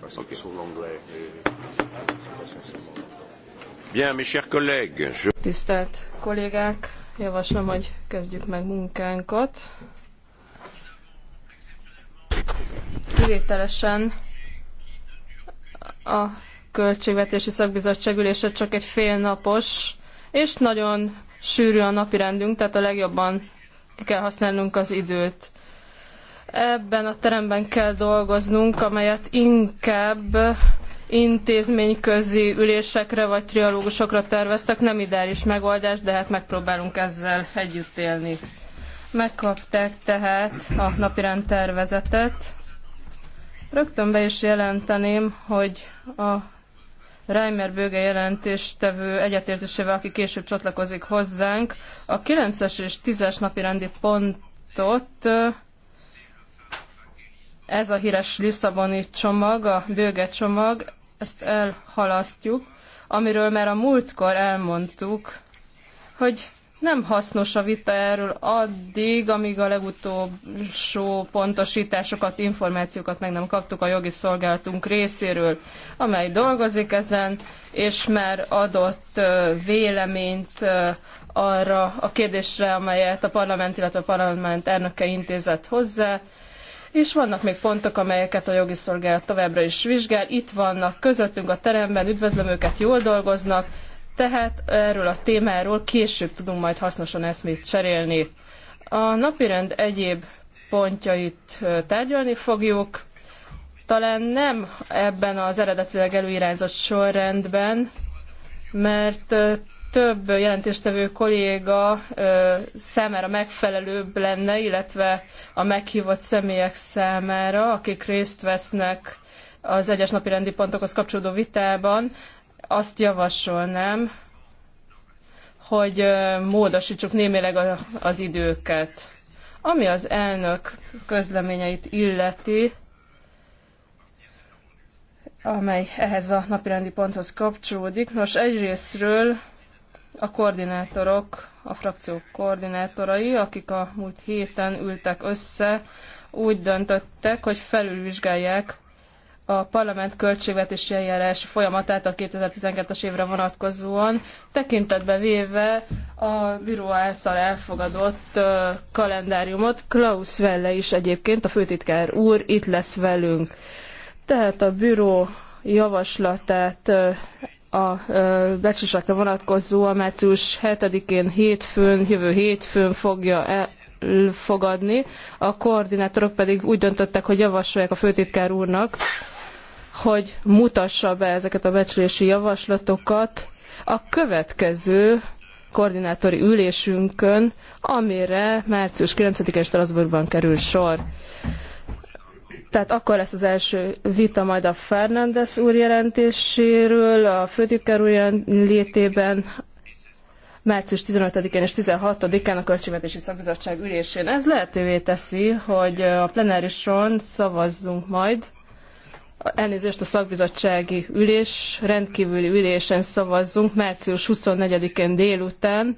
Parce okay. sur l'anglais. Bien, mes chers collègues. Je... Tisztelt kollégák, javaslom, hogy kezdjük meg munkánkat. Kivételesen a Költségvetési Szakbizottság ülése csak egy félnapos, és nagyon sűrű a napirendünk, tehát a legjobban ki kell használnunk az időt. Ebben a teremben kell dolgoznunk, amelyet inkább intézményközi ülésekre vagy trialógusokra terveztek. Nem ideális megoldás, de hát megpróbálunk ezzel együtt élni. Megkapták tehát a napirend tervezetet. Rögtön be is jelenteném, hogy a Reimer bőge jelentéstevő egyetértésével, aki később csatlakozik hozzánk, a 9-es és 10-es pontot ez a híres Lisszaboni csomag, a bőge csomag, ezt elhalasztjuk, amiről már a múltkor elmondtuk, hogy nem hasznos a vita erről addig, amíg a legutolsó pontosításokat, információkat meg nem kaptuk a jogi szolgálatunk részéről, amely dolgozik ezen, és már adott véleményt arra a kérdésre, amelyet a parlament, illetve a parlament elnöke intézett hozzá, és vannak még pontok, amelyeket a jogi szolgálat továbbra is vizsgál. Itt vannak közöttünk a teremben, üdvözlöm őket, jól dolgoznak, tehát erről a témáról később tudunk majd hasznosan eszmét cserélni. A napirend egyéb pontjait tárgyalni fogjuk, talán nem ebben az eredetileg előirányzott sorrendben, mert több jelentéstevő kolléga számára megfelelőbb lenne, illetve a meghívott személyek számára, akik részt vesznek az egyes napi rendi pontokhoz kapcsolódó vitában, azt javasolnám, hogy módosítsuk némileg az időket. Ami az elnök közleményeit illeti, amely ehhez a napirendi ponthoz kapcsolódik. Nos, egyrésztről a koordinátorok, a frakciók koordinátorai, akik a múlt héten ültek össze, úgy döntöttek, hogy felülvizsgálják a parlament költségvetési eljárás folyamatát a 2012-es évre vonatkozóan, tekintetbe véve a bíró által elfogadott kalendáriumot. Klaus Velle is egyébként, a főtitkár úr itt lesz velünk. Tehát a bíró javaslatát a becslésekre vonatkozó március 7-én hétfőn, jövő hétfőn fogja elfogadni. A koordinátorok pedig úgy döntöttek, hogy javasolják a főtitkár úrnak, hogy mutassa be ezeket a becslési javaslatokat a következő koordinátori ülésünkön, amire március 9-én Strasbourgban kerül sor. Tehát akkor lesz az első vita majd a Fernandes úr jelentéséről, a főtitkár úr létében, március 15-én és 16-án a Költségvetési Szakbizottság ülésén. Ez lehetővé teszi, hogy a plenárison szavazzunk majd, elnézést a szakbizottsági ülés, rendkívüli ülésen szavazzunk március 24-én délután,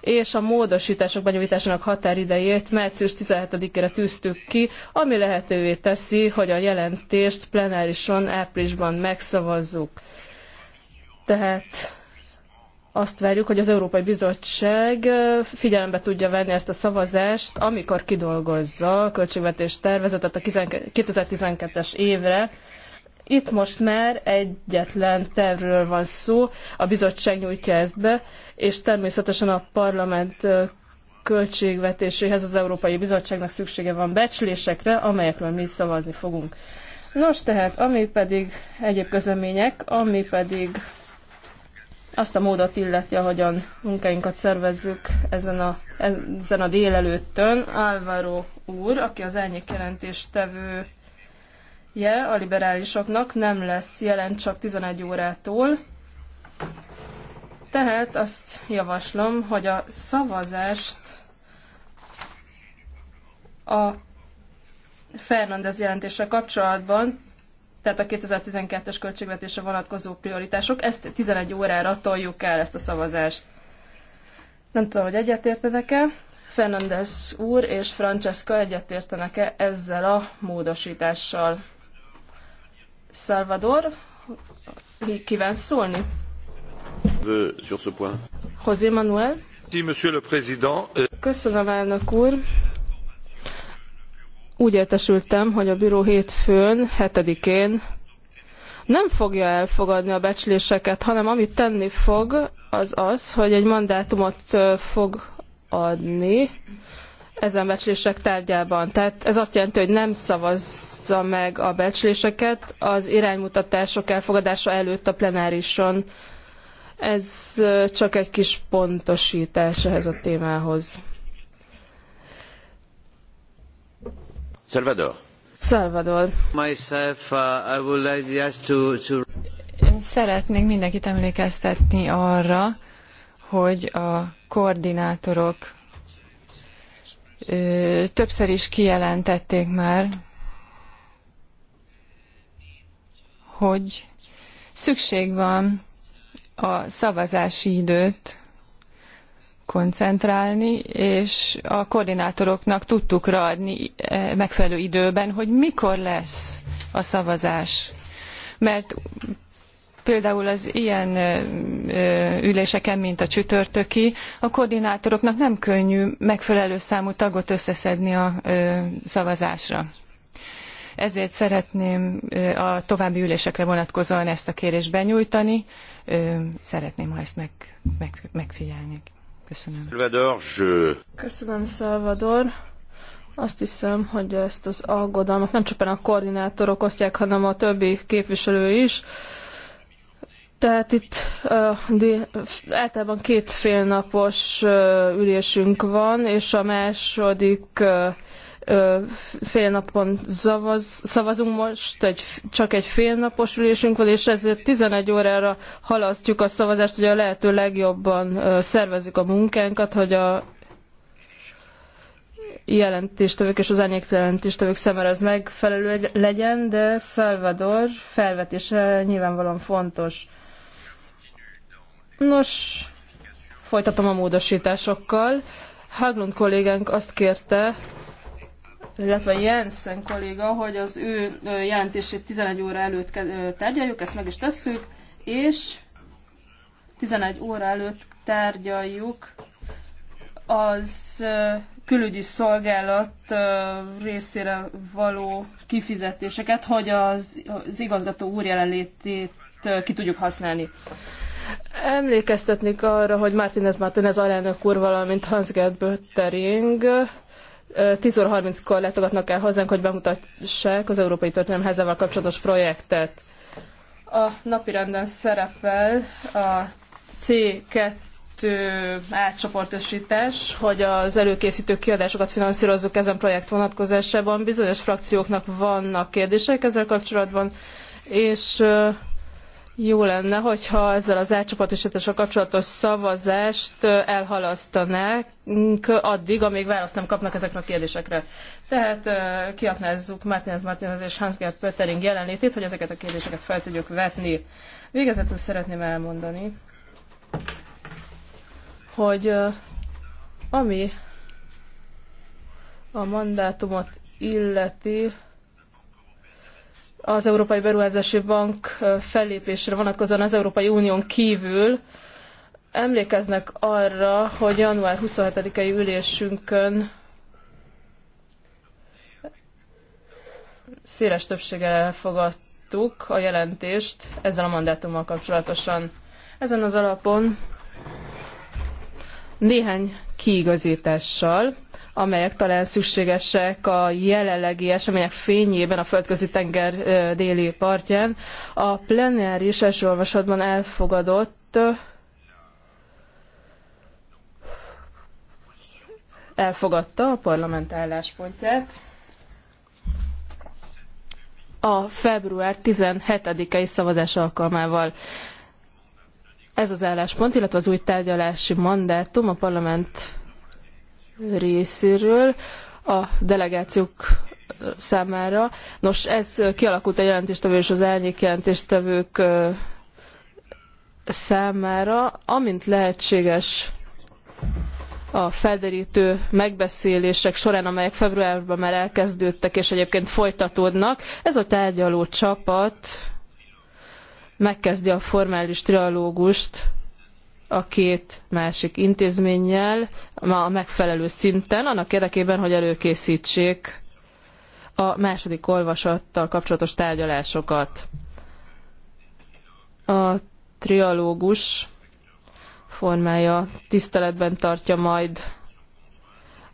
és a módosítások benyújtásának határidejét március 17-ére tűztük ki, ami lehetővé teszi, hogy a jelentést plenárison áprilisban megszavazzuk. Tehát azt várjuk, hogy az Európai Bizottság figyelembe tudja venni ezt a szavazást, amikor kidolgozza a költségvetés tervezetet a 2012-es évre, itt most már egyetlen tervről van szó, a bizottság nyújtja ezt be, és természetesen a parlament költségvetéséhez az Európai Bizottságnak szüksége van becslésekre, amelyekről mi szavazni fogunk. Nos, tehát, ami pedig egyéb közlemények, ami pedig azt a módot illeti, ahogyan munkáinkat szervezzük ezen a, ezen a délelőttön. Álvaro úr, aki az elnyék jelentéstevő je a liberálisoknak nem lesz jelent csak 11 órától. Tehát azt javaslom, hogy a szavazást a Fernandez jelentése kapcsolatban, tehát a 2012-es költségvetésre vonatkozó prioritások, ezt 11 órára toljuk el ezt a szavazást. Nem tudom, hogy egyetértenek-e. Fernandez úr és Francesca egyetértenek-e ezzel a módosítással. Salvador, va szólni? Sur ce point. José Manuel. Monsieur le Président. Euh, Köszönöm, elnök úr. Úgy értesültem, hogy a bíró hétfőn, hetedikén én nem fogja elfogadni a becsléseket, hanem amit tenni fog, az az, hogy egy mandátumot fog adni ezen becslések tárgyában. Tehát ez azt jelenti, hogy nem szavazza meg a becsléseket az iránymutatások elfogadása előtt a plenárison. Ez csak egy kis pontosítás ehhez a témához. Salvador. Salvador. Myself, uh, I would like just to, to... Én szeretnék mindenkit emlékeztetni arra, hogy a koordinátorok többször is kijelentették már, hogy szükség van a szavazási időt koncentrálni, és a koordinátoroknak tudtuk adni e, megfelelő időben, hogy mikor lesz a szavazás. Mert például az ilyen üléseken, mint a csütörtöki, a koordinátoroknak nem könnyű megfelelő számú tagot összeszedni a szavazásra. Ezért szeretném a további ülésekre vonatkozóan ezt a kérést benyújtani. Szeretném, ha ezt meg, meg, megfigyelnék. Köszönöm. Salvador, Köszönöm, Salvador. Azt hiszem, hogy ezt az aggodalmat nem csak a koordinátorok osztják, hanem a többi képviselő is. Tehát itt általában két félnapos ülésünk van, és a második fél napon zavaz, szavazunk most, egy, csak egy félnapos ülésünk van, és ezért 11 órára halasztjuk a szavazást, hogy a lehető legjobban szervezzük a munkánkat, hogy a jelentéstevők és az árnyék jelentéstevők szemére ez megfelelő legyen, de Salvador felvetése nyilvánvalóan fontos. Nos, folytatom a módosításokkal. Haglund kollégánk azt kérte, illetve Jensen kolléga, hogy az ő jelentését 11 óra előtt tárgyaljuk, ezt meg is tesszük, és 11 óra előtt tárgyaljuk az külügyi szolgálat részére való kifizetéseket, hogy az, az igazgató úr jelenlétét ki tudjuk használni. Emlékeztetnék arra, hogy Martinez Martinez alelnök úr, valamint Hans-Gerd Böttering 10 óra 30-kor látogatnak el hozzánk, hogy bemutassák az Európai Házával kapcsolatos projektet. A napirenden szerepel a C2 átcsoportosítás, hogy az előkészítő kiadásokat finanszírozzuk ezen projekt vonatkozásában. Bizonyos frakcióknak vannak kérdések ezzel kapcsolatban, és jó lenne, hogyha ezzel az elcsoportosítással kapcsolatos szavazást elhalasztanák addig, amíg választ nem kapnak ezekre a kérdésekre. Tehát kiaknázzuk Martinez Martinez és hans Gert Pöttering jelenlétét, hogy ezeket a kérdéseket fel tudjuk vetni. Végezetül szeretném elmondani, hogy ami a mandátumot illeti, az Európai Beruházási Bank fellépésre vonatkozóan az Európai Unión kívül. Emlékeznek arra, hogy január 27-i ülésünkön széles többséggel elfogadtuk a jelentést ezzel a mandátummal kapcsolatosan. Ezen az alapon néhány kiigazítással amelyek talán szükségesek a jelenlegi események fényében a földközi tenger déli partján. A plenáris első olvasatban elfogadott elfogadta a parlament álláspontját a február 17-i szavazás alkalmával. Ez az álláspont, illetve az új tárgyalási mandátum a parlament részéről a delegációk számára. Nos, ez kialakult a jelentéstevő és az árnyék számára, amint lehetséges a felderítő megbeszélések során, amelyek februárban már elkezdődtek, és egyébként folytatódnak, ez a tárgyaló csapat megkezdi a formális trialógust a két másik intézménnyel ma a megfelelő szinten, annak érdekében, hogy előkészítsék a második olvasattal kapcsolatos tárgyalásokat. A trialógus formája tiszteletben tartja majd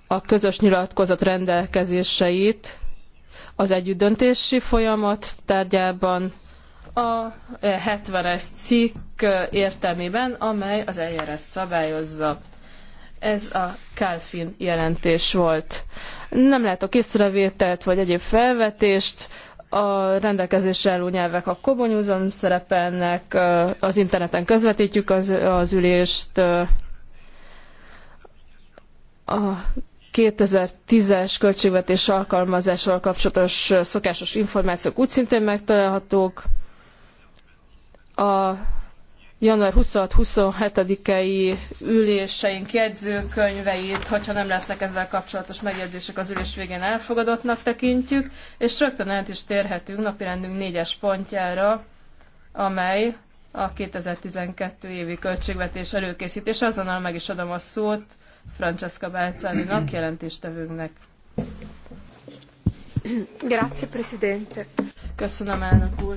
a közös nyilatkozat rendelkezéseit az együttdöntési folyamat tárgyában, a 70-es cikk értelmében, amely az eljárást szabályozza. Ez a Kálfin jelentés volt. Nem látok észrevételt vagy egyéb felvetést. A rendelkezésre álló nyelvek a Kobonyúzon szerepelnek, az interneten közvetítjük az, az ülést. A 2010-es költségvetés alkalmazásával kapcsolatos szokásos információk úgy szintén megtalálhatók a január 26-27-i üléseink jegyzőkönyveit, hogyha nem lesznek ezzel kapcsolatos megjegyzések az ülés végén elfogadottnak tekintjük, és rögtön át is térhetünk napirendünk négyes pontjára, amely a 2012 évi költségvetés előkészítés. Azonnal meg is adom a szót Francesca Balzani-nak, jelentéstevőnknek. Grazie, Presidente. Köszönöm, elnök úr.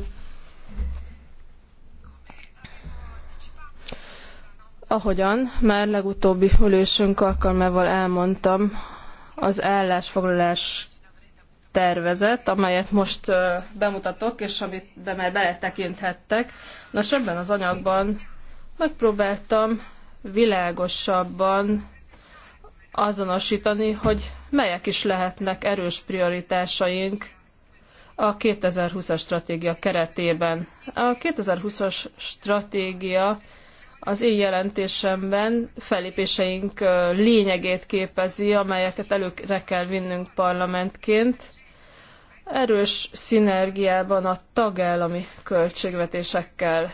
Ahogyan már legutóbbi ülésünk alkalmával elmondtam, az állásfoglalás tervezet, amelyet most bemutatok, és amit be már beletekinthettek. Nos, ebben az anyagban megpróbáltam világosabban azonosítani, hogy melyek is lehetnek erős prioritásaink a 2020-as stratégia keretében. A 2020-as stratégia az én jelentésemben felépéseink lényegét képezi, amelyeket előre kell vinnünk parlamentként. Erős szinergiában a tagállami költségvetésekkel.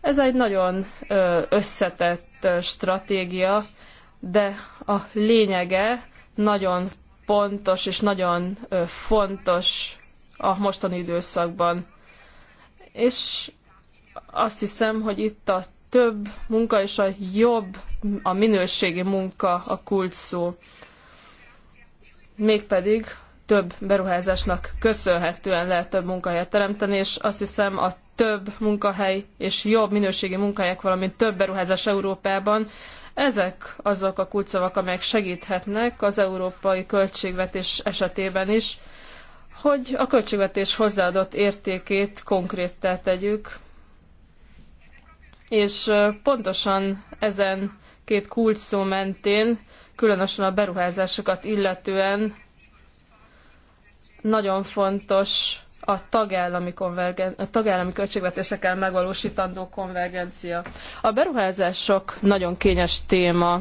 Ez egy nagyon összetett stratégia, de a lényege nagyon pontos és nagyon fontos a mostani időszakban. És azt hiszem, hogy itt a több munka és a jobb, a minőségi munka a kult szó. Mégpedig több beruházásnak köszönhetően lehet több munkahelyet teremteni, és azt hiszem a több munkahely és jobb minőségi munkahelyek, valamint több beruházás Európában, ezek azok a kulcsszavak, amelyek segíthetnek az európai költségvetés esetében is, hogy a költségvetés hozzáadott értékét konkréttá tegyük, és pontosan ezen két kulcsszó mentén, különösen a beruházásokat illetően nagyon fontos a tagállami, konvergen- a tagállami költségvetésekkel megvalósítandó konvergencia. A beruházások nagyon kényes téma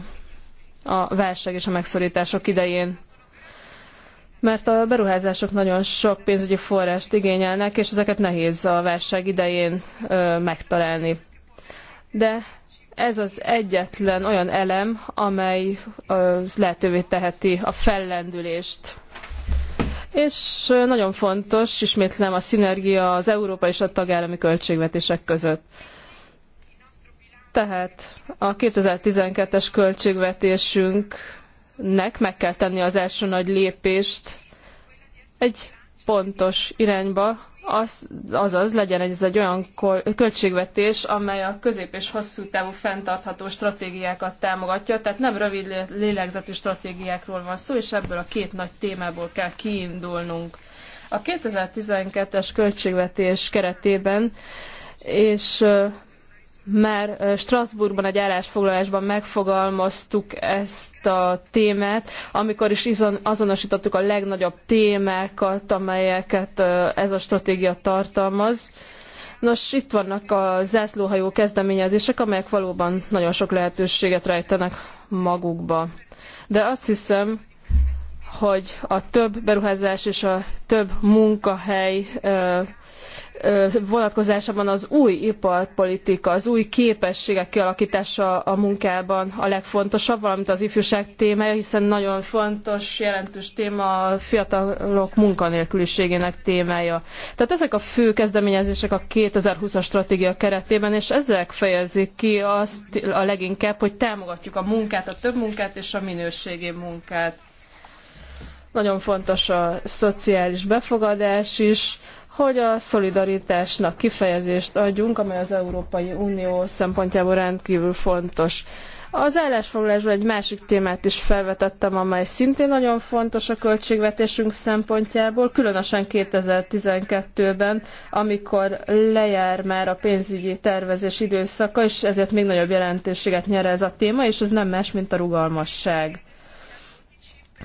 a válság és a megszorítások idején mert a beruházások nagyon sok pénzügyi forrást igényelnek, és ezeket nehéz a válság idején ö, megtalálni de ez az egyetlen olyan elem, amely lehetővé teheti a fellendülést. És nagyon fontos, ismétlem, a szinergia az Európa és a tagállami költségvetések között. Tehát a 2012-es költségvetésünknek meg kell tenni az első nagy lépést egy pontos irányba, az, azaz legyen ez egy olyan költségvetés, amely a közép és hosszú távú fenntartható stratégiákat támogatja, tehát nem rövid lélegzetű stratégiákról van szó, és ebből a két nagy témából kell kiindulnunk. A 2012-es költségvetés keretében és már Strasbourgban egy állásfoglalásban megfogalmaztuk ezt a témát, amikor is azonosítottuk a legnagyobb témákat, amelyeket ez a stratégia tartalmaz. Nos, itt vannak a zászlóhajó kezdeményezések, amelyek valóban nagyon sok lehetőséget rejtenek magukba. De azt hiszem, hogy a több beruházás és a több munkahely vonatkozásában az új iparpolitika, az új képességek kialakítása a munkában a legfontosabb, valamint az ifjúság témája, hiszen nagyon fontos, jelentős téma a fiatalok munkanélküliségének témája. Tehát ezek a fő kezdeményezések a 2020-as stratégia keretében, és ezek fejezik ki azt a leginkább, hogy támogatjuk a munkát, a több munkát és a minőségi munkát. Nagyon fontos a szociális befogadás is, hogy a szolidaritásnak kifejezést adjunk, amely az Európai Unió szempontjából rendkívül fontos. Az állásfoglalásban egy másik témát is felvetettem, amely szintén nagyon fontos a költségvetésünk szempontjából, különösen 2012-ben, amikor lejár már a pénzügyi tervezés időszaka, és ezért még nagyobb jelentőséget nyer ez a téma, és ez nem más, mint a rugalmasság.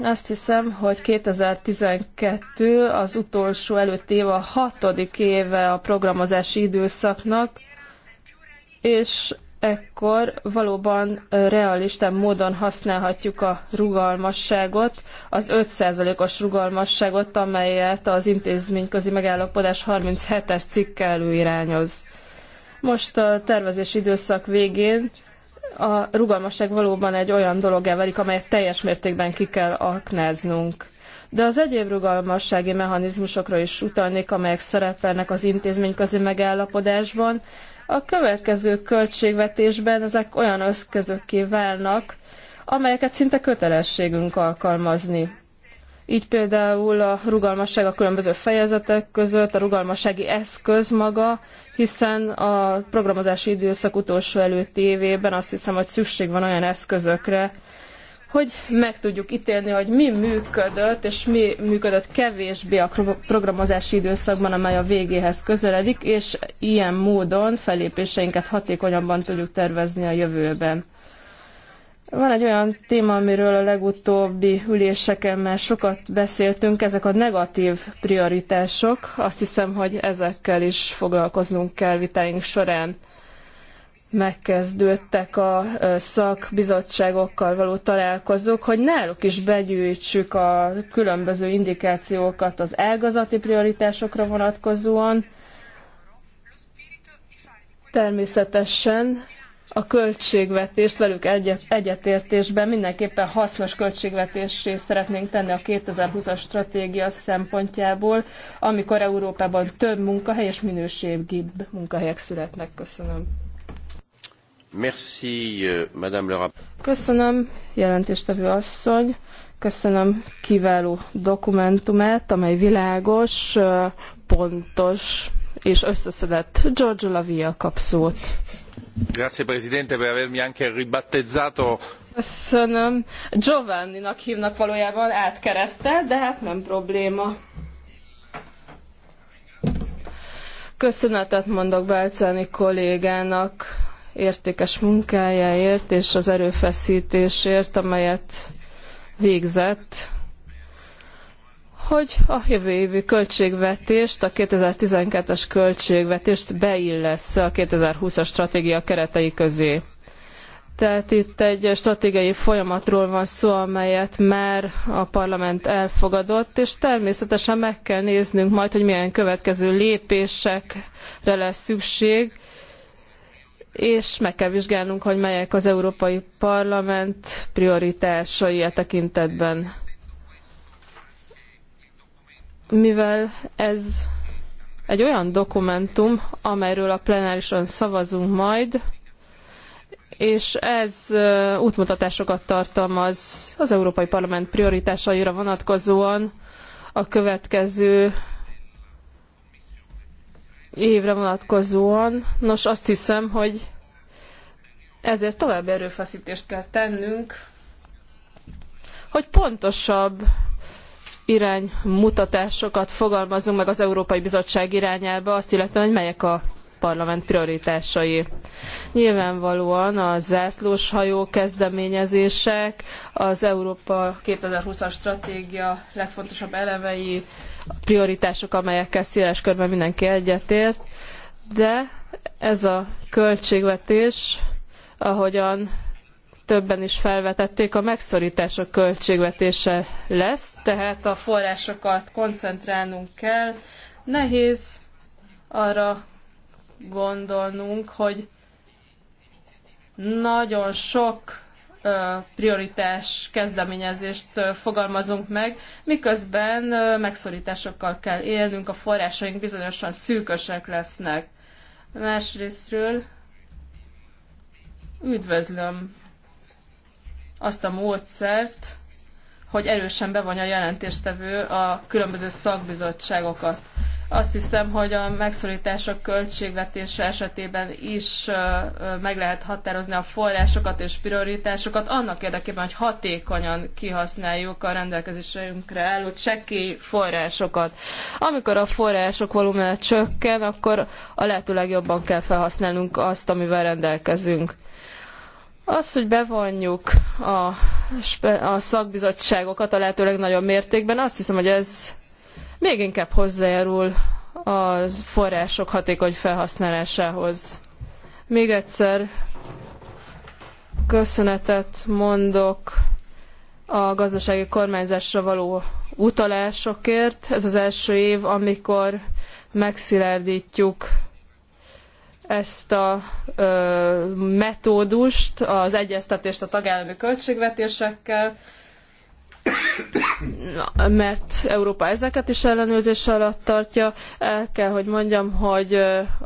Azt hiszem, hogy 2012 az utolsó előtti év a hatodik éve a programozási időszaknak, és ekkor valóban realistán módon használhatjuk a rugalmasságot, az 5%-os rugalmasságot, amelyet az intézményközi megállapodás 37-es cikke előirányoz. Most a tervezés időszak végén a rugalmasság valóban egy olyan dolog válik, amelyet teljes mértékben ki kell aknáznunk. De az egyéb rugalmassági mechanizmusokra is utalnék, amelyek szerepelnek az intézményközi megállapodásban. A következő költségvetésben ezek olyan eszközökké válnak, amelyeket szinte kötelességünk alkalmazni. Így például a rugalmasság a különböző fejezetek között, a rugalmassági eszköz maga, hiszen a programozási időszak utolsó előtti évében azt hiszem, hogy szükség van olyan eszközökre, hogy meg tudjuk ítélni, hogy mi működött, és mi működött kevésbé a programozási időszakban, amely a végéhez közeledik, és ilyen módon felépéseinket hatékonyabban tudjuk tervezni a jövőben. Van egy olyan téma, amiről a legutóbbi üléseken már sokat beszéltünk, ezek a negatív prioritások. Azt hiszem, hogy ezekkel is foglalkoznunk kell vitáink során. Megkezdődtek a szakbizottságokkal való találkozók, hogy náluk is begyűjtsük a különböző indikációkat az ágazati prioritásokra vonatkozóan. Természetesen a költségvetést velük egyet, egyetértésben mindenképpen hasznos költségvetéssé szeretnénk tenni a 2020-as stratégia szempontjából, amikor Európában több munkahely és minőségibb munkahelyek születnek. Köszönöm. Merci, euh, Madame Köszönöm, jelentéstevő asszony. Köszönöm kiváló dokumentumát, amely világos, euh, pontos és összeszedett. George Lavia kap Grazie Giovanni-nak, Köszönöm. Giovanninak hívnak valójában átkeresztel, de hát nem probléma. Köszönetet mondok Belcáni kollégának értékes munkájáért és az erőfeszítésért, amelyet végzett hogy a jövő évi költségvetést, a 2012-es költségvetést beillesz a 2020-as stratégia keretei közé. Tehát itt egy stratégiai folyamatról van szó, amelyet már a parlament elfogadott, és természetesen meg kell néznünk majd, hogy milyen következő lépésekre lesz szükség, és meg kell vizsgálnunk, hogy melyek az Európai Parlament prioritásai e tekintetben mivel ez egy olyan dokumentum, amelyről a plenárison szavazunk majd, és ez útmutatásokat tartalmaz az Európai Parlament prioritásaira vonatkozóan a következő évre vonatkozóan. Nos, azt hiszem, hogy ezért további erőfeszítést kell tennünk, hogy pontosabb iránymutatásokat fogalmazunk meg az Európai Bizottság irányába, azt illetően, hogy melyek a parlament prioritásai. Nyilvánvalóan a zászlós hajó kezdeményezések, az Európa 2020-as stratégia legfontosabb elemei, prioritások, amelyekkel széles körben mindenki egyetért, de ez a költségvetés, ahogyan többen is felvetették, a megszorítások költségvetése lesz, tehát a forrásokat koncentrálnunk kell. Nehéz arra gondolnunk, hogy nagyon sok prioritás kezdeményezést fogalmazunk meg, miközben megszorításokkal kell élnünk, a forrásaink bizonyosan szűkösek lesznek. Másrésztről üdvözlöm azt a módszert, hogy erősen bevonja a jelentéstevő a különböző szakbizottságokat. Azt hiszem, hogy a megszorítások költségvetése esetében is meg lehet határozni a forrásokat és prioritásokat annak érdekében, hogy hatékonyan kihasználjuk a rendelkezésünkre álló csekély forrásokat. Amikor a források volumene csökken, akkor a lehető legjobban kell felhasználnunk azt, amivel rendelkezünk. Az, hogy bevonjuk a, a szakbizottságokat a lehetőleg nagyobb mértékben, azt hiszem, hogy ez még inkább hozzájárul a források hatékony felhasználásához. Még egyszer köszönetet mondok a gazdasági kormányzásra való utalásokért. Ez az első év, amikor megszilárdítjuk ezt a ö, metódust, az egyeztetést a tagállami költségvetésekkel, mert Európa ezeket is ellenőrzés alatt tartja. El kell, hogy mondjam, hogy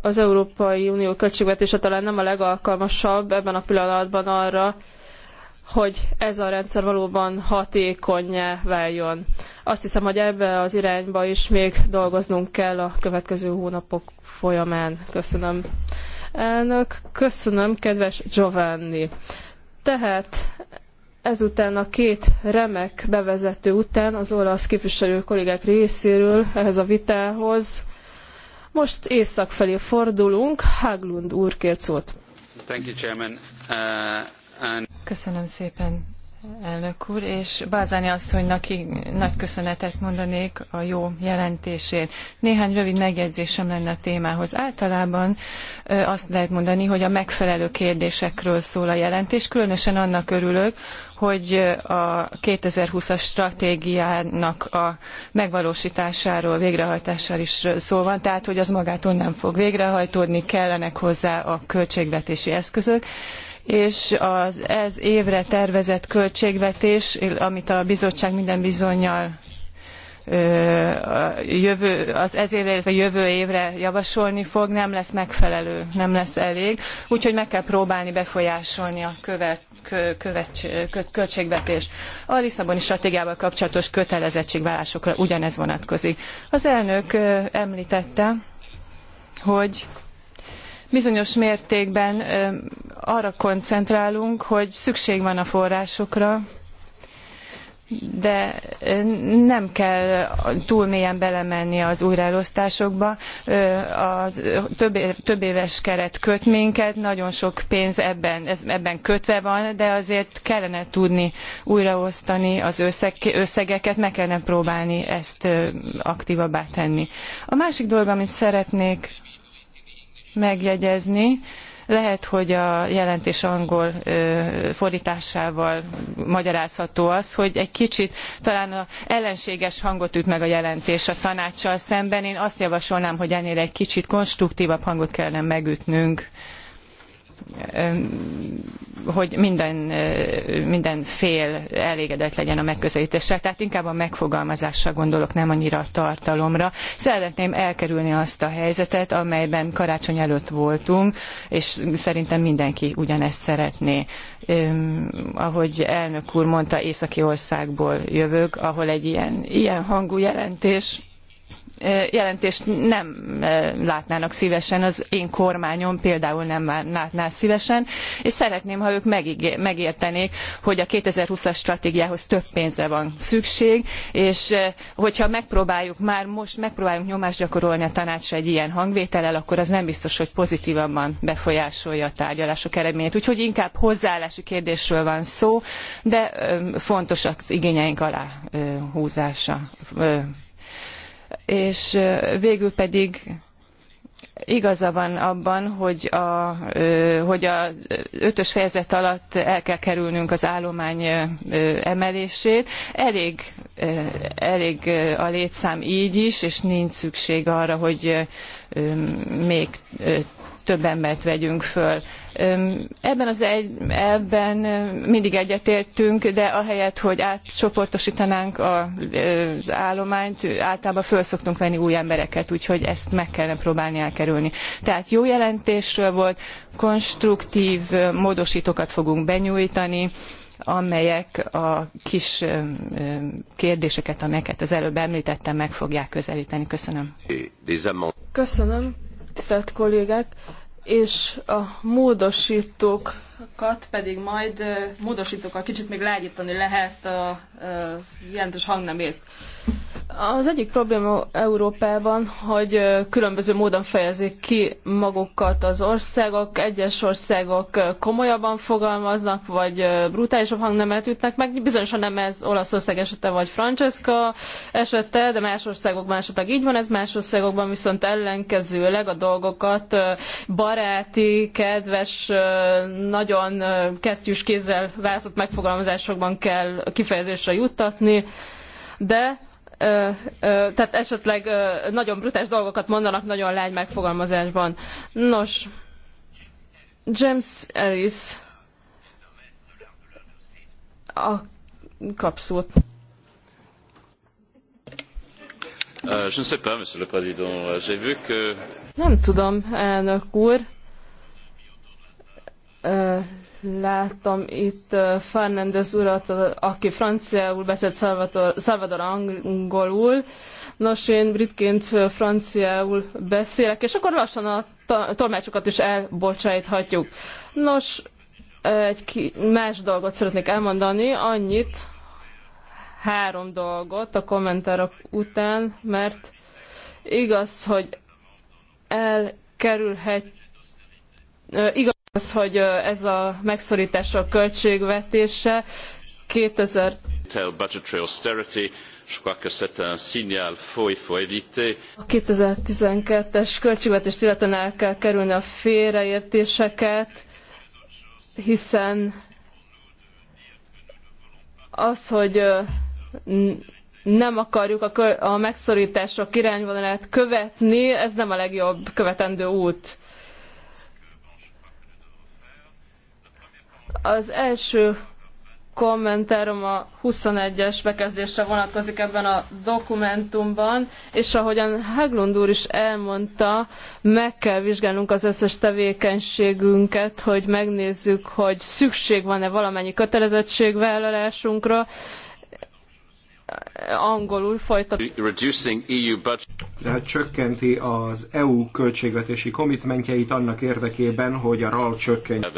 az Európai Unió költségvetése talán nem a legalkalmasabb ebben a pillanatban arra, hogy ez a rendszer valóban hatékonyá váljon. Azt hiszem, hogy ebbe az irányba is még dolgoznunk kell a következő hónapok folyamán. Köszönöm. Elnök, köszönöm, kedves Giovanni. Tehát ezután a két remek bevezető után az olasz képviselő kollégák részéről ehhez a vitához most észak felé fordulunk. Haglund úr kért szót. Thank you, Chairman. Uh... Köszönöm szépen, elnök úr, és Bázáni asszonynak nagy köszönetet mondanék a jó jelentésért. Néhány rövid megjegyzésem lenne a témához. Általában azt lehet mondani, hogy a megfelelő kérdésekről szól a jelentés. Különösen annak örülök, hogy a 2020-as stratégiának a megvalósításáról, végrehajtásáról is szó van, tehát hogy az magától nem fog végrehajtódni, kellenek hozzá a költségvetési eszközök és az ez évre tervezett költségvetés, amit a bizottság minden bizonyal jövő, az ez évre, illetve jövő évre javasolni fog, nem lesz megfelelő, nem lesz elég. Úgyhogy meg kell próbálni befolyásolni a követ, követ követ, költségvetést. A Lisszaboni stratégiával kapcsolatos kötelezettségvállásokra ugyanez vonatkozik. Az elnök említette, hogy bizonyos mértékben arra koncentrálunk, hogy szükség van a forrásokra, de nem kell túl mélyen belemenni az újraelosztásokba. A több éves keret köt minket, nagyon sok pénz ebben, ebben kötve van, de azért kellene tudni újraosztani az összegeket, meg kellene próbálni ezt aktívabbá tenni. A másik dolog, amit szeretnék megjegyezni. Lehet, hogy a jelentés angol fordításával magyarázható az, hogy egy kicsit talán a ellenséges hangot üt meg a jelentés a tanácssal szemben. Én azt javasolnám, hogy ennél egy kicsit konstruktívabb hangot kellene megütnünk hogy minden, minden fél elégedett legyen a megközelítéssel. Tehát inkább a megfogalmazásra gondolok, nem annyira a tartalomra. Szeretném elkerülni azt a helyzetet, amelyben karácsony előtt voltunk, és szerintem mindenki ugyanezt szeretné. ahogy elnök úr mondta, északi országból jövök, ahol egy ilyen, ilyen hangú jelentés jelentést nem látnának szívesen, az én kormányom például nem látná szívesen, és szeretném, ha ők megértenék, hogy a 2020-as stratégiához több pénzre van szükség, és hogyha megpróbáljuk már most, megpróbálunk nyomást gyakorolni a tanácsra egy ilyen hangvétellel, akkor az nem biztos, hogy pozitívabban befolyásolja a tárgyalások eredményét. Úgyhogy inkább hozzáállási kérdésről van szó, de fontos az igényeink alá húzása, és végül pedig igaza van abban, hogy a, hogy a ötös fejezet alatt el kell kerülnünk az állomány emelését. Elég, elég a létszám így is, és nincs szükség arra, hogy még több embert vegyünk föl. Ebben az egy, ebben mindig egyetértünk, de ahelyett, hogy átcsoportosítanánk az állományt, általában föl szoktunk venni új embereket, úgyhogy ezt meg kellene próbálni elkerülni. Tehát jó jelentésről volt, konstruktív módosítókat fogunk benyújtani, amelyek a kis kérdéseket, amelyeket az előbb említettem, meg fogják közelíteni. Köszönöm. Köszönöm tisztelt kollégák, és a módosítókat pedig majd módosítókkal kicsit még lágyítani lehet a, a jelentős hangnemét. Az egyik probléma Európában, hogy különböző módon fejezik ki magukat az országok. Egyes országok komolyabban fogalmaznak, vagy brutálisabb hangnemet ütnek meg. Bizonyosan nem ez Olaszország esete, vagy Francesca esete, de más országokban esetleg így van, ez más országokban viszont ellenkezőleg a dolgokat baráti, kedves, nagyon kesztyűs kézzel választott megfogalmazásokban kell kifejezésre juttatni. De tehát esetleg nagyon brutális dolgokat mondanak nagyon lágy megfogalmazásban. Nos, James Ellis a kapszót. Euh, Nem tudom, elnök úr. Látom itt Fernandez urat, aki franciául beszélt, Salvador angolul. Nos, én britként franciául beszélek, és akkor lassan a tolmácsokat is elbocsájthatjuk. Nos, egy más dolgot szeretnék elmondani, annyit, három dolgot a kommentárok után, mert igaz, hogy elkerülhet, igaz, az, hogy ez a megszorítás a költségvetése 2000 a 2012-es költségvetést illetően el kell kerülni a félreértéseket, hiszen az, hogy nem akarjuk a, kö- a megszorítások irányvonalát követni, ez nem a legjobb követendő út. Az első kommentárom a 21-es bekezdésre vonatkozik ebben a dokumentumban, és ahogyan Haglund úr is elmondta, meg kell vizsgálnunk az összes tevékenységünket, hogy megnézzük, hogy szükség van-e valamennyi kötelezettségvállalásunkra, angolul folytat. E Tehát csökkenti az EU költségvetési komitmentjeit annak érdekében, hogy a RAL csökkent.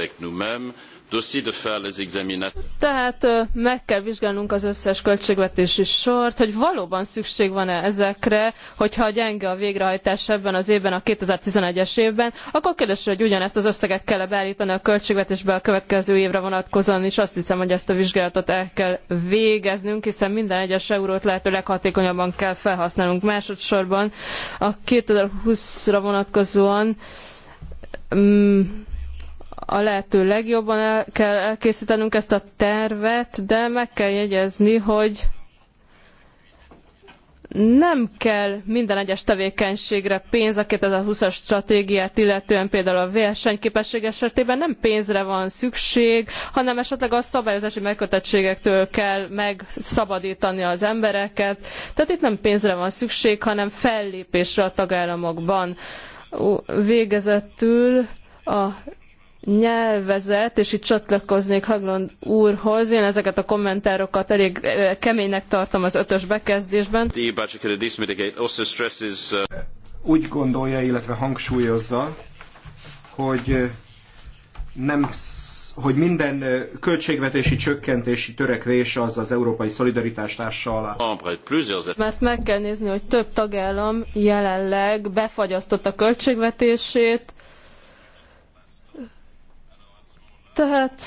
Tehát meg kell vizsgálnunk az összes költségvetési sort, hogy valóban szükség van-e ezekre, hogyha gyenge a végrehajtás ebben az évben, a 2011-es évben, akkor kérdés, hogy ugyanezt az összeget kell -e beállítani a költségvetésbe a következő évre vonatkozóan, és azt hiszem, hogy ezt a vizsgálatot el kell végeznünk, hiszen minden egyes eurót lehető leghatékonyabban kell felhasználnunk. Másodszorban a 2020-ra vonatkozóan mm, a lehető legjobban el kell elkészítenünk ezt a tervet, de meg kell jegyezni, hogy nem kell minden egyes tevékenységre pénz a 2020-as stratégiát, illetően például a versenyképesség esetében nem pénzre van szükség, hanem esetleg a szabályozási megkötettségektől kell megszabadítani az embereket. Tehát itt nem pénzre van szükség, hanem fellépésre a tagállamokban. Végezetül a nyelvezet, és itt csatlakoznék Haglund úrhoz. Én ezeket a kommentárokat elég eh, keménynek tartom az ötös bekezdésben. Uh, Úgy gondolja, illetve hangsúlyozza, hogy eh, nem hogy minden eh, költségvetési csökkentési törekvés az az európai Szolidaritás alá. Mert meg kell nézni, hogy több tagállam jelenleg befagyasztotta költségvetését, Tehát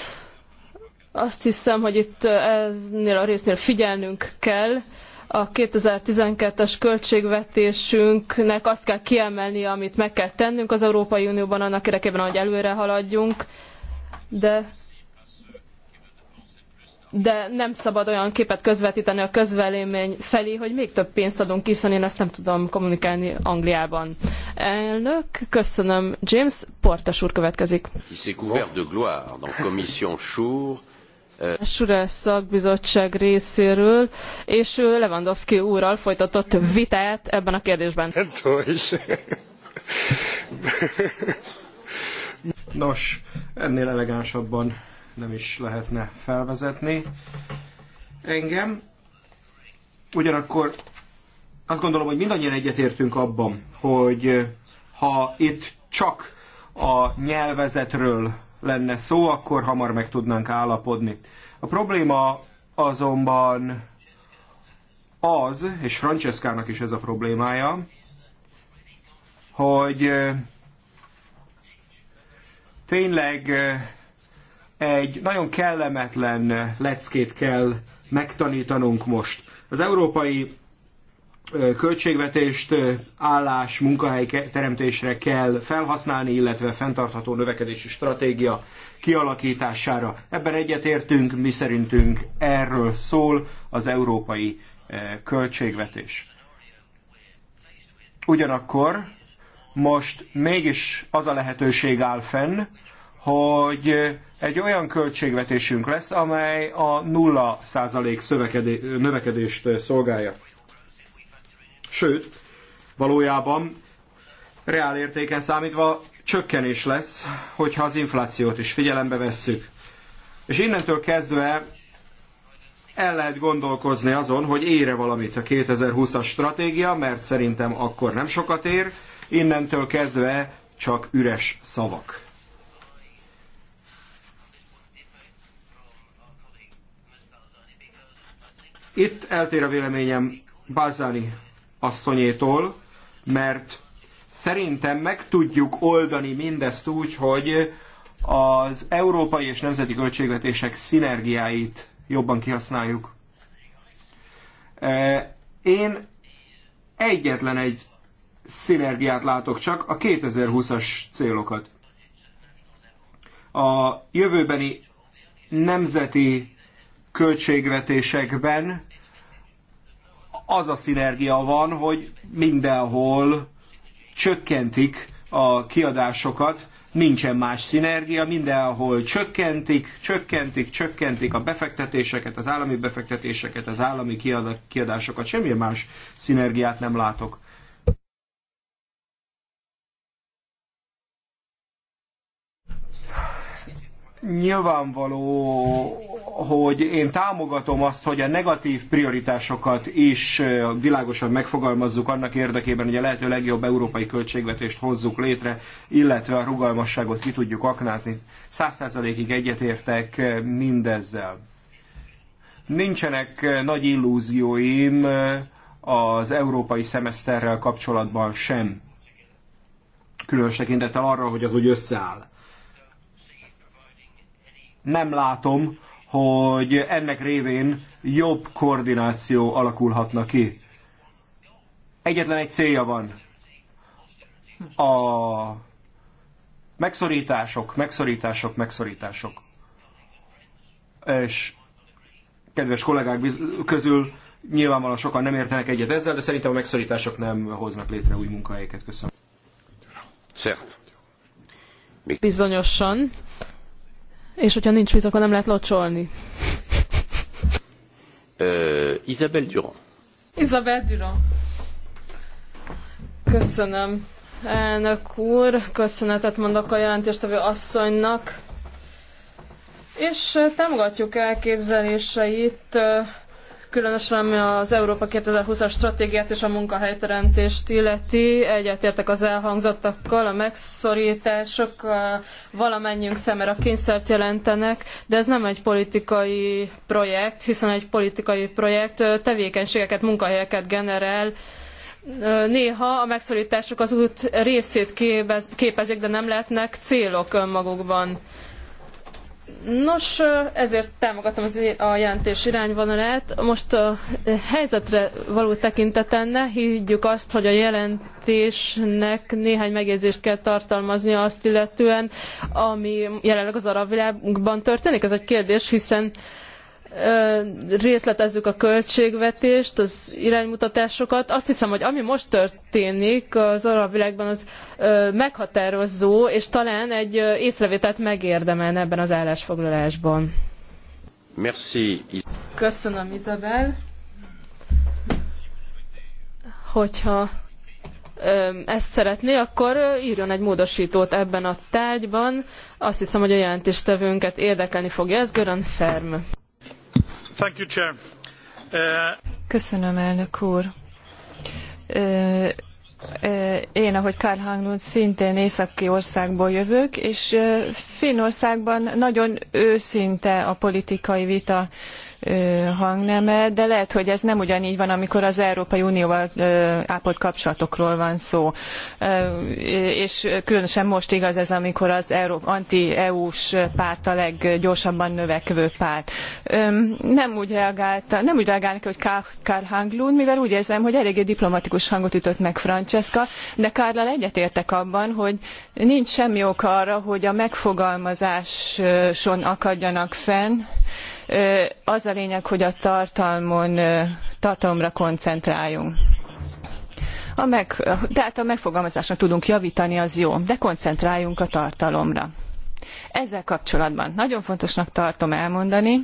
azt hiszem, hogy itt eznél a résznél figyelnünk kell. A 2012-es költségvetésünknek azt kell kiemelni, amit meg kell tennünk az Európai Unióban annak érdekében, hogy előre haladjunk, de de nem szabad olyan képet közvetíteni a közvelémény felé, hogy még több pénzt adunk ki, hiszen én ezt nem tudom kommunikálni Angliában. Elnök, köszönöm. James Portas úr következik. A Sures szakbizottság részéről, és ő Lewandowski úrral folytatott vitát ebben a kérdésben. Nos, ennél elegánsabban nem is lehetne felvezetni engem. Ugyanakkor azt gondolom, hogy mindannyian egyetértünk abban, hogy eh, ha itt csak a nyelvezetről lenne szó, akkor hamar meg tudnánk állapodni. A probléma azonban az, és Franceskának is ez a problémája, hogy eh, tényleg eh, egy nagyon kellemetlen leckét kell megtanítanunk most. Az európai költségvetést állás, munkahely teremtésre kell felhasználni, illetve fenntartható növekedési stratégia kialakítására. Ebben egyetértünk, mi szerintünk erről szól az európai költségvetés. Ugyanakkor most mégis az a lehetőség áll fenn, hogy egy olyan költségvetésünk lesz, amely a 0% növekedést szolgálja. Sőt, valójában reál értéken számítva csökkenés lesz, hogyha az inflációt is figyelembe vesszük. És innentől kezdve el lehet gondolkozni azon, hogy ére valamit a 2020-as stratégia, mert szerintem akkor nem sokat ér, innentől kezdve csak üres szavak. Itt eltér a véleményem Balzani asszonyétól, mert szerintem meg tudjuk oldani mindezt úgy, hogy az európai és nemzeti költségvetések szinergiáit jobban kihasználjuk. Én egyetlen egy szinergiát látok csak, a 2020-as célokat. A jövőbeni nemzeti költségvetésekben az a szinergia van, hogy mindenhol csökkentik a kiadásokat, nincsen más szinergia, mindenhol csökkentik, csökkentik, csökkentik a befektetéseket, az állami befektetéseket, az állami kiadásokat, semmilyen más szinergiát nem látok. nyilvánvaló, hogy én támogatom azt, hogy a negatív prioritásokat is világosan megfogalmazzuk annak érdekében, hogy a lehető legjobb európai költségvetést hozzuk létre, illetve a rugalmasságot ki tudjuk aknázni. Száz százalékig egyetértek mindezzel. Nincsenek nagy illúzióim az európai szemeszterrel kapcsolatban sem. Különös tekintettel arra, hogy az úgy összeáll nem látom, hogy ennek révén jobb koordináció alakulhatna ki. Egyetlen egy célja van. A megszorítások, megszorítások, megszorítások. És kedves kollégák közül nyilvánvalóan sokan nem értenek egyet ezzel, de szerintem a megszorítások nem hoznak létre új munkahelyeket. Köszönöm. Bizonyosan és hogyha nincs víz, akkor nem lehet locsolni. Uh, Isabel Durand. Isabel Durand. Köszönöm. Elnök úr, köszönetet mondok a jelentéstevő asszonynak, és támogatjuk elképzeléseit különösen ami az Európa 2020-as stratégiát és a munkahelyteremtést illeti. Egyetértek az elhangzottakkal, a megszorítások valamennyiünk szemére a kényszert jelentenek, de ez nem egy politikai projekt, hiszen egy politikai projekt tevékenységeket, munkahelyeket generál, néha a megszorítások az út részét képezik, de nem lehetnek célok önmagukban. Nos, ezért támogatom az, a jelentés irányvonalát. Most a helyzetre való tekinteten ne higgyük azt, hogy a jelentésnek néhány megjegyzést kell tartalmaznia azt illetően, ami jelenleg az arab világban történik. Ez egy kérdés, hiszen részletezzük a költségvetést, az iránymutatásokat. Azt hiszem, hogy ami most történik az arab világban, az meghatározó, és talán egy észrevételt megérdemelne ebben az állásfoglalásban. Merci. Köszönöm, Izabel. Hogyha ezt szeretné, akkor írjon egy módosítót ebben a tárgyban. Azt hiszem, hogy a jelentéstevőnket érdekelni fogja ez, Görön Ferm. Uh, Köszönöm, elnök úr. én, ahogy Karl Hanglund, szintén északi országból jövök, és Finnországban nagyon őszinte a politikai vita hangneme, de lehet, hogy ez nem ugyanígy van, amikor az Európai Unióval ápolt kapcsolatokról van szó. És különösen most igaz ez, amikor az anti-EU-s párt a leggyorsabban növekvő párt. Nem úgy reagálta, nem úgy reagálnak, hogy Karl Hanglund, mivel úgy érzem, hogy eléggé diplomatikus hangot ütött meg Francesca, de Kárlal egyetértek abban, hogy nincs semmi ok arra, hogy a megfogalmazáson akadjanak fenn, az a lényeg, hogy a tartalmon, tartalomra koncentráljunk. A meg, tehát a megfogalmazásnak tudunk javítani, az jó, de koncentráljunk a tartalomra. Ezzel kapcsolatban nagyon fontosnak tartom elmondani,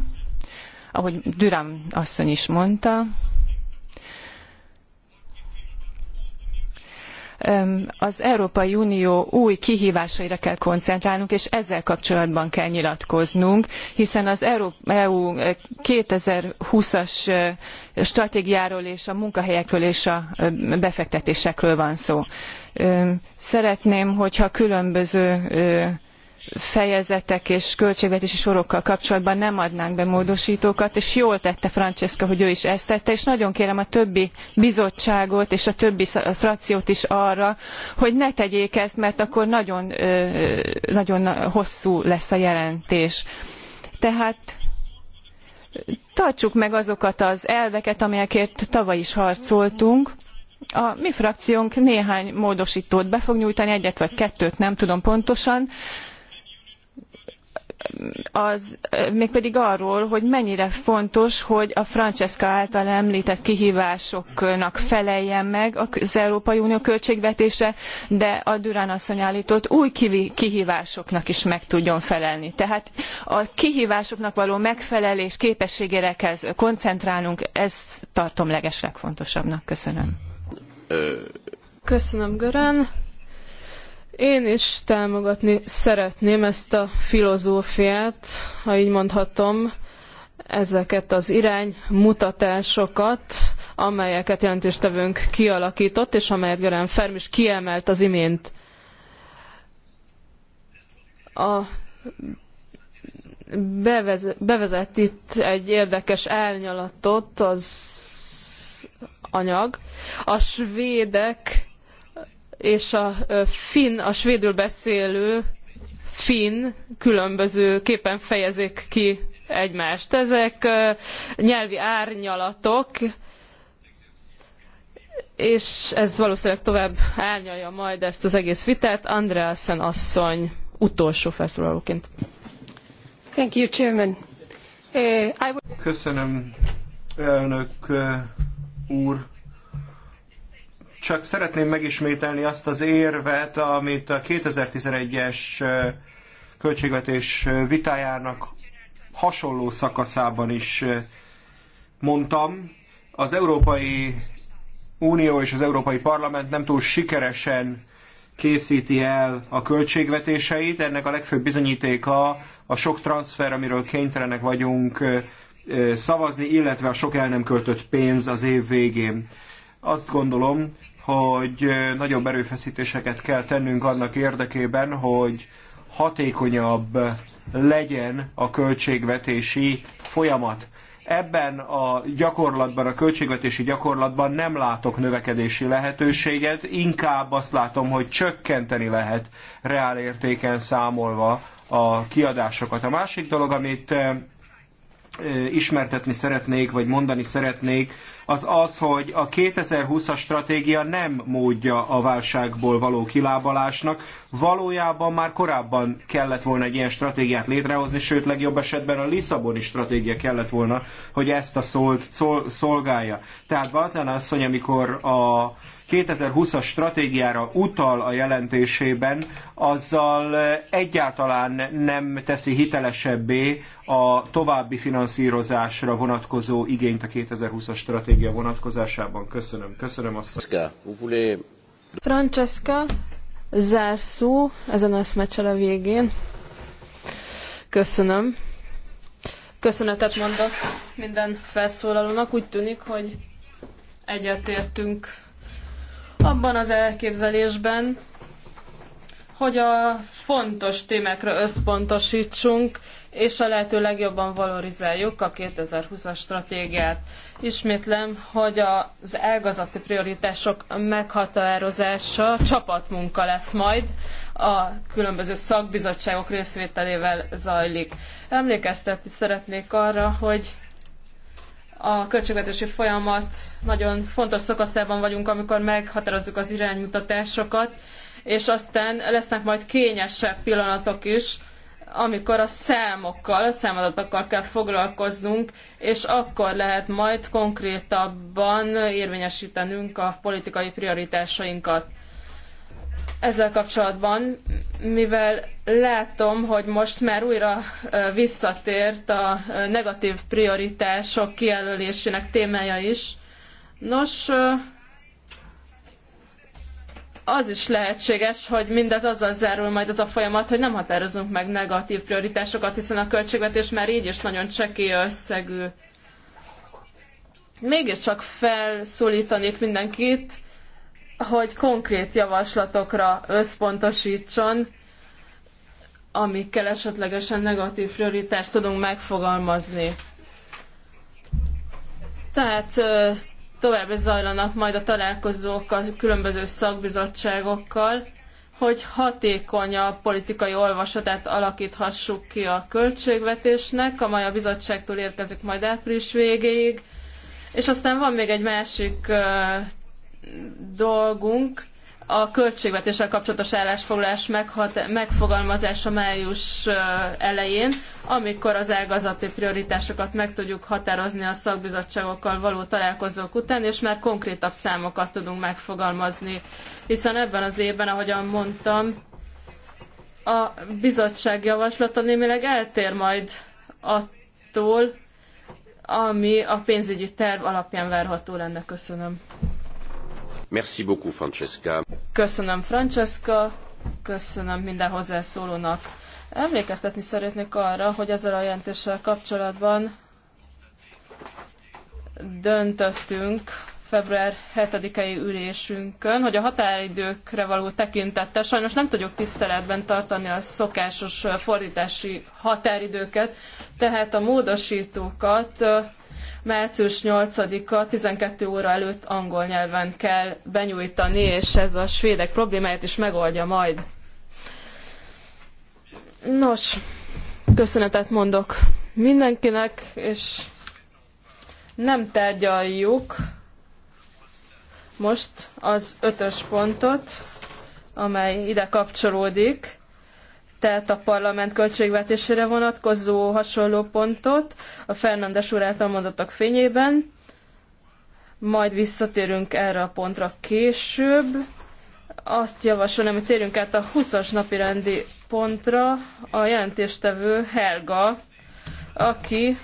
ahogy Düram asszony is mondta, az Európai Unió új kihívásaira kell koncentrálnunk, és ezzel kapcsolatban kell nyilatkoznunk, hiszen az EU 2020-as stratégiáról és a munkahelyekről és a befektetésekről van szó. Szeretném, hogyha különböző fejezetek és költségvetési sorokkal kapcsolatban nem adnánk be módosítókat, és jól tette Francesca, hogy ő is ezt tette, és nagyon kérem a többi bizottságot és a többi frakciót is arra, hogy ne tegyék ezt, mert akkor nagyon, nagyon hosszú lesz a jelentés. Tehát tartsuk meg azokat az elveket, amelyekért tavaly is harcoltunk, a mi frakciónk néhány módosítót be fog nyújtani, egyet vagy kettőt nem tudom pontosan, az mégpedig arról, hogy mennyire fontos, hogy a Francesca által említett kihívásoknak feleljen meg az Európai Unió költségvetése, de a Durán asszony állított új kihívásoknak is meg tudjon felelni. Tehát a kihívásoknak való megfelelés képességére kell koncentrálnunk, ezt tartom legeslegfontosabbnak. Köszönöm. Köszönöm, Görön. Én is támogatni szeretném ezt a filozófiát, ha így mondhatom, ezeket az iránymutatásokat, amelyeket jelentéstevőnk kialakított, és amelyet Gerán Ferm is kiemelt az imént. A bevez, bevezet itt egy érdekes árnyalatot az anyag. A svédek és a finn, a svédül beszélő finn különbözőképpen fejezik ki egymást. Ezek nyelvi árnyalatok, és ez valószínűleg tovább árnyalja majd ezt az egész vitát. Andreasen asszony utolsó felszólalóként. Thank you, Chairman. Eh, Köszönöm, elnök eh, úr csak szeretném megismételni azt az érvet, amit a 2011-es költségvetés vitájának hasonló szakaszában is mondtam. Az Európai Unió és az Európai Parlament nem túl sikeresen készíti el a költségvetéseit. Ennek a legfőbb bizonyítéka a sok transfer, amiről kénytelenek vagyunk szavazni, illetve a sok el nem költött pénz az év végén. Azt gondolom, hogy nagyobb erőfeszítéseket kell tennünk annak érdekében, hogy hatékonyabb legyen a költségvetési folyamat. Ebben a gyakorlatban, a költségvetési gyakorlatban nem látok növekedési lehetőséget, inkább azt látom, hogy csökkenteni lehet reálértéken számolva a kiadásokat. A másik dolog, amit ismertetni szeretnék, vagy mondani szeretnék, az az, hogy a 2020-as stratégia nem módja a válságból való kilábalásnak. Valójában már korábban kellett volna egy ilyen stratégiát létrehozni, sőt legjobb esetben a Lisszaboni stratégia kellett volna, hogy ezt a szólt szolgálja. Tehát Balzán asszony, amikor a 2020-as stratégiára utal a jelentésében, azzal egyáltalán nem teszi hitelesebbé a további finanszírozásra vonatkozó igényt a 2020-as stratégia vonatkozásában. Köszönöm. Köszönöm azt. Francesca, zárszó ezen az meccsel a végén. Köszönöm. Köszönetet mondok minden felszólalónak. Úgy tűnik, hogy egyetértünk abban az elképzelésben, hogy a fontos témákra összpontosítsunk, és a lehető legjobban valorizáljuk a 2020-as stratégiát. Ismétlem, hogy az elgazati prioritások meghatározása csapatmunka lesz majd, a különböző szakbizottságok részvételével zajlik. Emlékeztetni szeretnék arra, hogy a költségvetési folyamat nagyon fontos szakaszában vagyunk, amikor meghatározzuk az iránymutatásokat, és aztán lesznek majd kényesebb pillanatok is, amikor a számokkal, a számadatokkal kell foglalkoznunk, és akkor lehet majd konkrétabban érvényesítenünk a politikai prioritásainkat. Ezzel kapcsolatban mivel látom, hogy most már újra visszatért a negatív prioritások kijelölésének témája is. Nos, az is lehetséges, hogy mindez azzal zárul majd az a folyamat, hogy nem határozunk meg negatív prioritásokat, hiszen a költségvetés már így is nagyon csekély összegű. Mégiscsak felszólítanék mindenkit, hogy konkrét javaslatokra összpontosítson, amikkel esetlegesen negatív prioritást tudunk megfogalmazni. Tehát tovább zajlanak majd a találkozók a különböző szakbizottságokkal, hogy hatékonyabb politikai olvasatát alakíthassuk ki a költségvetésnek, amely a bizottságtól érkezik majd április végéig. És aztán van még egy másik dolgunk. A költségvetéssel kapcsolatos állásfoglalás megfogalmazása május elején, amikor az ágazati prioritásokat meg tudjuk határozni a szakbizottságokkal való találkozók után, és már konkrétabb számokat tudunk megfogalmazni. Hiszen ebben az évben, ahogyan mondtam, a bizottság javaslata némileg eltér majd attól, ami a pénzügyi terv alapján várható lenne. Köszönöm. Merci beaucoup, Francesca. Köszönöm, Francesca. Köszönöm minden hozzászólónak. Emlékeztetni szeretnék arra, hogy ezzel a jelentéssel kapcsolatban döntöttünk február 7-i ülésünkön, hogy a határidőkre való tekintettel sajnos nem tudjuk tiszteletben tartani a szokásos fordítási határidőket, tehát a módosítókat március 8-a 12 óra előtt angol nyelven kell benyújtani, és ez a svédek problémáját is megoldja majd. Nos, köszönetet mondok mindenkinek, és nem tárgyaljuk most az ötös pontot, amely ide kapcsolódik tett a parlament költségvetésére vonatkozó hasonló pontot a Fernandes úr által mondottak fényében. Majd visszatérünk erre a pontra később. Azt javasolom, hogy térjünk át a 20-as napi rendi pontra a jelentéstevő Helga, aki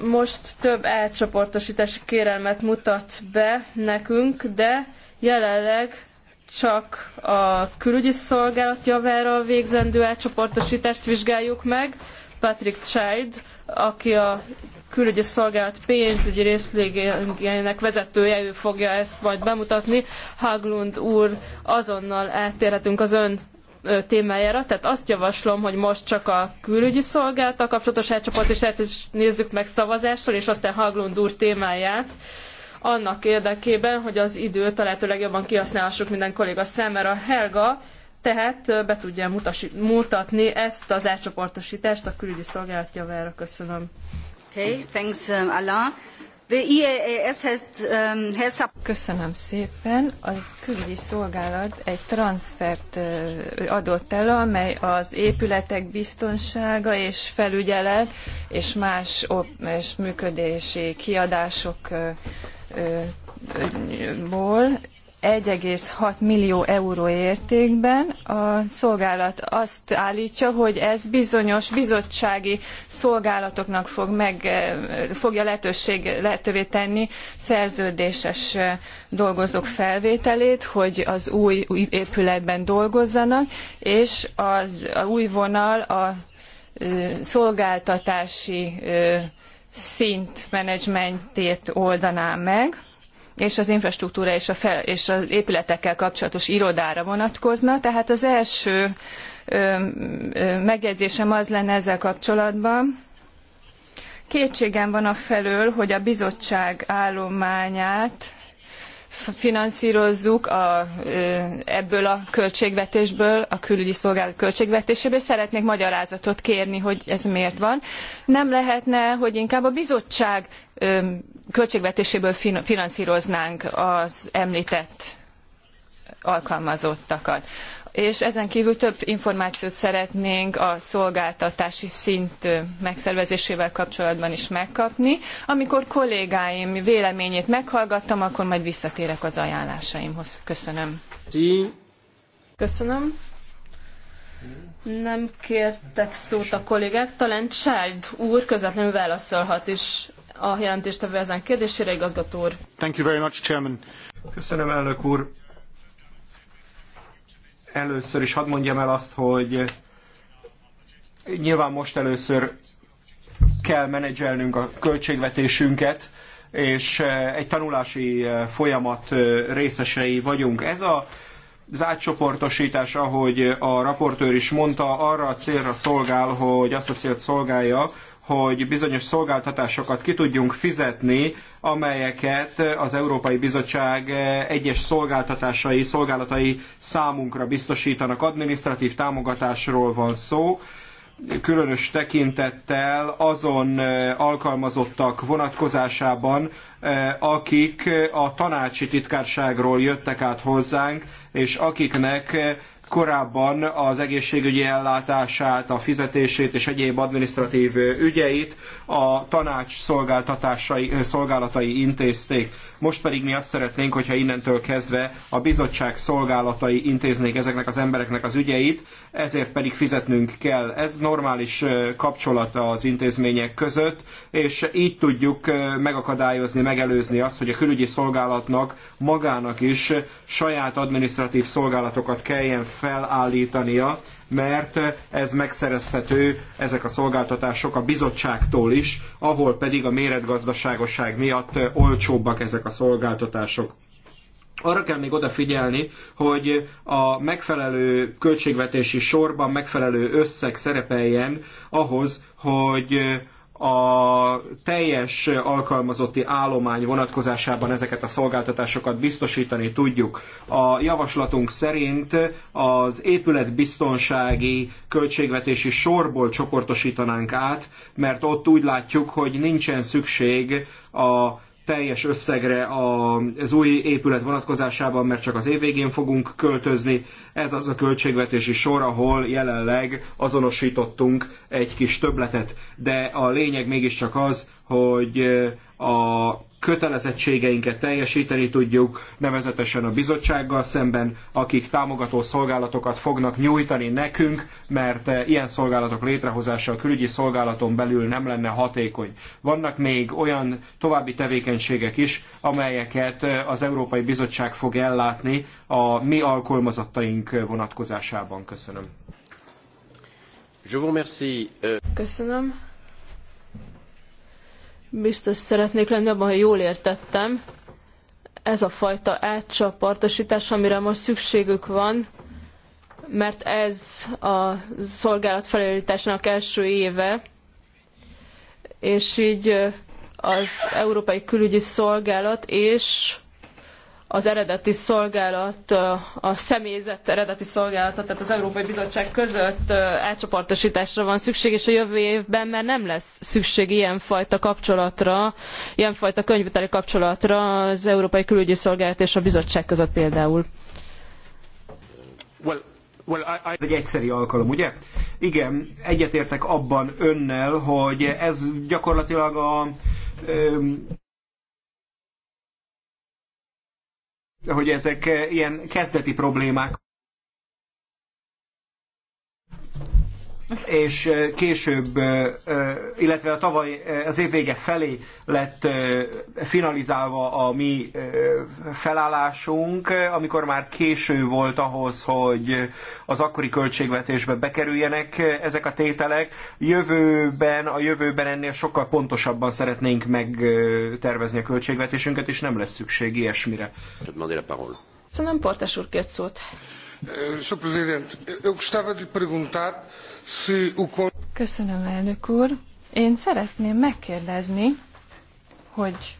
most több elcsoportosítási kérelmet mutat be nekünk, de jelenleg csak a külügyi szolgálat javára végzendő átcsoportosítást vizsgáljuk meg. Patrick Child, aki a külügyi szolgálat pénzügyi részlegének vezetője, ő fogja ezt majd bemutatni. Haglund úr, azonnal áttérhetünk az ön témájára, tehát azt javaslom, hogy most csak a külügyi szolgálattal kapcsolatos átcsoportosítást nézzük meg szavazással, és aztán Haglund úr témáját annak érdekében, hogy az időt a lehető legjobban kihasználhassuk minden kolléga számára. Helga tehát be tudja mutatni ezt az átcsoportosítást a külügyi szolgálat javára. Köszönöm. Okay, thanks, um, Alain. The EAS has, um, has... Köszönöm szépen. Az külügyi szolgálat egy transfert adott el, amely az épületek biztonsága és felügyelet és más és működési kiadások ból 1,6 millió euró értékben. A szolgálat azt állítja, hogy ez bizonyos bizottsági szolgálatoknak fog meg, fogja lehetőség, lehetővé tenni szerződéses dolgozók felvételét, hogy az új, épületben dolgozzanak, és az új vonal a szolgáltatási szint oldaná meg, és az infrastruktúra és, a fel, és az épületekkel kapcsolatos irodára vonatkozna. Tehát az első ö, ö, megjegyzésem az lenne ezzel kapcsolatban, Kétségem van a felől, hogy a bizottság állományát finanszírozzuk a, ebből a költségvetésből, a külügyi szolgálat költségvetéséből. Szeretnék magyarázatot kérni, hogy ez miért van. Nem lehetne, hogy inkább a bizottság költségvetéséből finanszíroznánk az említett alkalmazottakat és ezen kívül több információt szeretnénk a szolgáltatási szint megszervezésével kapcsolatban is megkapni. Amikor kollégáim véleményét meghallgattam, akkor majd visszatérek az ajánlásaimhoz. Köszönöm. Köszönöm. Nem kértek szót a kollégák, talán Child úr közvetlenül válaszolhat is a jelentéstevő ezen kérdésére, igazgató úr. Thank you very much, Chairman. Köszönöm, elnök úr. Először is hadd mondjam el azt, hogy nyilván most először kell menedzselnünk a költségvetésünket, és eh, egy tanulási eh, folyamat eh, részesei vagyunk. Ez a, az átcsoportosítás, ahogy a raportőr is mondta, arra a célra szolgál, hogy azt a célt szolgálja, hogy bizonyos szolgáltatásokat ki tudjunk fizetni, amelyeket az Európai Bizottság egyes szolgáltatásai, szolgálatai számunkra biztosítanak. Adminisztratív támogatásról van szó, különös tekintettel azon alkalmazottak vonatkozásában, Eh, akik eh, a tanácsi titkárságról jöttek át hozzánk, és akiknek eh, korábban az egészségügyi ellátását, a fizetését és egyéb adminisztratív ügyeit a tanács szolgáltatásai, szolgálatai intézték. Most pedig mi azt szeretnénk, hogyha innentől kezdve a bizottság szolgálatai intéznék ezeknek az embereknek az ügyeit, ezért pedig fizetnünk kell. Ez normális kapcsolat az intézmények között, és így tudjuk megakadályozni, megelőzni azt, hogy a külügyi szolgálatnak magának is saját adminisztratív szolgálatokat kelljen felállítania, mert ez megszerezhető, ezek a szolgáltatások a bizottságtól is, ahol pedig a méretgazdaságosság miatt olcsóbbak ezek a szolgáltatások. Arra kell még odafigyelni, hogy a megfelelő költségvetési sorban megfelelő összeg szerepeljen ahhoz, hogy a teljes alkalmazotti állomány vonatkozásában ezeket a szolgáltatásokat biztosítani tudjuk. A javaslatunk szerint az épületbiztonsági költségvetési sorból csoportosítanánk át, mert ott úgy látjuk, hogy nincsen szükség a teljes összegre az új épület vonatkozásában, mert csak az év végén fogunk költözni. Ez az a költségvetési sor, ahol jelenleg azonosítottunk egy kis töbletet. De a lényeg mégiscsak az, hogy a kötelezettségeinket teljesíteni tudjuk, nevezetesen a bizottsággal szemben, akik támogató szolgálatokat fognak nyújtani nekünk, mert eh, ilyen szolgálatok létrehozása a külügyi szolgálaton belül nem lenne hatékony. Vannak még olyan további tevékenységek is, amelyeket eh, az Európai Bizottság fog ellátni a mi alkalmazottaink vonatkozásában. Köszönöm. Euh, Köszönöm biztos szeretnék lenni abban, hogy jól értettem, ez a fajta átcsapartosítás, amire most szükségük van, mert ez a szolgálat felelősításának első éve, és így az Európai Külügyi Szolgálat és az eredeti szolgálat, a személyzet eredeti szolgálata, tehát az Európai Bizottság között átcsoportosításra van szükség, és a jövő évben már nem lesz szükség ilyenfajta kapcsolatra, ilyenfajta könyvteli kapcsolatra az Európai Külügyi Szolgálat és a Bizottság között például. Well, well, I, I... Ez egy egyszeri alkalom, ugye? Igen, egyetértek abban önnel, hogy ez gyakorlatilag a... hogy ezek eh, ilyen kezdeti problémák. és később, illetve a tavaly az év vége felé lett finalizálva a mi felállásunk, amikor már késő volt ahhoz, hogy az akkori költségvetésbe bekerüljenek ezek a tételek. Jövőben, a jövőben ennél sokkal pontosabban szeretnénk megtervezni a költségvetésünket, és nem lesz szükség ilyesmire. Szerintem Portes úr kért szót. Eh, Sr. Presidente, eu gostava de lhe perguntar Köszönöm, elnök úr. Én szeretném megkérdezni, hogy,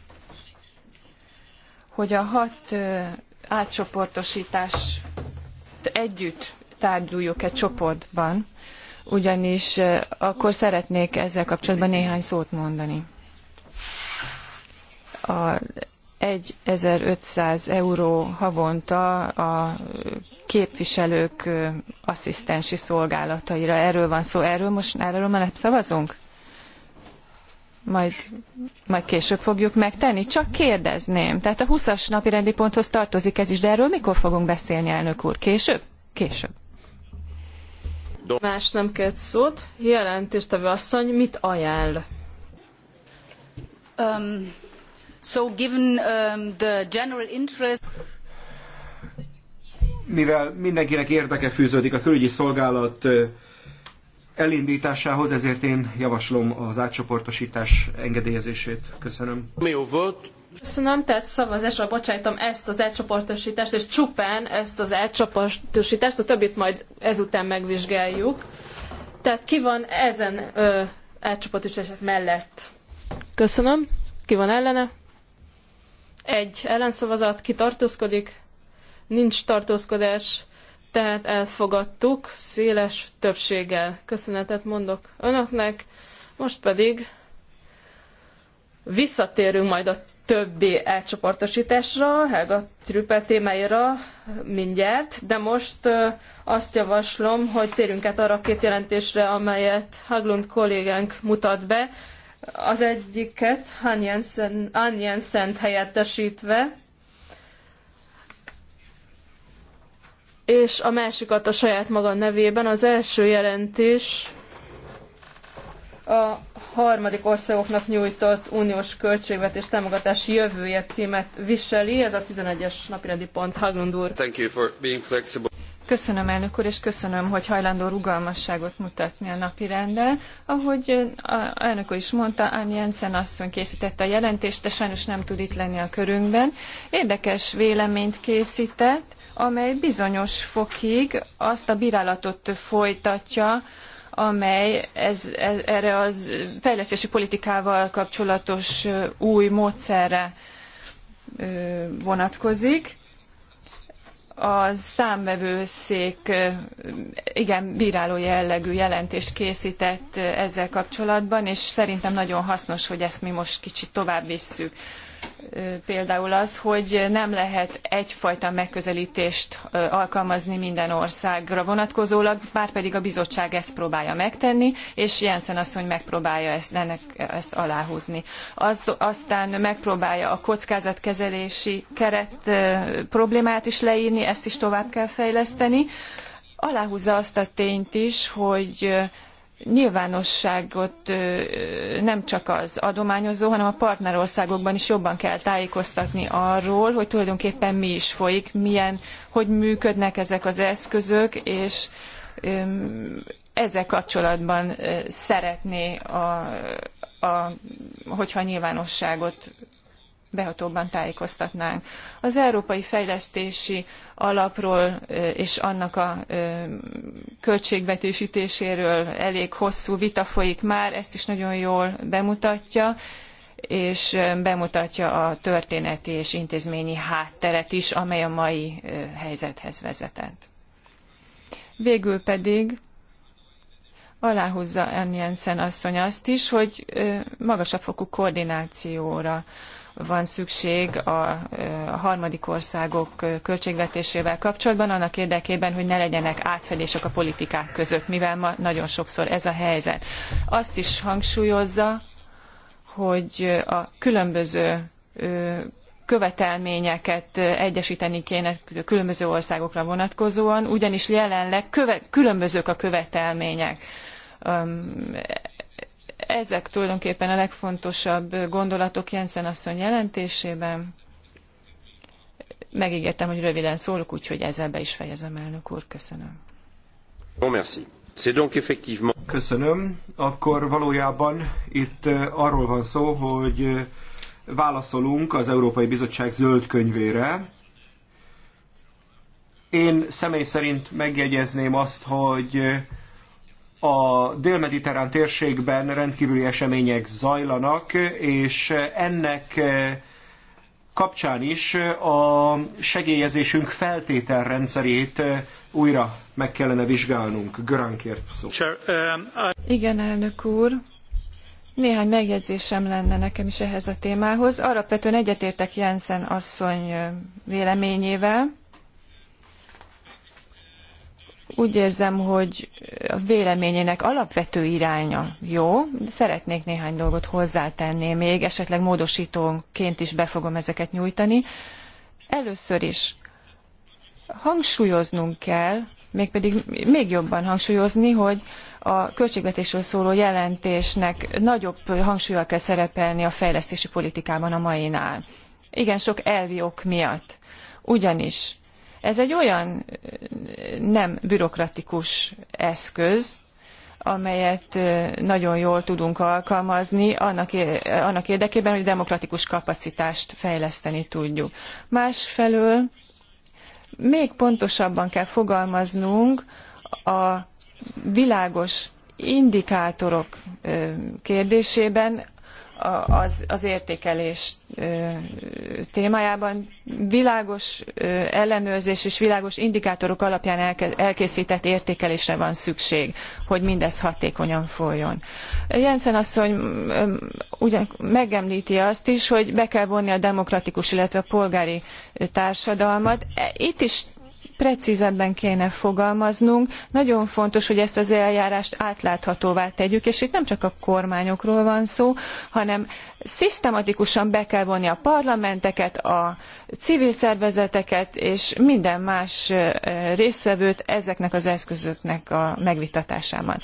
hogy a hat átcsoportosítás együtt tárgyaljuk-e csoportban, ugyanis akkor szeretnék ezzel kapcsolatban néhány szót mondani. A 1500 euró havonta a képviselők asszisztensi szolgálataira. Erről van szó. Erről most erről már szavazunk? Majd, majd később fogjuk megtenni. Csak kérdezném. Tehát a 20-as napi rendi ponthoz tartozik ez is, de erről mikor fogunk beszélni, elnök úr? Később? Később. Más nem kett szót. Jelentéstevő asszony mit ajánl? Um So given um, the general mivel mindenkinek érdeke fűződik a külügyi szolgálat elindításához, ezért én javaslom az átcsoportosítás engedélyezését. Köszönöm. Mi volt? Köszönöm, tehát szavazásra bocsájtom ezt az elcsoportosítást, és csupán ezt az elcsoportosítást, a többit majd ezután megvizsgáljuk. Tehát ki van ezen ö, mellett? Köszönöm. Ki van ellene? Egy ellenszavazat, ki tartózkodik? Nincs tartózkodás, tehát elfogadtuk széles többséggel. Köszönetet mondok önöknek, most pedig visszatérünk majd a többi elcsoportosításra, Helga Trüppel témáira mindjárt, de most azt javaslom, hogy térjünk át arra a két jelentésre, amelyet Haglund kollégánk mutat be, az egyiket Ann Jensen helyettesítve, és a másikat a saját maga nevében. Az első jelentés a harmadik országoknak nyújtott uniós költségvetés támogatás jövője címet viseli. Ez a 11-es napirendi pont, Haglund úr. Köszönöm, elnök úr, és köszönöm, hogy hajlandó rugalmasságot mutatni a napirenden. Ahogy a elnök úr is mondta, Anne Jensen asszony készítette a jelentést, de sajnos nem tud itt lenni a körünkben. Érdekes véleményt készített, amely bizonyos fokig azt a bírálatot folytatja, amely ez, ez, erre a fejlesztési politikával kapcsolatos új módszerre vonatkozik a számvevőszék igen bíráló jellegű jelentést készített ezzel kapcsolatban, és szerintem nagyon hasznos, hogy ezt mi most kicsit tovább visszük például az, hogy nem lehet egyfajta megközelítést alkalmazni minden országra vonatkozólag, bár pedig a bizottság ezt próbálja megtenni, és Jensen asszony megpróbálja ezt, ennek, ezt aláhúzni. Az, aztán megpróbálja a kockázatkezelési keret problémát is leírni, ezt is tovább kell fejleszteni. Aláhúzza azt a tényt is, hogy nyilvánosságot nem csak az adományozó, hanem a partnerországokban is jobban kell tájékoztatni arról, hogy tulajdonképpen mi is folyik, milyen, hogy működnek ezek az eszközök, és ezzel kapcsolatban szeretné, a, a, hogyha nyilvánosságot behatóbban tájékoztatnánk. Az Európai Fejlesztési Alapról és annak a költségvetésítéséről elég hosszú vita folyik már, ezt is nagyon jól bemutatja és bemutatja a történeti és intézményi hátteret is, amely a mai helyzethez vezetett. Végül pedig aláhúzza Ann Jensen asszony azt is, hogy magasabb fokú koordinációra van szükség a, harmadik országok költségvetésével kapcsolatban, annak érdekében, hogy ne legyenek átfedések a politikák között, mivel ma nagyon sokszor ez a helyzet. Azt is hangsúlyozza, hogy a különböző követelményeket egyesíteni kéne különböző országokra vonatkozóan, ugyanis jelenleg köve, különbözők a követelmények ezek tulajdonképpen a legfontosabb gondolatok Jensen asszony jelentésében. Megígértem, hogy röviden szólok, úgyhogy ezzel be is fejezem, elnök úr. Köszönöm. Bon, merci. Köszönöm. Akkor valójában itt arról van szó, hogy válaszolunk az Európai Bizottság zöld könyvére. Én személy szerint megjegyezném azt, hogy a dél-mediterrán térségben rendkívüli események zajlanak, és ennek eh, kapcsán is a segélyezésünk feltételrendszerét eh, újra meg kellene vizsgálnunk. Görán kért szó. Um, Igen, elnök úr. Néhány megjegyzésem lenne nekem is ehhez a témához. Arra petően egyetértek Jensen asszony eh, véleményével, úgy érzem, hogy a véleményének alapvető iránya jó, de szeretnék néhány dolgot hozzátenni még, esetleg módosítónként is be fogom ezeket nyújtani. Először is hangsúlyoznunk kell, mégpedig még jobban hangsúlyozni, hogy a költségvetésről szóló jelentésnek nagyobb hangsúlyal kell szerepelni a fejlesztési politikában a mainál. Igen, sok elvi ok miatt. Ugyanis ez egy olyan nem bürokratikus eszköz, amelyet nagyon jól tudunk alkalmazni annak, érdekében, hogy demokratikus kapacitást fejleszteni tudjuk. Másfelől még pontosabban kell fogalmaznunk a világos indikátorok kérdésében, az, az értékelés témájában világos ellenőrzés és világos indikátorok alapján elkészített értékelésre van szükség, hogy mindez hatékonyan folyjon. Jensen asszony ugyan megemlíti azt is, hogy be kell vonni a demokratikus, illetve a polgári társadalmat. E, itt is precízebben kéne fogalmaznunk. Nagyon fontos, hogy ezt az eljárást átláthatóvá tegyük, és itt nem csak a kormányokról van szó, hanem szisztematikusan be kell vonni a parlamenteket, a civil szervezeteket és minden más résztvevőt ezeknek az eszközöknek a megvitatásában.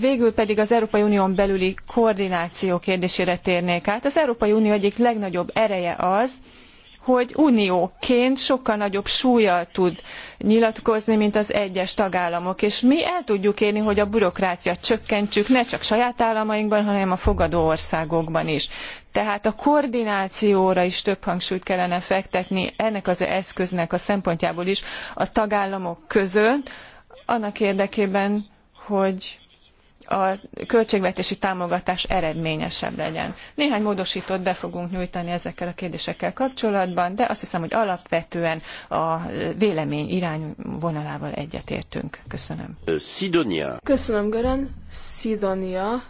Végül pedig az Európai Unión belüli koordináció kérdésére térnék át. Az Európai Unió egyik legnagyobb ereje az, hogy unióként sokkal nagyobb súlyjal tud nyilatkozni, mint az egyes tagállamok. És mi el tudjuk érni, hogy a bürokráciát csökkentsük, ne csak saját államainkban, hanem a fogadó országokban is. Tehát a koordinációra is több hangsúlyt kellene fektetni ennek az eszköznek a szempontjából is a tagállamok között, annak érdekében, hogy a költségvetési támogatás eredményesebb legyen. Néhány módosítót be fogunk nyújtani ezekkel a kérdésekkel kapcsolatban, de azt hiszem, hogy alapvetően a vélemény irányvonalával egyetértünk. Köszönöm. Sidonia. Köszönöm, Gören. Sidonia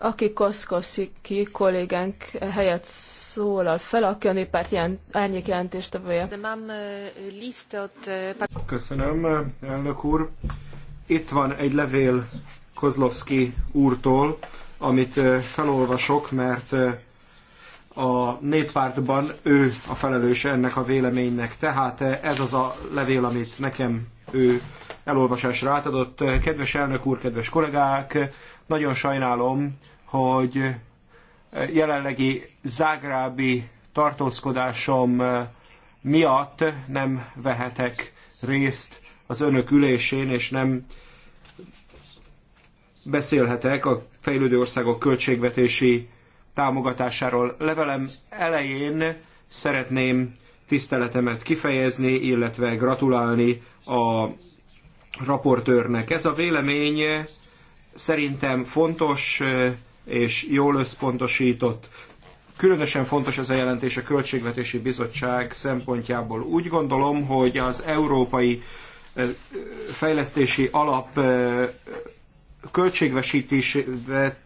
aki Koszkosziki kollégánk helyett szólal fel, aki a néppárt jel árnyék jelentéstevője. Köszönöm, elnök úr. Itt van egy levél Kozlovski úrtól, amit felolvasok, mert a néppártban ő a felelős ennek a véleménynek. Tehát ez az a levél, amit nekem ő elolvasásra átadott. Kedves elnök úr, kedves kollégák, nagyon sajnálom, hogy jelenlegi zágrábi tartózkodásom miatt nem vehetek részt az önök ülésén, és nem beszélhetek a fejlődő országok költségvetési támogatásáról. Levelem elején szeretném tiszteletemet kifejezni, illetve gratulálni a raportőrnek. Ez a vélemény szerintem fontos és jól összpontosított. Különösen fontos ez a jelentés a Költségvetési Bizottság szempontjából. Úgy gondolom, hogy az Európai eh, Fejlesztési Alap eh, költségvetéset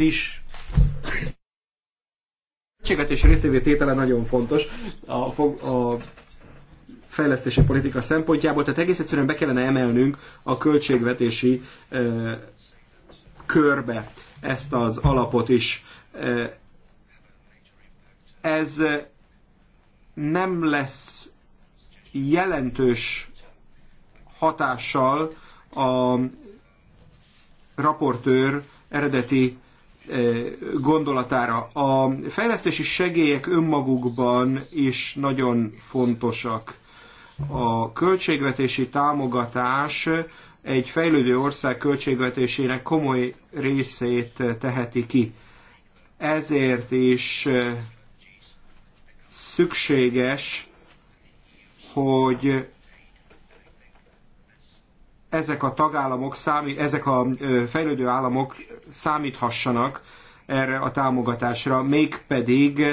is költségvetés részévé tétele nagyon fontos a, a fejlesztési politika szempontjából, tehát egész egyszerűen be kellene emelnünk a költségvetési ö, körbe ezt az alapot is. Ez nem lesz jelentős hatással a raportőr eredeti e, gondolatára. A fejlesztési segélyek önmagukban is nagyon fontosak. A költségvetési támogatás egy fejlődő ország költségvetésének komoly részét teheti ki. Ezért is e, szükséges, hogy ezek a tagállamok, számít, ezek a fejlődő államok számíthassanak erre a támogatásra, mégpedig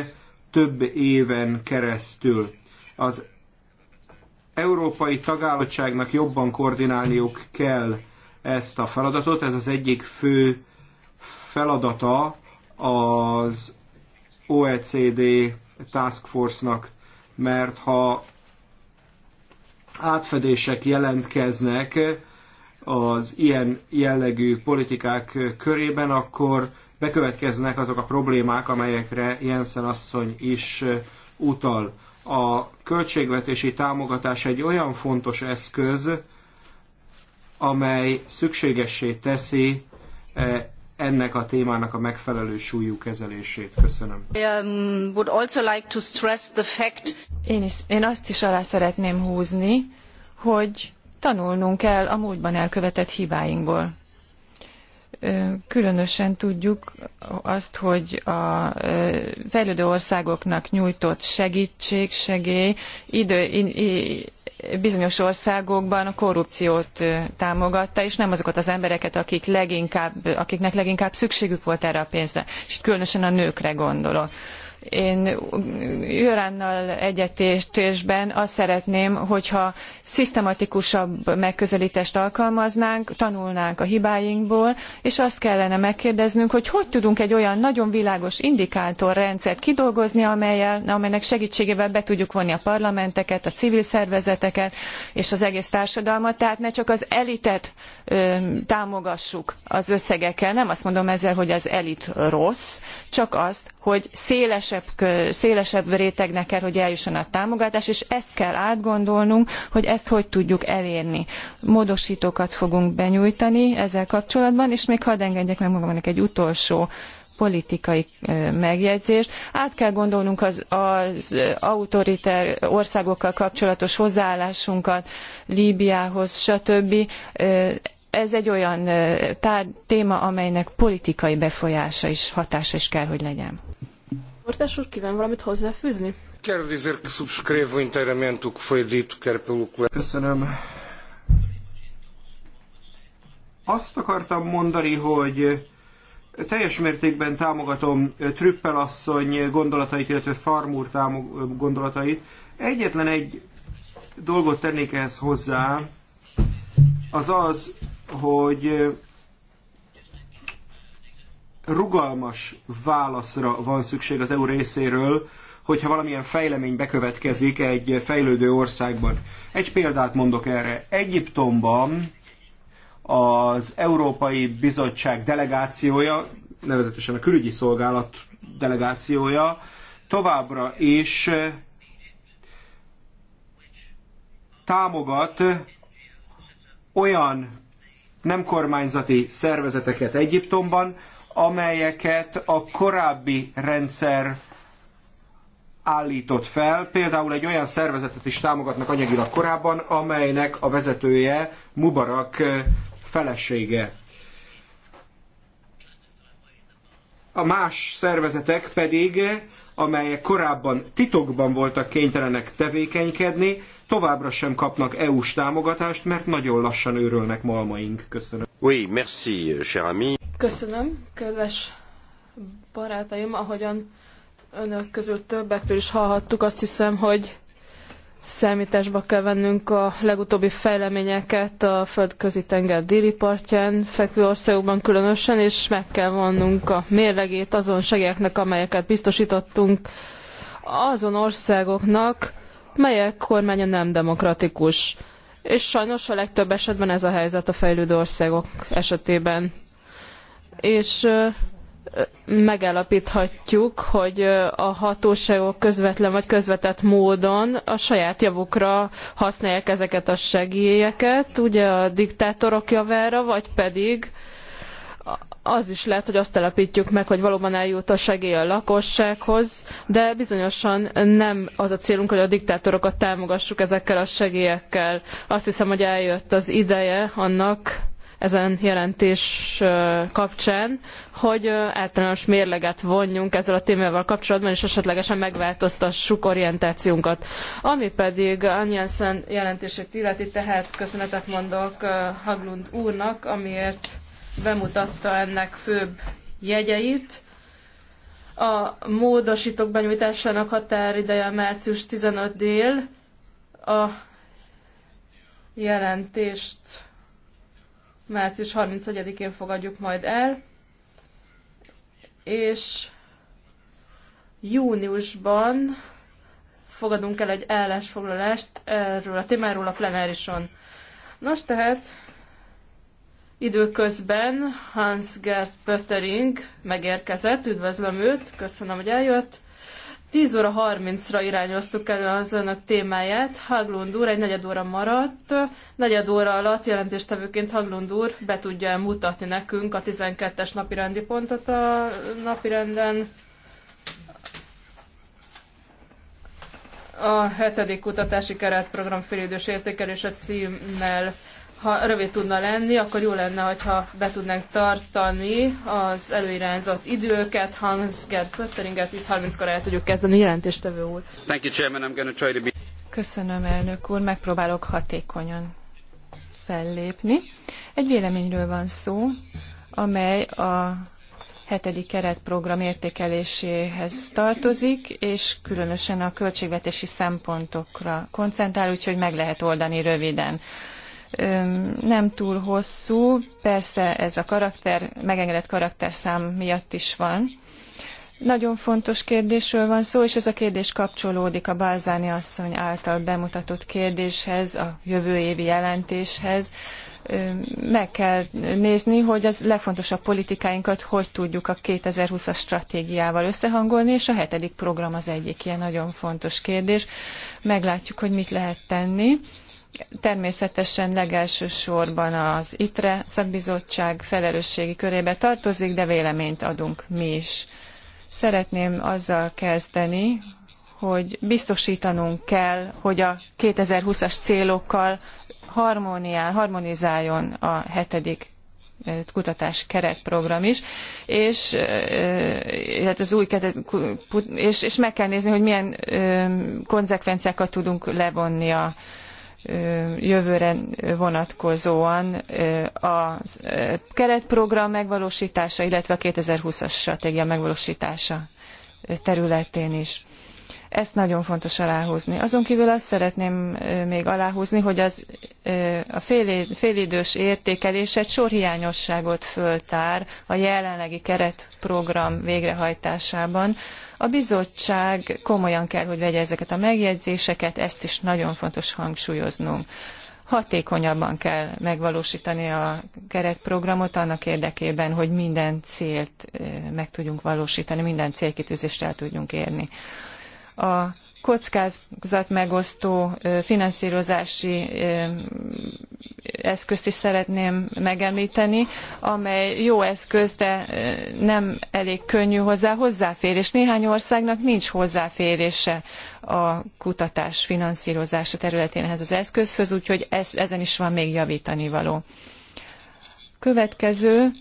több éven keresztül. Az európai tagállóságnak jobban koordinálniuk kell ezt a feladatot, ez az egyik fő feladata az OECD Task Force-nak, mert ha átfedések jelentkeznek, az ilyen jellegű politikák körében, akkor bekövetkeznek azok a problémák, amelyekre Jensen asszony is utal. A költségvetési támogatás egy olyan fontos eszköz, amely szükségessé teszi ennek a témának a megfelelő súlyú kezelését. Köszönöm. Um, én, is, én azt is alá szeretném húzni, hogy tanulnunk kell a múltban elkövetett hibáinkból. Különösen tudjuk azt, hogy a fejlődő országoknak nyújtott segítség, segély idő, bizonyos országokban a korrupciót támogatta, és nem azokat az embereket, akik leginkább, akiknek leginkább szükségük volt erre a pénzre. És itt különösen a nőkre gondolok én Jöránnal egyetértésben azt szeretném, hogyha szisztematikusabb megközelítést alkalmaznánk, tanulnánk a hibáinkból, és azt kellene megkérdeznünk, hogy hogy tudunk egy olyan nagyon világos indikátorrendszert kidolgozni, amelyel, amelynek segítségével be tudjuk vonni a parlamenteket, a civil szervezeteket és az egész társadalmat, tehát ne csak az elitet ö, támogassuk az összegekkel. Nem azt mondom ezzel, hogy az elit rossz, csak azt, hogy széles szélesebb, rétegnek kell, hogy eljusson a támogatás, és ezt kell átgondolnunk, hogy ezt hogy tudjuk elérni. Módosítókat fogunk benyújtani ezzel kapcsolatban, és még hadd engedjek meg magamnak egy utolsó politikai megjegyzést. Át kell gondolnunk az, az autoriter országokkal kapcsolatos hozzáállásunkat, Líbiához, stb. Ez egy olyan tár, téma, amelynek politikai befolyása és hatása is kell, hogy legyen. Portás úr, kíván valamit hozzáfűzni? Quero dizer que subscrevo inteiramente o que foi dito, quer pelo colega. Köszönöm. Azt akartam mondani, hogy teljes mértékben támogatom Trüppel asszony gondolatait, illetve Farmúr támog- gondolatait. Egyetlen egy dolgot tennék ehhez hozzá, az az, hogy rugalmas válaszra van szükség az EU részéről, hogyha valamilyen fejlemény bekövetkezik egy fejlődő országban. Egy példát mondok erre. Egyiptomban az Európai Bizottság delegációja, nevezetesen a külügyi szolgálat delegációja továbbra is támogat olyan nem kormányzati szervezeteket Egyiptomban, amelyeket a korábbi rendszer állított fel. Például egy olyan szervezetet is támogatnak anyagilag korábban, amelynek a vezetője Mubarak felesége. A más szervezetek pedig, amelyek korábban titokban voltak kénytelenek tevékenykedni, továbbra sem kapnak EU-s támogatást, mert nagyon lassan őrölnek malmaink. Köszönöm. Oui, merci, cher ami. Köszönöm, kedves barátaim, ahogyan önök közül többektől is hallhattuk, azt hiszem, hogy számításba kell vennünk a legutóbbi fejleményeket a földközi tenger déli partján, fekvő országokban különösen, és meg kell vonnunk a mérlegét azon segélyeknek, amelyeket biztosítottunk azon országoknak, melyek kormánya nem demokratikus. És sajnos a legtöbb esetben ez a helyzet a fejlődő országok esetében és megállapíthatjuk, hogy a hatóságok közvetlen vagy közvetett módon a saját javukra használják ezeket a segélyeket, ugye a diktátorok javára, vagy pedig az is lehet, hogy azt telepítjük meg, hogy valóban eljut a segély a lakossághoz, de bizonyosan nem az a célunk, hogy a diktátorokat támogassuk ezekkel a segélyekkel. Azt hiszem, hogy eljött az ideje annak, ezen jelentés kapcsán, hogy általános mérleget vonjunk ezzel a témával kapcsolatban, és esetlegesen megváltoztassuk orientációnkat. Ami pedig Anjensen jelentését illeti, tehát köszönetet mondok Haglund úrnak, amiért bemutatta ennek főbb jegyeit. A módosítók benyújtásának határideje március 15 dél. A jelentést március 31-én fogadjuk majd el, és júniusban fogadunk el egy állásfoglalást erről a témáról a plenárison. Nos, tehát időközben Hans-Gert Pöttering megérkezett, üdvözlöm őt, köszönöm, hogy eljött. 10 óra 30-ra irányoztuk elő az önök témáját. Haglund úr egy negyed óra maradt. Negyed óra alatt jelentéstevőként Haglund úr be tudja mutatni nekünk a 12-es napirendi pontot a napirenden. A hetedik kutatási keretprogram félidős értékelése címmel ha rövid tudna lenni, akkor jó lenne, hogyha be tudnánk tartani az előirányzott időket, Hans Gerd Pötteringet, 10.30-kor el tudjuk kezdeni, jelentéstevő úr. Thank you, Chairman. I'm gonna try to be... Köszönöm, elnök úr, megpróbálok hatékonyan fellépni. Egy véleményről van szó, amely a hetedik keretprogram értékeléséhez tartozik, és különösen a költségvetési szempontokra koncentrál, úgyhogy meg lehet oldani röviden nem túl hosszú, persze ez a karakter, megengedett karakterszám miatt is van. Nagyon fontos kérdésről van szó, és ez a kérdés kapcsolódik a Balzáni asszony által bemutatott kérdéshez, a jövő évi jelentéshez. Meg kell nézni, hogy az legfontosabb politikáinkat hogy tudjuk a 2020-as stratégiával összehangolni, és a hetedik program az egyik ilyen nagyon fontos kérdés. Meglátjuk, hogy mit lehet tenni természetesen legelsősorban az ITRE szakbizottság felelősségi körébe tartozik, de véleményt adunk mi is. Szeretném azzal kezdeni, hogy biztosítanunk kell, hogy a 2020-as célokkal harmoniál, harmonizáljon a hetedik kutatás keretprogram is, és, az új és, és meg kell nézni, hogy milyen konzekvenciákat tudunk levonni a jövőre vonatkozóan a keretprogram megvalósítása, illetve a 2020-as stratégia megvalósítása területén is. Ezt nagyon fontos aláhúzni. Azon kívül azt szeretném még aláhúzni, hogy az, a félidős értékelés egy sor hiányosságot föltár a jelenlegi keretprogram végrehajtásában. A bizottság komolyan kell, hogy vegye ezeket a megjegyzéseket, ezt is nagyon fontos hangsúlyoznunk hatékonyabban kell megvalósítani a keretprogramot annak érdekében, hogy minden célt meg tudjunk valósítani, minden célkitűzést el tudjunk érni a kockázatmegosztó finanszírozási eszközt is szeretném megemlíteni, amely jó eszköz, de nem elég könnyű hozzá hozzáférés. Néhány országnak nincs hozzáférése a kutatás finanszírozása területén ehhez az eszközhöz, úgyhogy ez, ezen is van még javítani való. Következő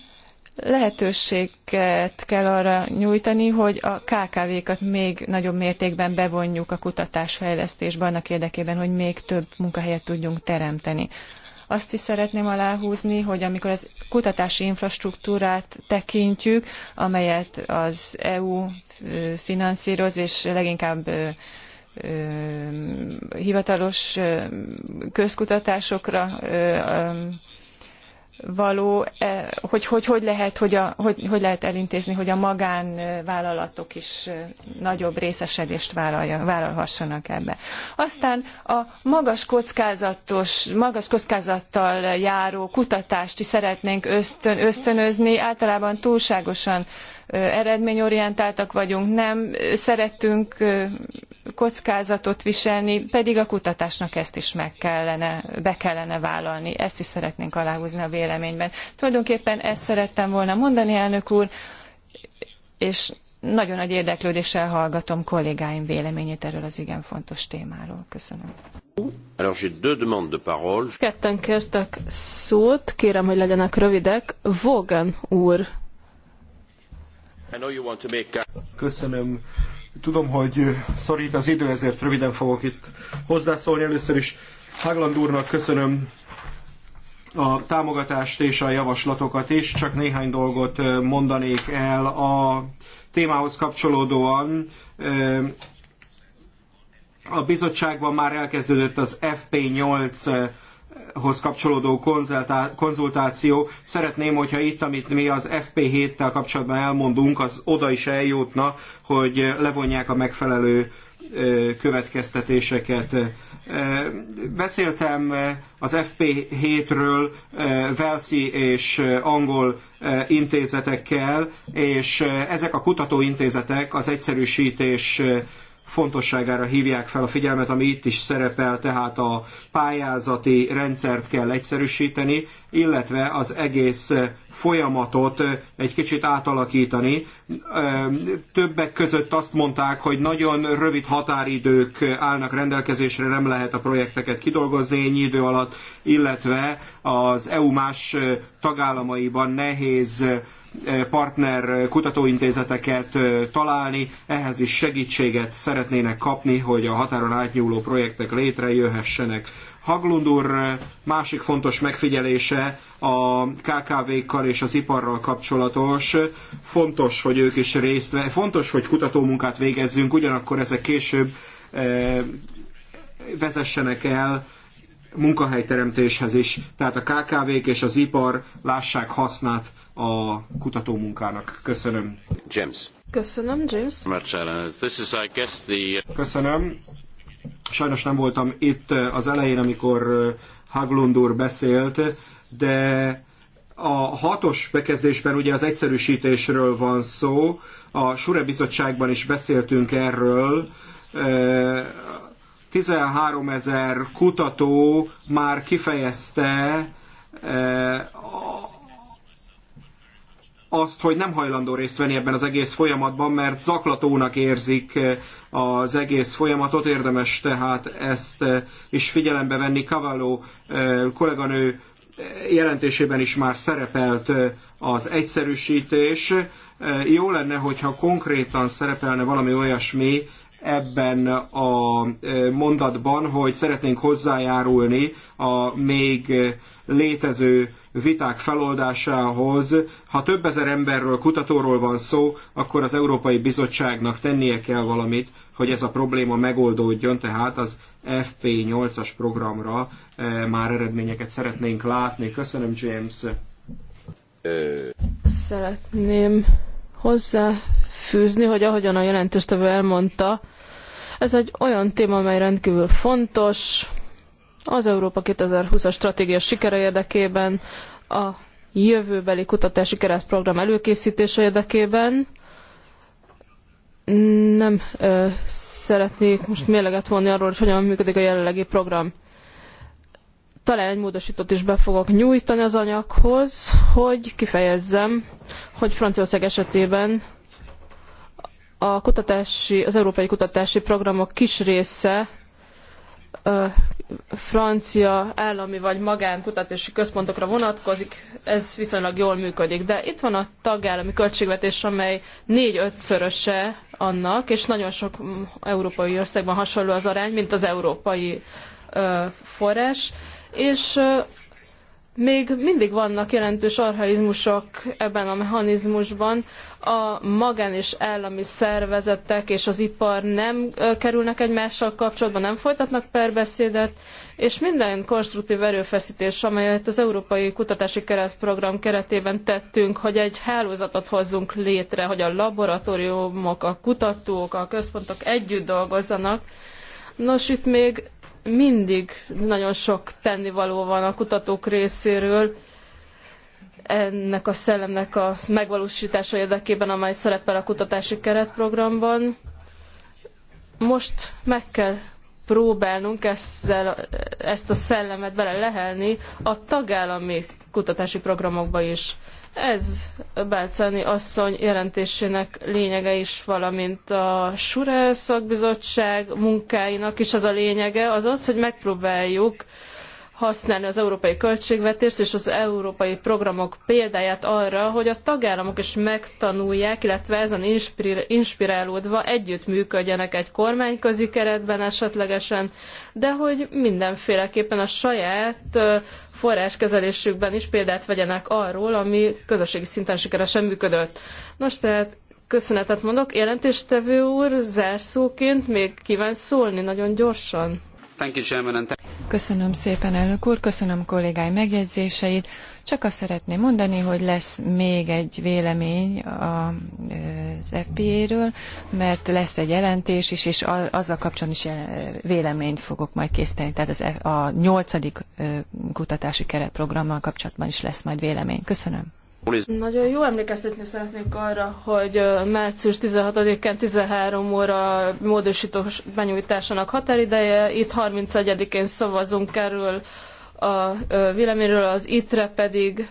lehetőséget kell arra nyújtani, hogy a KKV-kat még nagyobb mértékben bevonjuk a kutatásfejlesztésbe annak érdekében, hogy még több munkahelyet tudjunk teremteni. Azt is szeretném aláhúzni, hogy amikor az kutatási infrastruktúrát tekintjük, amelyet az EU finanszíroz, és leginkább hivatalos közkutatásokra való, eh, hogy, hogy, hogy, lehet, hogy, a, hogy, hogy lehet elintézni, hogy a magánvállalatok is eh, nagyobb részesedést vállalja, vállalhassanak ebbe. Aztán a magas kockázatos, magas kockázattal járó kutatást is szeretnénk ösztön, ösztönözni, általában túlságosan eredményorientáltak vagyunk, nem szeretünk kockázatot viselni, pedig a kutatásnak ezt is meg kellene, be kellene vállalni. Ezt is szeretnénk aláhúzni a véleményben. Tulajdonképpen ezt szerettem volna mondani, elnök úr, és nagyon nagy érdeklődéssel hallgatom kollégáim véleményét erről az igen fontos témáról. Köszönöm. Alors, de Ketten kértek szót, kérem, hogy legyenek rövidek. Vogan úr Köszönöm. Tudom, hogy szorít az idő, ezért röviden fogok itt hozzászólni. Először is Hagland úrnak köszönöm a támogatást és a javaslatokat is. Csak néhány dolgot mondanék el a témához kapcsolódóan. A bizottságban már elkezdődött az FP8 hoz kapcsolódó konzultáció. Szeretném, hogyha itt, amit mi az FP7-tel kapcsolatban elmondunk, az oda is eljutna, hogy levonják a megfelelő következtetéseket. Beszéltem az FP7-ről Velszi és angol intézetekkel, és ezek a kutatóintézetek az egyszerűsítés fontosságára hívják fel a figyelmet, ami itt is szerepel, tehát a pályázati rendszert kell egyszerűsíteni, illetve az egész folyamatot egy kicsit átalakítani. Többek között azt mondták, hogy nagyon rövid határidők állnak rendelkezésre, nem lehet a projekteket kidolgozni ennyi idő alatt, illetve az EU más tagállamaiban nehéz partner kutatóintézeteket találni, ehhez is segítséget szeretnének kapni, hogy a határon átnyúló projektek létrejöhessenek. Haglund úr másik fontos megfigyelése a KKV-kkal és az iparral kapcsolatos. Fontos, hogy ők is részt ve- fontos, hogy kutatómunkát végezzünk, ugyanakkor ezek később vezessenek el munkahelyteremtéshez is. Tehát a KKV-k és az ipar lássák hasznát a kutatómunkának. Köszönöm. James. Köszönöm, James. Uh, uh, Köszönöm. Sajnos nem voltam itt uh, az elején, amikor Haglund úr beszélt, de a hatos bekezdésben ugye az egyszerűsítésről van szó, a Sure Bizottságban is beszéltünk erről, 13 ezer kutató már kifejezte azt, hogy nem hajlandó részt venni ebben az egész folyamatban, mert zaklatónak érzik eh, az egész folyamatot, érdemes tehát ezt eh, is figyelembe venni. Cavallo eh, kolléganő jelentésében is már szerepelt az egyszerűsítés. Jó lenne, hogyha konkrétan szerepelne valami olyasmi, ebben a e, mondatban, hogy szeretnénk hozzájárulni a még létező viták feloldásához. Ha több ezer emberről, kutatóról van szó, akkor az Európai Bizottságnak tennie kell valamit, hogy ez a probléma megoldódjon, tehát az FP8-as programra e, már eredményeket szeretnénk látni. Köszönöm, James. Szeretném hozzá fűzni, hogy ahogyan a jelentéstevő elmondta, ez egy olyan téma, amely rendkívül fontos az Európa 2020-as stratégia sikere érdekében, a jövőbeli kutatási keretprogram előkészítése érdekében. Nem ö, szeretnék most mérleget vonni arról, hogy hogyan működik a jelenlegi program. Talán egy módosítót is be fogok nyújtani az anyaghoz, hogy kifejezzem, hogy Franciaország esetében a kutatási, az európai kutatási programok kis része francia állami vagy magánkutatási központokra vonatkozik, ez viszonylag jól működik. De itt van a tagállami költségvetés, amely négy-ötszöröse annak, és nagyon sok európai országban hasonló az arány, mint az európai forrás, és még mindig vannak jelentős archaizmusok ebben a mechanizmusban. A magán és állami szervezetek és az ipar nem kerülnek egymással kapcsolatba, nem folytatnak perbeszédet, és minden konstruktív erőfeszítés, amelyet az Európai Kutatási Keretprogram keretében tettünk, hogy egy hálózatot hozzunk létre, hogy a laboratóriumok, a kutatók, a központok együtt dolgozzanak. Nos, itt még mindig nagyon sok tennivaló van a kutatók részéről ennek a szellemnek a megvalósítása érdekében, amely szerepel a kutatási keretprogramban. Most meg kell próbálnunk ezzel, ezt a szellemet belelehelni a tagállami kutatási programokba is. Ez Bálcáni asszony jelentésének lényege is, valamint a SURE szakbizottság munkáinak is az a lényege, az az, hogy megpróbáljuk használni az európai költségvetést és az európai programok példáját arra, hogy a tagállamok is megtanulják, illetve ezen inspirálódva együttműködjenek egy kormányközi keretben esetlegesen, de hogy mindenféleképpen a saját forráskezelésükben is példát vegyenek arról, ami közösségi szinten sikeresen működött. Nos, tehát köszönetet mondok. Jelentéstevő úr, zárszóként még kíván szólni nagyon gyorsan. Köszönöm szépen, elnök úr, köszönöm kollégáim megjegyzéseit. Csak azt szeretném mondani, hogy lesz még egy vélemény az FPA-ről, mert lesz egy jelentés is, és azzal kapcsolatban is véleményt fogok majd készíteni. Tehát az a nyolcadik kutatási keretprogrammal kapcsolatban is lesz majd vélemény. Köszönöm. Nagyon jó emlékeztetni szeretnék arra, hogy március 16-án 13 óra módosítós benyújtásának határideje, itt 31-én szavazunk kerül a véleményről, az ITRE pedig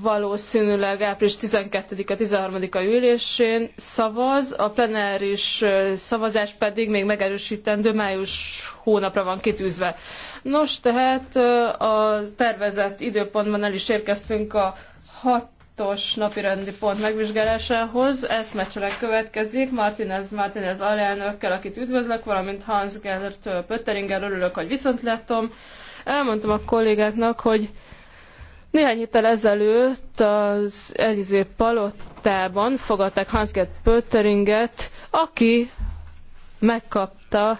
valószínűleg április 12-a 13-a ülésén szavaz, a plenáris szavazás pedig még megerősítendő május hónapra van kitűzve. Nos, tehát a tervezett időpontban el is érkeztünk a hatos napirendi pont megvizsgálásához. Eszmecselek következik Martinez Martinez alelnökkel, akit üdvözlök, valamint Hans Gellert Pötteringer, örülök, hogy viszont Elmondtam a kollégáknak, hogy néhány héttel ezelőtt az előző palottában fogadták Hans-Gert Pötteringet, aki megkapta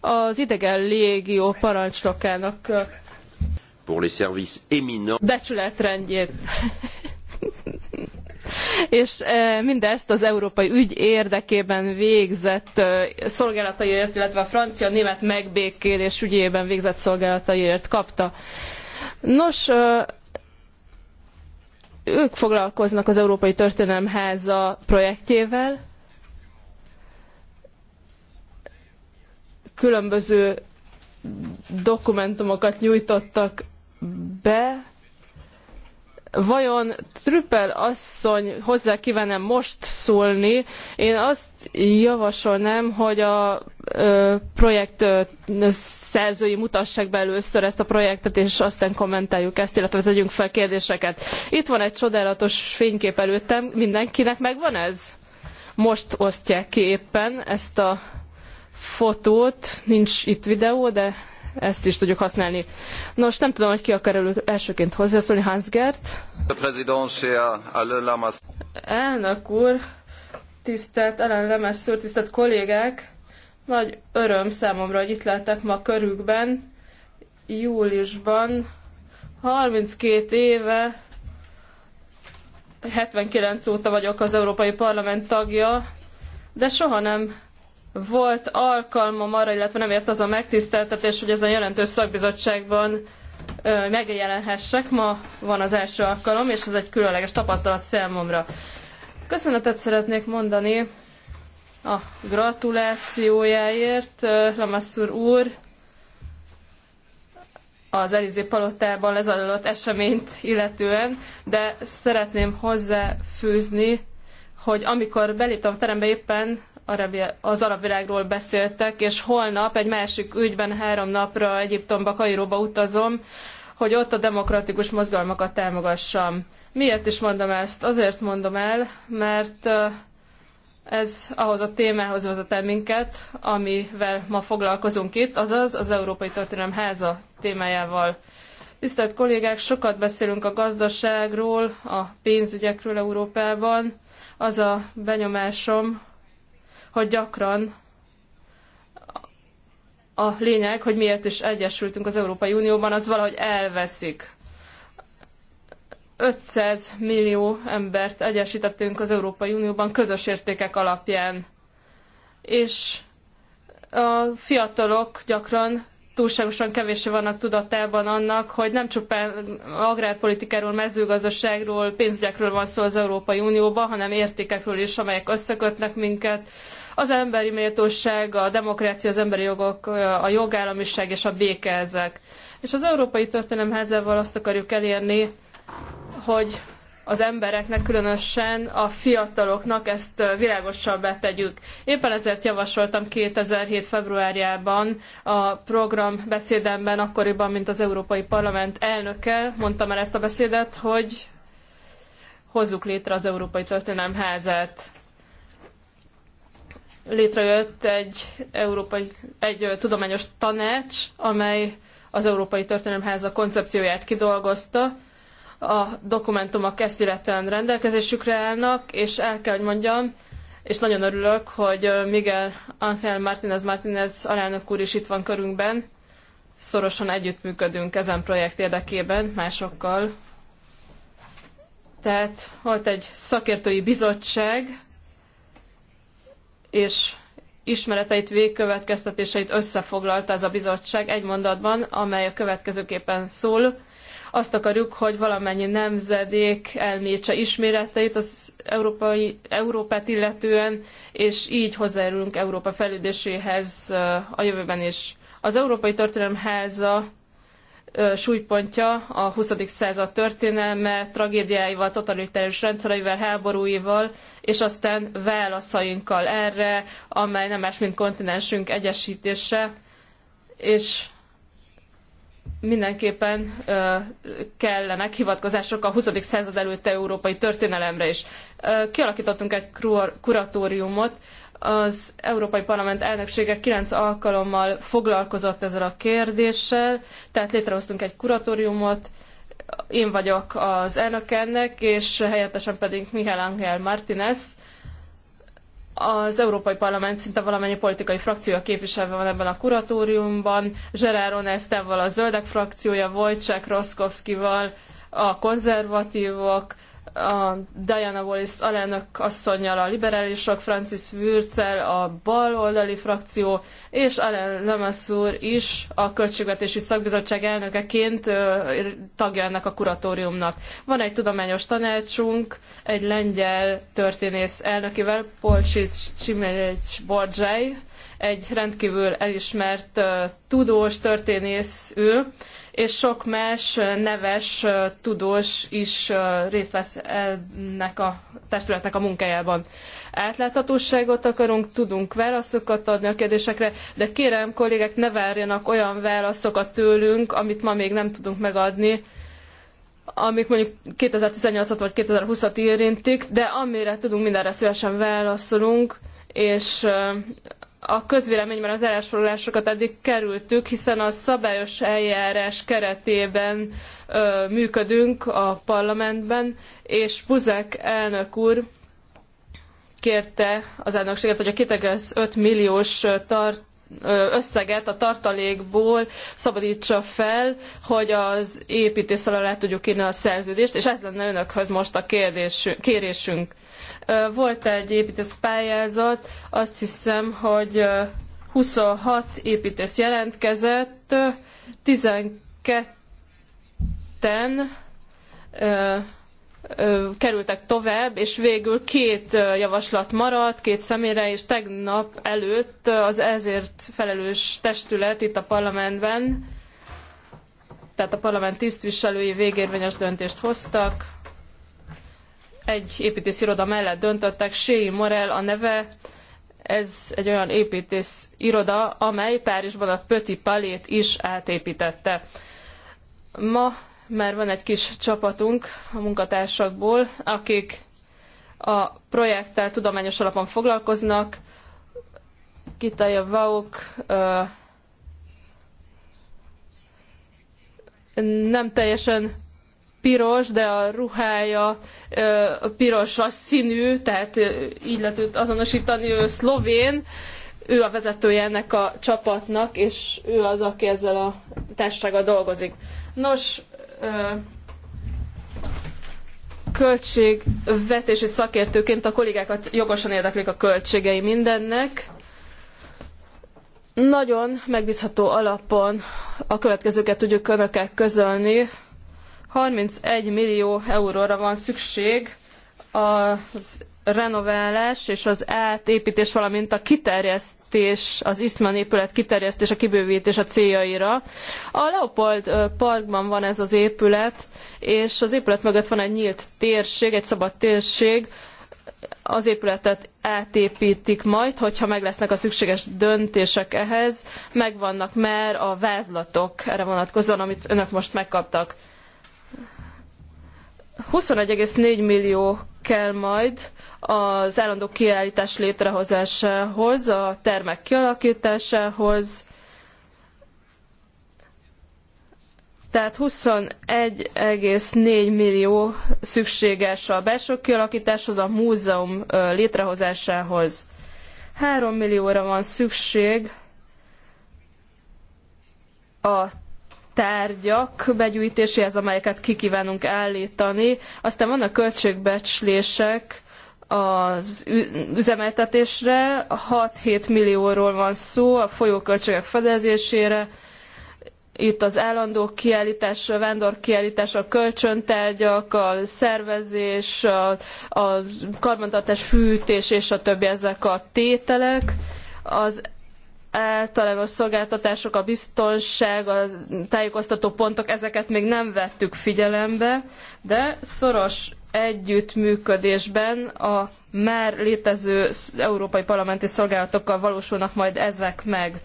az idegen légió parancsnokának pour les services éminents. Becsületrendjét. És mindezt az európai ügy érdekében végzett szolgálataiért, illetve a francia-német megbékélés ügyében végzett szolgálataiért kapta. Nos, ők foglalkoznak az Európai Történelem Háza projektjével, különböző dokumentumokat nyújtottak be, Vajon Trüppel asszony hozzá kívánom most szólni. Én azt javasolnám, hogy a projekt szerzői mutassák be először ezt a projektet, és aztán kommentáljuk ezt, illetve tegyünk fel kérdéseket. Itt van egy csodálatos fénykép előttem, mindenkinek megvan ez? Most osztják ki éppen ezt a fotót, nincs itt videó, de ezt is tudjuk használni. Nos, nem tudom, hogy ki akar elsőként hozzászólni, Hans Gert. Elnök úr, tisztelt Ellen Lemes úr, tisztelt kollégák, nagy öröm számomra, hogy itt lehetek ma körükben, júliusban, 32 éve 79 óta vagyok az Európai Parlament tagja, de soha nem volt alkalmam arra, illetve nem ért az a megtiszteltetés, hogy ezen jelentős szakbizottságban megjelenhessek. Ma van az első alkalom, és ez egy különleges tapasztalat számomra. Köszönetet szeretnék mondani a gratulációjáért, Lamassur úr, az Elizé palotában lezajlott eseményt illetően, de szeretném hozzáfűzni, hogy amikor beléptem a terembe éppen az arab világról beszéltek, és holnap egy másik ügyben három napra Egyiptomba, Kairóba utazom, hogy ott a demokratikus mozgalmakat támogassam. Miért is mondom ezt? Azért mondom el, mert eh, ez ahhoz a témához vezet el minket, amivel ma foglalkozunk itt, azaz az Európai Történelem Háza témájával. Tisztelt kollégák, sokat beszélünk a gazdaságról, a pénzügyekről Európában. Az a benyomásom, hogy gyakran a lényeg, hogy miért is egyesültünk az Európai Unióban, az valahogy elveszik. 500 millió embert egyesítettünk az Európai Unióban közös értékek alapján. És a fiatalok gyakran túlságosan kevéssé vannak tudatában annak, hogy nem csupán agrárpolitikáról, mezőgazdaságról, pénzügyekről van szó az Európai Unióban, hanem értékekről is, amelyek összekötnek minket, az emberi méltóság, a demokrácia, az emberi jogok, a jogállamiság és a béke ezek. És az Európai Történelemházával azt akarjuk elérni, hogy az embereknek, különösen a fiataloknak ezt világosabbá tegyük. Éppen ezért javasoltam 2007. februárjában a program beszédemben, akkoriban, mint az Európai Parlament elnöke, mondtam el ezt a beszédet, hogy hozzuk létre az Európai Történelem Házát létrejött egy, európai, egy tudományos tanács, amely az Európai Történelemháza koncepcióját kidolgozta. A dokumentumok ezt illetően rendelkezésükre állnak, és el kell, hogy mondjam, és nagyon örülök, hogy Miguel Ángel Martínez Martínez alelnök úr is itt van körünkben. Szorosan együttműködünk ezen projekt érdekében másokkal. Tehát volt egy szakértői bizottság, és ismereteit, végkövetkeztetéseit összefoglalta ez a bizottság egy mondatban, amely a következőképpen szól. Azt akarjuk, hogy valamennyi nemzedék elmétse ismereteit az európai, Európát illetően, és így hozzájárulunk Európa fejlődéséhez a jövőben is. Az Európai Történelem Háza súlypontja a 20. század történelme, tragédiáival, totalitárius rendszereivel, háborúival, és aztán válaszainkkal erre, amely nem más, mint kontinensünk egyesítése, és mindenképpen ö, kellenek hivatkozások a 20. század előtti európai történelemre is. Ö, kialakítottunk egy kuratóriumot, az Európai Parlament elnöksége kilenc alkalommal foglalkozott ezzel a kérdéssel, tehát létrehoztunk egy kuratóriumot, én vagyok az elnök ennek, és helyettesen pedig Miguel Angel Martínez, az Európai Parlament szinte valamennyi politikai frakciója képviselve van ebben a kuratóriumban, Gerard Onestával a Zöldek frakciója, Wojciech Roszkowskival a konzervatívok, a Diana Wallis alelnök asszonynal a liberálisok, Francis Würzel a baloldali frakció, és Alain Lemassur is a Költségvetési Szakbizottság elnökeként tagja ennek a kuratóriumnak. Van egy tudományos tanácsunk, egy lengyel történész elnökével, Polcsics Csimelics Bordzsely, egy rendkívül elismert tudós, történész ő, és sok más neves tudós is részt vesz ennek a testületnek a munkájában. Átláthatóságot akarunk, tudunk válaszokat adni a kérdésekre, de kérem kollégek, ne várjanak olyan válaszokat tőlünk, amit ma még nem tudunk megadni, amik mondjuk 2018-at vagy 2020-at érintik, de amire tudunk, mindenre szívesen válaszolunk, és a közvéleményben az állásfoglalásokat eddig kerültük, hiszen a szabályos eljárás keretében ö, működünk a parlamentben, és Buzek elnök úr kérte az elnökséget, hogy a 2,5 milliós tart összeget a tartalékból szabadítsa fel, hogy az építéssel alá tudjuk írni a szerződést, és ez lenne önökhöz most a kérdésünk, kérésünk. Volt egy építész pályázat, azt hiszem, hogy 26 építész jelentkezett, 12-en kerültek tovább, és végül két javaslat maradt, két személyre, és tegnap előtt az ezért felelős testület itt a parlamentben, tehát a parlament tisztviselői végérvényes döntést hoztak. Egy építésziroda mellett döntöttek, Séi Morel a neve, ez egy olyan iroda, amely Párizsban a Pöti Palét is átépítette. Ma mert van egy kis csapatunk a munkatársakból, akik a projekttel tudományos alapon foglalkoznak. Kitaja Vauk nem teljesen piros, de a ruhája pirosas színű, tehát így lehet őt azonosítani, ő szlovén, ő a vezetője ennek a csapatnak, és ő az, aki ezzel a társasággal dolgozik. Nos, költségvetési szakértőként a kollégákat jogosan érdeklik a költségei mindennek. Nagyon megbízható alapon a következőket tudjuk önökkel közölni. 31 millió euróra van szükség az renoválás és az átépítés, valamint a kiterjesztés, az Isztman épület kiterjesztés, a kibővítés a céljaira. A Leopold Parkban van ez az épület, és az épület mögött van egy nyílt térség, egy szabad térség, az épületet átépítik majd, hogyha meg lesznek a szükséges döntések ehhez, megvannak már a vázlatok erre vonatkozóan, amit önök most megkaptak. 21,4 millió kell majd az állandó kiállítás létrehozásához, a termek kialakításához, tehát 21,4 millió szükséges a belső kialakításhoz, a múzeum létrehozásához. 3 millióra van szükség a tárgyak begyűjtéséhez, amelyeket kikívánunk állítani. Aztán vannak költségbecslések az üzemeltetésre, 6-7 millióról van szó a folyóköltségek fedezésére, itt az állandó kiállítás, a vándorkiállítás, a kölcsöntárgyak, a szervezés, a, a karbantartás fűtés és a többi ezek a tételek. Az általános szolgáltatások, a biztonság, a tájékoztató pontok, ezeket még nem vettük figyelembe, de szoros együttműködésben a már létező európai parlamenti szolgálatokkal valósulnak majd ezek meg.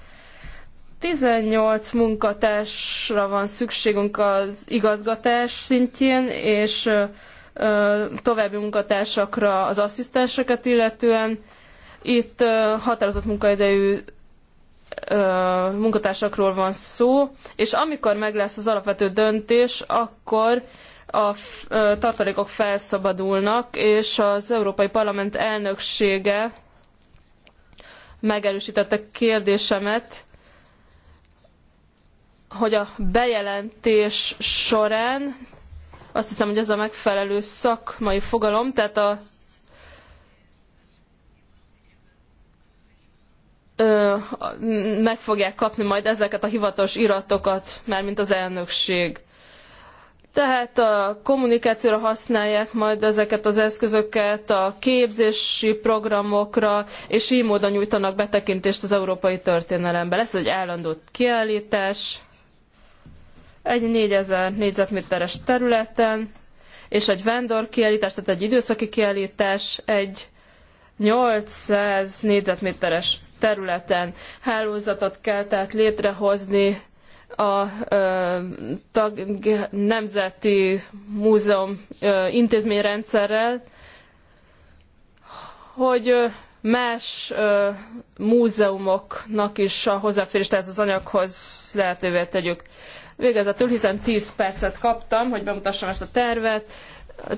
18 munkatársra van szükségünk az igazgatás szintjén, és további munkatársakra az asszisztenseket illetően. Itt határozott munkaidejű munkatársakról van szó, és amikor meg lesz az alapvető döntés, akkor a tartalékok felszabadulnak, és az Európai Parlament elnöksége megerősítette kérdésemet, hogy a bejelentés során azt hiszem, hogy ez a megfelelő szakmai fogalom, tehát a ö, meg fogják kapni majd ezeket a hivatalos iratokat, mármint az elnökség. Tehát a kommunikációra használják majd ezeket az eszközöket, a képzési programokra, és így módon nyújtanak betekintést az európai történelembe. Lesz egy állandó kiállítás, egy 4000 négyzetméteres területen, és egy vendor kiállítás, tehát egy időszaki kiállítás, egy 800 négyzetméteres területen. Hálózatot kell tehát létrehozni a ö, tag, nemzeti múzeum ö, intézményrendszerrel, hogy más ö, múzeumoknak is a hozzáférést ez az anyaghoz lehetővé tegyük. Végezetül, hiszen 10 percet kaptam, hogy bemutassam ezt a tervet.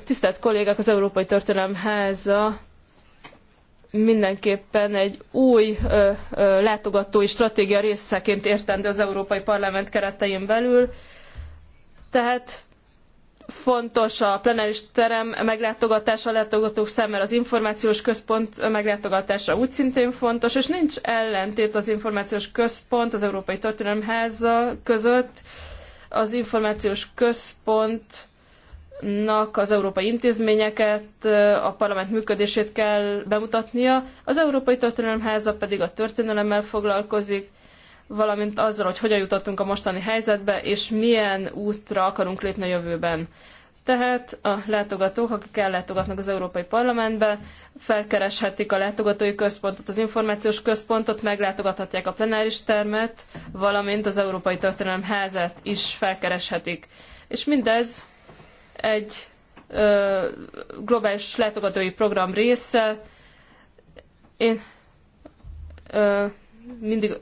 Tisztelt kollégák, az Európai Történelem Háza mindenképpen egy új ö, ö, látogatói stratégia részeként értendő az Európai Parlament keretein belül. Tehát fontos a plenáris terem meglátogatása, a látogatók számára az információs központ meglátogatása úgy szintén fontos, és nincs ellentét az információs központ, az Európai Történelemháza között. Az információs központ nak az európai intézményeket, a parlament működését kell bemutatnia, az Európai Történelemháza pedig a történelemmel foglalkozik, valamint azzal, hogy hogyan jutottunk a mostani helyzetbe, és milyen útra akarunk lépni a jövőben. Tehát a látogatók, akik ellátogatnak az Európai Parlamentbe, felkereshetik a látogatói központot, az információs központot, meglátogathatják a plenáris termet, valamint az Európai Történelem házát is felkereshetik. És mindez egy ö, globális látogatói program része. Én ö, mindig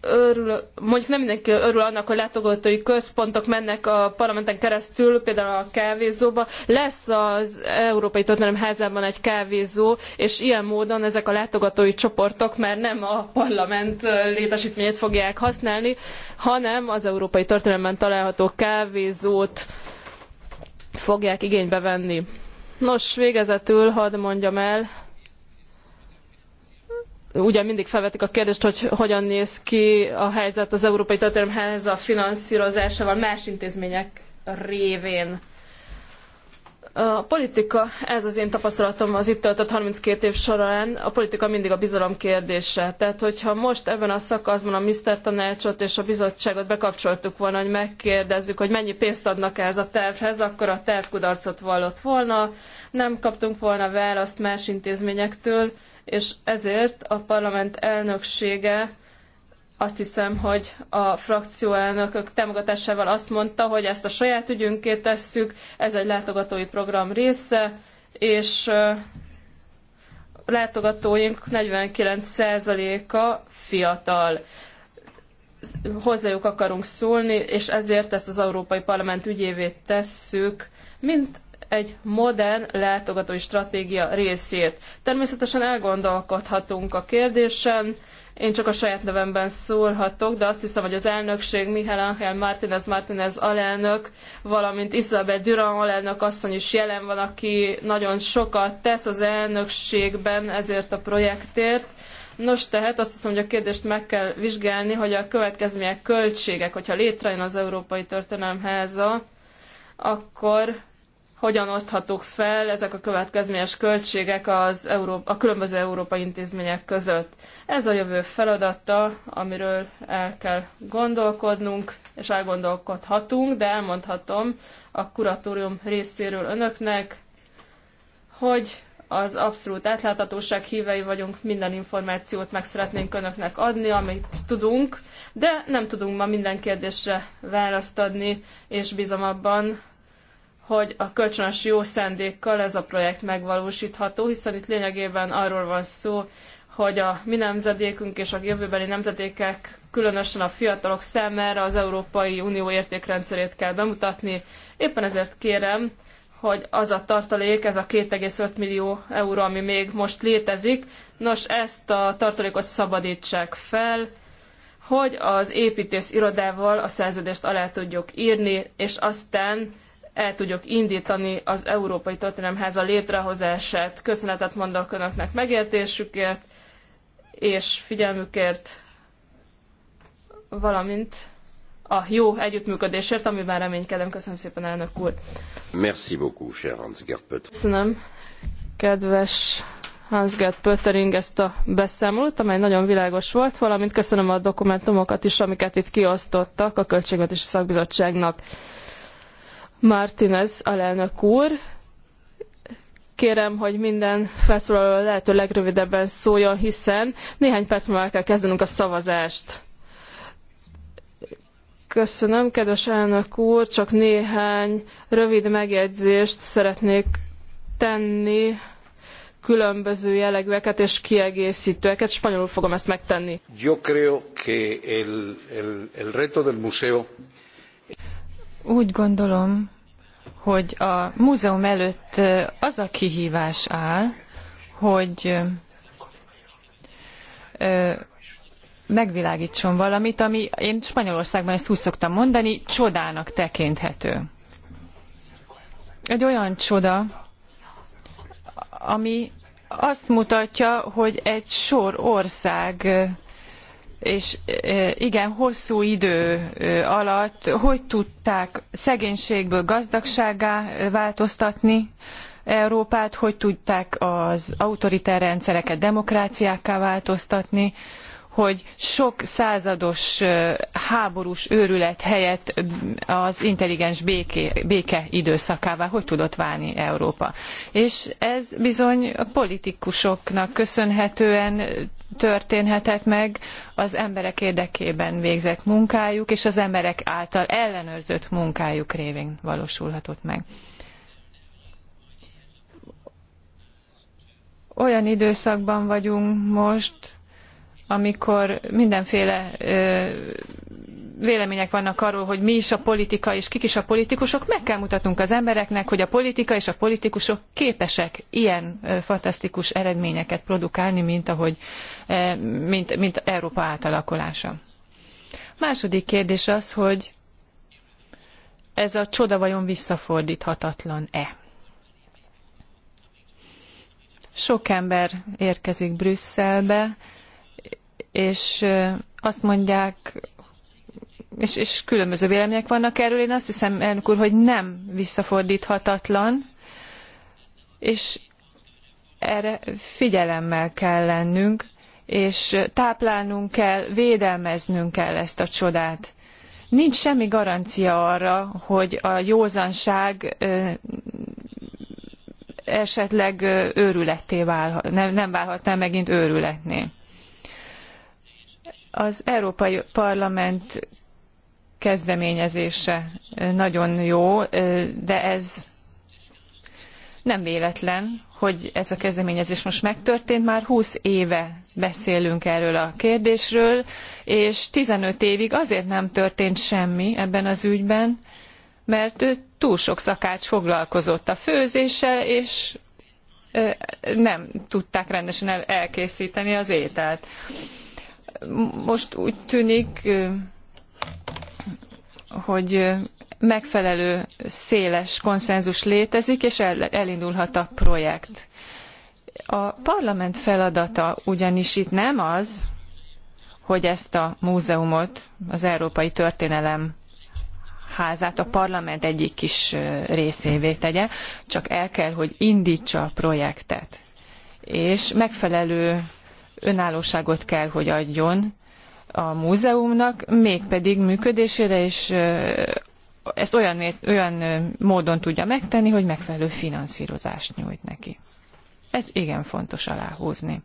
örül, mondjuk nem mindenki örül annak, hogy látogatói központok mennek a parlamenten keresztül, például a kávézóba. Lesz az Európai Történelem házában egy kávézó, és ilyen módon ezek a látogatói csoportok már nem a parlament létesítményét fogják használni, hanem az Európai Történelemben található kávézót fogják igénybe venni. Nos, végezetül hadd mondjam el, ugye mindig felvetik a kérdést, hogy hogyan néz ki a helyzet az Európai Történelemház a finanszírozásával más intézmények révén. A politika, ez az én tapasztalatom az itt töltött 32 év során, a politika mindig a bizalom kérdése. Tehát, hogyha most ebben a szakaszban a Mr. Tanácsot és a bizottságot bekapcsoltuk volna, hogy megkérdezzük, hogy mennyi pénzt adnak ez a tervhez, akkor a terv kudarcot vallott volna, nem kaptunk volna választ más intézményektől, és ezért a parlament elnöksége azt hiszem, hogy a frakcióelnökök támogatásával azt mondta, hogy ezt a saját ügyünké tesszük, ez egy látogatói program része, és látogatóink 49%-a fiatal. Hozzájuk akarunk szólni, és ezért ezt az Európai Parlament ügyévé tesszük, mint egy modern látogatói stratégia részét. Természetesen elgondolkodhatunk a kérdésen, én csak a saját nevemben szólhatok, de azt hiszem, hogy az elnökség Mihály Ángel Martínez Martínez alelnök, valamint Isabel Durán alelnök asszony is jelen van, aki nagyon sokat tesz az elnökségben ezért a projektért. Nos, tehát azt hiszem, hogy a kérdést meg kell vizsgálni, hogy a következmények költségek, hogyha létrejön az Európai Történelem Háza, akkor hogyan oszthatók fel ezek a következményes költségek az Európa, a különböző európai intézmények között. Ez a jövő feladata, amiről el kell gondolkodnunk, és elgondolkodhatunk, de elmondhatom a kuratórium részéről önöknek, hogy az abszolút átláthatóság hívei vagyunk, minden információt meg szeretnénk önöknek adni, amit tudunk, de nem tudunk ma minden kérdésre választ adni, és bízom abban, hogy a kölcsönös jó szándékkal ez a projekt megvalósítható, hiszen itt lényegében arról van szó, hogy a mi nemzedékünk és a jövőbeli nemzedékek, különösen a fiatalok számára az Európai Unió értékrendszerét kell bemutatni. Éppen ezért kérem, hogy az a tartalék, ez a 2,5 millió euró, ami még most létezik, nos, ezt a tartalékot szabadítsák fel, hogy az építész irodával a szerződést alá tudjuk írni, és aztán el tudjuk indítani az Európai Történelemháza létrehozását. Köszönetet mondok Önöknek megértésükért és figyelmükért, valamint a jó együttműködésért, amiben reménykedem. Köszönöm szépen, elnök úr. Merci beaucoup, cher Hans Gerd Köszönöm, kedves Hans-Gerd Pöttering ezt a beszámolót, amely nagyon világos volt, valamint köszönöm a dokumentumokat is, amiket itt kiosztottak a Költségvetési Szakbizottságnak. Martinez alelnök úr. Kérem, hogy minden felszólaló lehető legrövidebben szóljon, hiszen néhány perc múlva el kell kezdenünk a szavazást. Köszönöm, kedves elnök úr, csak néhány rövid megjegyzést szeretnék tenni különböző jellegűeket és kiegészítőeket. Spanyolul fogom ezt megtenni. Yo creo que el, el, el reto del museo úgy gondolom, hogy a múzeum előtt az a kihívás áll, hogy megvilágítson valamit, ami én Spanyolországban ezt úgy szoktam mondani, csodának tekinthető. Egy olyan csoda, ami azt mutatja, hogy egy sor ország és igen hosszú idő alatt hogy tudták szegénységből gazdagsággá változtatni Európát, hogy tudták az autoriter rendszereket demokráciákká változtatni, hogy sok százados háborús őrület helyett az intelligens béké, béke időszakává hogy tudott válni Európa. És ez bizony a politikusoknak köszönhetően történhetett meg, az emberek érdekében végzett munkájuk és az emberek által ellenőrzött munkájuk révén valósulhatott meg. Olyan időszakban vagyunk most, amikor mindenféle ö, vélemények vannak arról, hogy mi is a politika és kik is a politikusok, meg kell mutatnunk az embereknek, hogy a politika és a politikusok képesek ilyen fantasztikus eredményeket produkálni, mint ahogy mint, mint Európa átalakulása. Második kérdés az, hogy ez a csoda vajon visszafordíthatatlan-e? Sok ember érkezik Brüsszelbe, és azt mondják, és, és különböző vélemények vannak erről. Én azt hiszem, elnök úr, hogy nem visszafordíthatatlan, és erre figyelemmel kell lennünk, és táplálnunk kell, védelmeznünk kell ezt a csodát. Nincs semmi garancia arra, hogy a józanság esetleg őrületté válhat, nem, nem válhatná megint őrületné. Az Európai Parlament kezdeményezése nagyon jó, de ez nem véletlen, hogy ez a kezdeményezés most megtörtént. Már 20 éve beszélünk erről a kérdésről, és 15 évig azért nem történt semmi ebben az ügyben, mert túl sok szakács foglalkozott a főzéssel, és nem tudták rendesen elkészíteni az ételt. Most úgy tűnik, hogy megfelelő széles konszenzus létezik, és elindulhat a projekt. A parlament feladata ugyanis itt nem az, hogy ezt a múzeumot, az Európai Történelem házát a parlament egyik kis részévé tegye, csak el kell, hogy indítsa a projektet. És megfelelő önállóságot kell, hogy adjon a múzeumnak, mégpedig működésére, és ezt olyan, olyan módon tudja megtenni, hogy megfelelő finanszírozást nyújt neki. Ez igen fontos aláhúzni.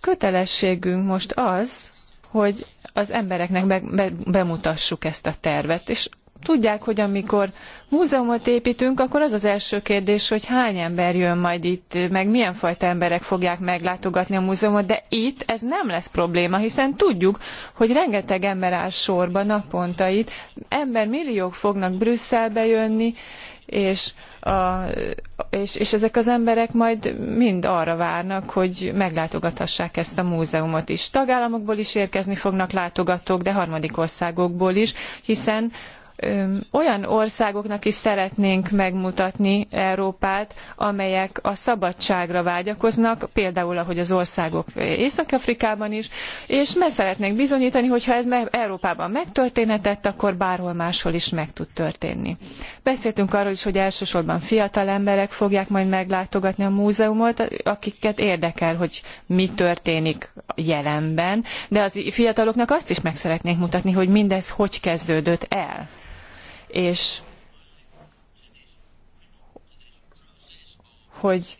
Kötelességünk most az, hogy az embereknek be, be, bemutassuk ezt a tervet, és tudják, hogy amikor múzeumot építünk, akkor az az első kérdés, hogy hány ember jön majd itt, meg milyen fajta emberek fogják meglátogatni a múzeumot, de itt ez nem lesz probléma, hiszen tudjuk, hogy rengeteg ember áll sorba naponta itt, embermilliók fognak Brüsszelbe jönni, és, a, és, és ezek az emberek majd mind arra várnak, hogy meglátogathassák ezt a múzeumot is. Tagállamokból is érkezni fognak látogatók, de harmadik országokból is, hiszen olyan országoknak is szeretnénk megmutatni Európát, amelyek a szabadságra vágyakoznak, például ahogy az országok Észak-Afrikában is, és meg szeretnénk bizonyítani, hogy ha ez Európában megtörténhetett, akkor bárhol máshol is meg tud történni. Beszéltünk arról is, hogy elsősorban fiatal emberek fogják majd meglátogatni a múzeumot, akiket érdekel, hogy mi történik jelenben, de az fiataloknak azt is meg szeretnénk mutatni, hogy mindez hogy kezdődött el és hogy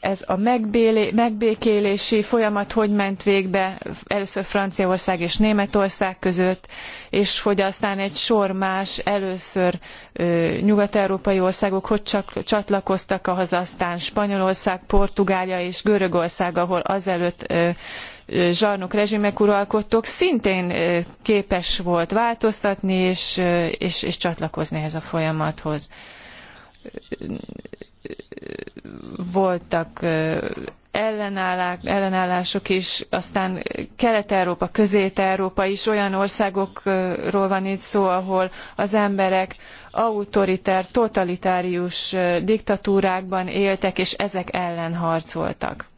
ez a megbélé, megbékélési folyamat hogy ment végbe először Franciaország és Németország között, és hogy aztán egy sor más először nyugat-európai országok hogy csak, csatlakoztak ahhoz, aztán Spanyolország, Portugália és Görögország, ahol azelőtt zsarnok rezsimek uralkodtok, szintén képes volt változtatni és, és, és csatlakozni ehhez a folyamathoz. Voltak ellenállások is, aztán Kelet-Európa, Közép-Európa is olyan országokról van itt szó, ahol az emberek autoriter, totalitárius diktatúrákban éltek, és ezek ellen harcoltak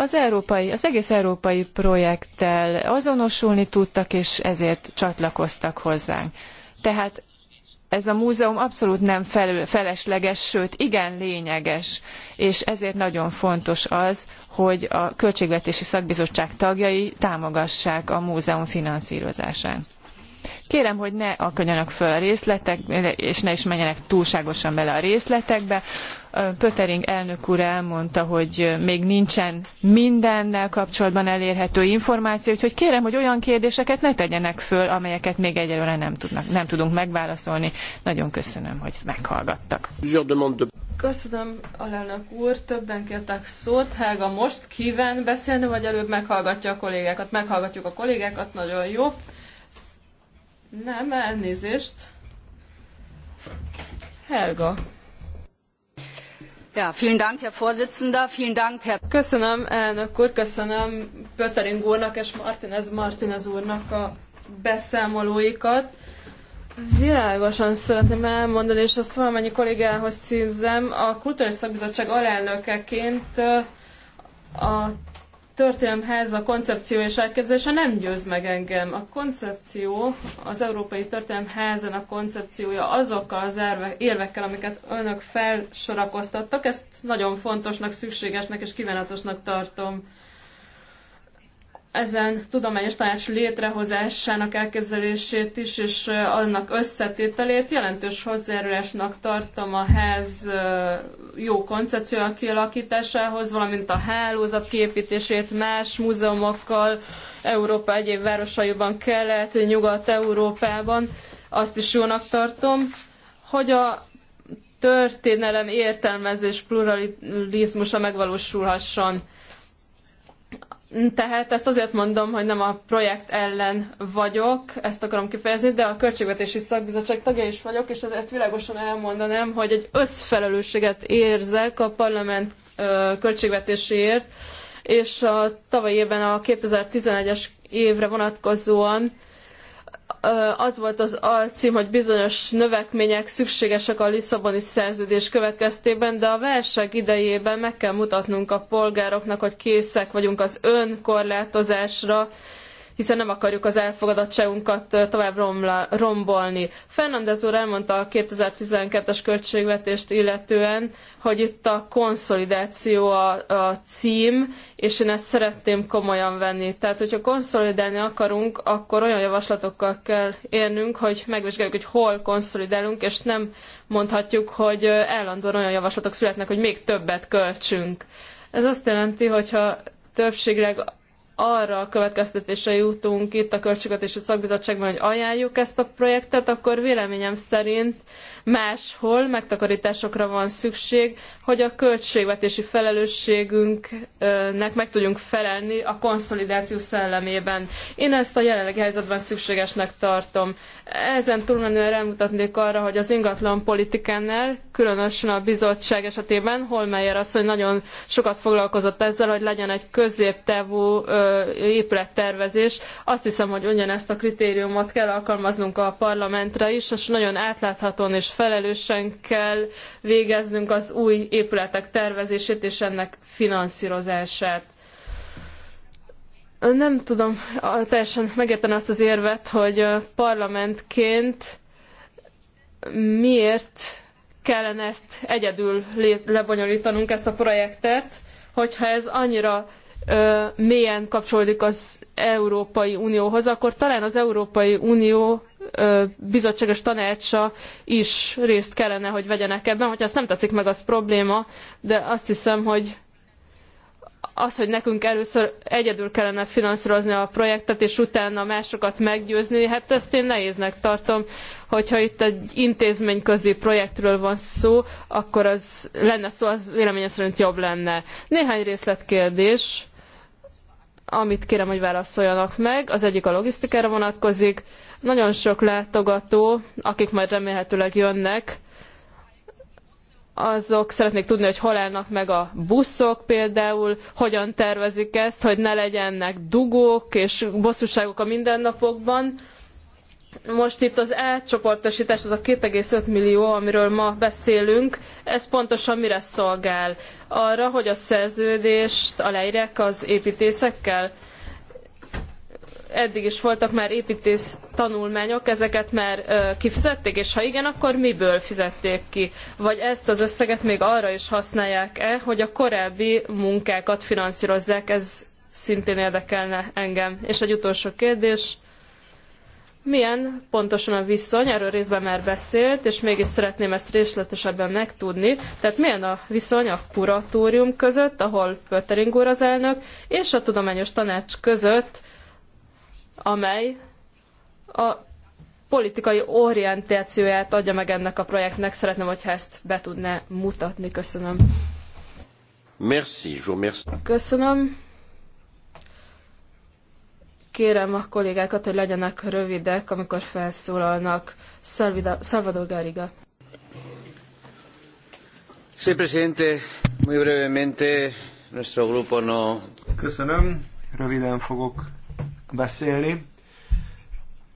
az, európai, az egész európai projekttel azonosulni tudtak, és ezért csatlakoztak hozzánk. Tehát ez a múzeum abszolút nem felül, felesleges, sőt igen lényeges, és ezért nagyon fontos az, hogy a Költségvetési Szakbizottság tagjai támogassák a múzeum finanszírozását. Kérem, hogy ne akadjanak föl a részletek, és ne is menjenek túlságosan bele a részletekbe. Pöttering elnök úr elmondta, hogy még nincsen mindennel kapcsolatban elérhető információ, úgyhogy kérem, hogy olyan kérdéseket ne tegyenek föl, amelyeket még egyelőre nem, tudnak, nem tudunk megválaszolni. Nagyon köszönöm, hogy meghallgattak. Köszönöm, alelnök úr, többen kértek szót. Helga most kíván beszélni, vagy előbb meghallgatja a kollégákat? Meghallgatjuk a kollégákat, nagyon jó. Nem, elnézést. Helga. Ja, vielen Dank, Herr Vorsitzender, vielen Dank, Herr... Köszönöm, elnök úr, köszönöm Pöttering úrnak és Martinez Martinez úrnak a beszámolóikat. Világosan szeretném elmondani, és azt valamennyi kollégához címzem, a Kulturális Szakbizottság alelnökeként a történelemhez a koncepció és elképzelése nem győz meg engem. A koncepció, az Európai Történelemházen a koncepciója azokkal az érvekkel, amiket önök felsorakoztattak, ezt nagyon fontosnak, szükségesnek és kívánatosnak tartom ezen tudományos tanács létrehozásának elképzelését is, és annak összetételét jelentős hozzájárulásnak tartom a ház jó koncepció kialakításához, valamint a hálózat képítését más múzeumokkal, Európa egyéb városaiban, Kelet, Nyugat-Európában. Azt is jónak tartom, hogy a történelem értelmezés pluralizmusa megvalósulhasson tehát ezt azért mondom, hogy nem a projekt ellen vagyok, ezt akarom kifejezni, de a Költségvetési Szakbizottság tagja is vagyok, és ezért világosan elmondanám, hogy egy összfelelősséget érzek a parlament költségvetéséért, és a tavalyi évben a 2011-es évre vonatkozóan az volt az alcím, hogy bizonyos növekmények szükségesek a Lisszaboni szerződés következtében, de a válság idejében meg kell mutatnunk a polgároknak, hogy készek vagyunk az önkorlátozásra, hiszen nem akarjuk az elfogadottságunkat tovább romla, rombolni. Fernandez úr elmondta a 2012-es költségvetést illetően, hogy itt a konszolidáció a, a cím, és én ezt szeretném komolyan venni. Tehát, hogyha konszolidálni akarunk, akkor olyan javaslatokkal kell élnünk, hogy megvizsgáljuk, hogy hol konszolidálunk, és nem mondhatjuk, hogy állandóan olyan javaslatok születnek, hogy még többet költsünk. Ez azt jelenti, hogyha többségleg arra a következtetésre jutunk itt a Költségvetési Szakbizottságban, hogy ajánljuk ezt a projektet, akkor véleményem szerint máshol megtakarításokra van szükség, hogy a költségvetési felelősségünknek meg tudjunk felelni a konszolidáció szellemében. Én ezt a jelenlegi helyzetben szükségesnek tartom. Ezen túlmenően rámutatnék arra, hogy az ingatlan politikánál, különösen a bizottság esetében, Holmeyer asszony nagyon sokat foglalkozott ezzel, hogy legyen egy középtávú épülettervezés. Azt hiszem, hogy ugyanezt a kritériumot kell alkalmaznunk a parlamentre is, és nagyon átláthatóan és felelősen kell végeznünk az új épületek tervezését és ennek finanszírozását. Nem tudom teljesen megérteni azt az érvet, hogy parlamentként miért kellene ezt egyedül lebonyolítanunk, ezt a projektet, hogyha ez annyira mélyen kapcsolódik az Európai Unióhoz, akkor talán az Európai Unió bizottságos tanácsa is részt kellene, hogy vegyenek ebben. Hogyha ezt nem teszik meg, az probléma, de azt hiszem, hogy az, hogy nekünk először egyedül kellene finanszírozni a projektet, és utána másokat meggyőzni, hát ezt én nehéznek tartom, hogyha itt egy intézményközi projektről van szó, akkor az lenne szó, az véleményem szerint jobb lenne. Néhány részletkérdés amit kérem, hogy válaszoljanak meg. Az egyik a logisztikára vonatkozik. Nagyon sok látogató, akik majd remélhetőleg jönnek, azok szeretnék tudni, hogy hol állnak meg a buszok például, hogyan tervezik ezt, hogy ne legyenek dugók és bosszúságok a mindennapokban. Most itt az átcsoportosítás, az a 2,5 millió, amiről ma beszélünk, ez pontosan mire szolgál? Arra, hogy a szerződést aláírják az építészekkel? Eddig is voltak már építész tanulmányok, ezeket már kifizették, és ha igen, akkor miből fizették ki? Vagy ezt az összeget még arra is használják-e, hogy a korábbi munkákat finanszírozzák? Ez szintén érdekelne engem. És egy utolsó kérdés milyen pontosan a viszony, erről részben már beszélt, és mégis szeretném ezt részletesebben megtudni. Tehát milyen a viszony a kuratórium között, ahol Pöttering úr az elnök, és a tudományos tanács között, amely a politikai orientációját adja meg ennek a projektnek. Szeretném, hogyha ezt be tudná mutatni. Köszönöm. Merci, Köszönöm. Kérem a kollégákat, hogy legyenek rövidek, amikor felszólalnak. Salvador Garriga. Sí, presidente, muy brevemente, nuestro grupo no... Köszönöm, röviden fogok beszélni.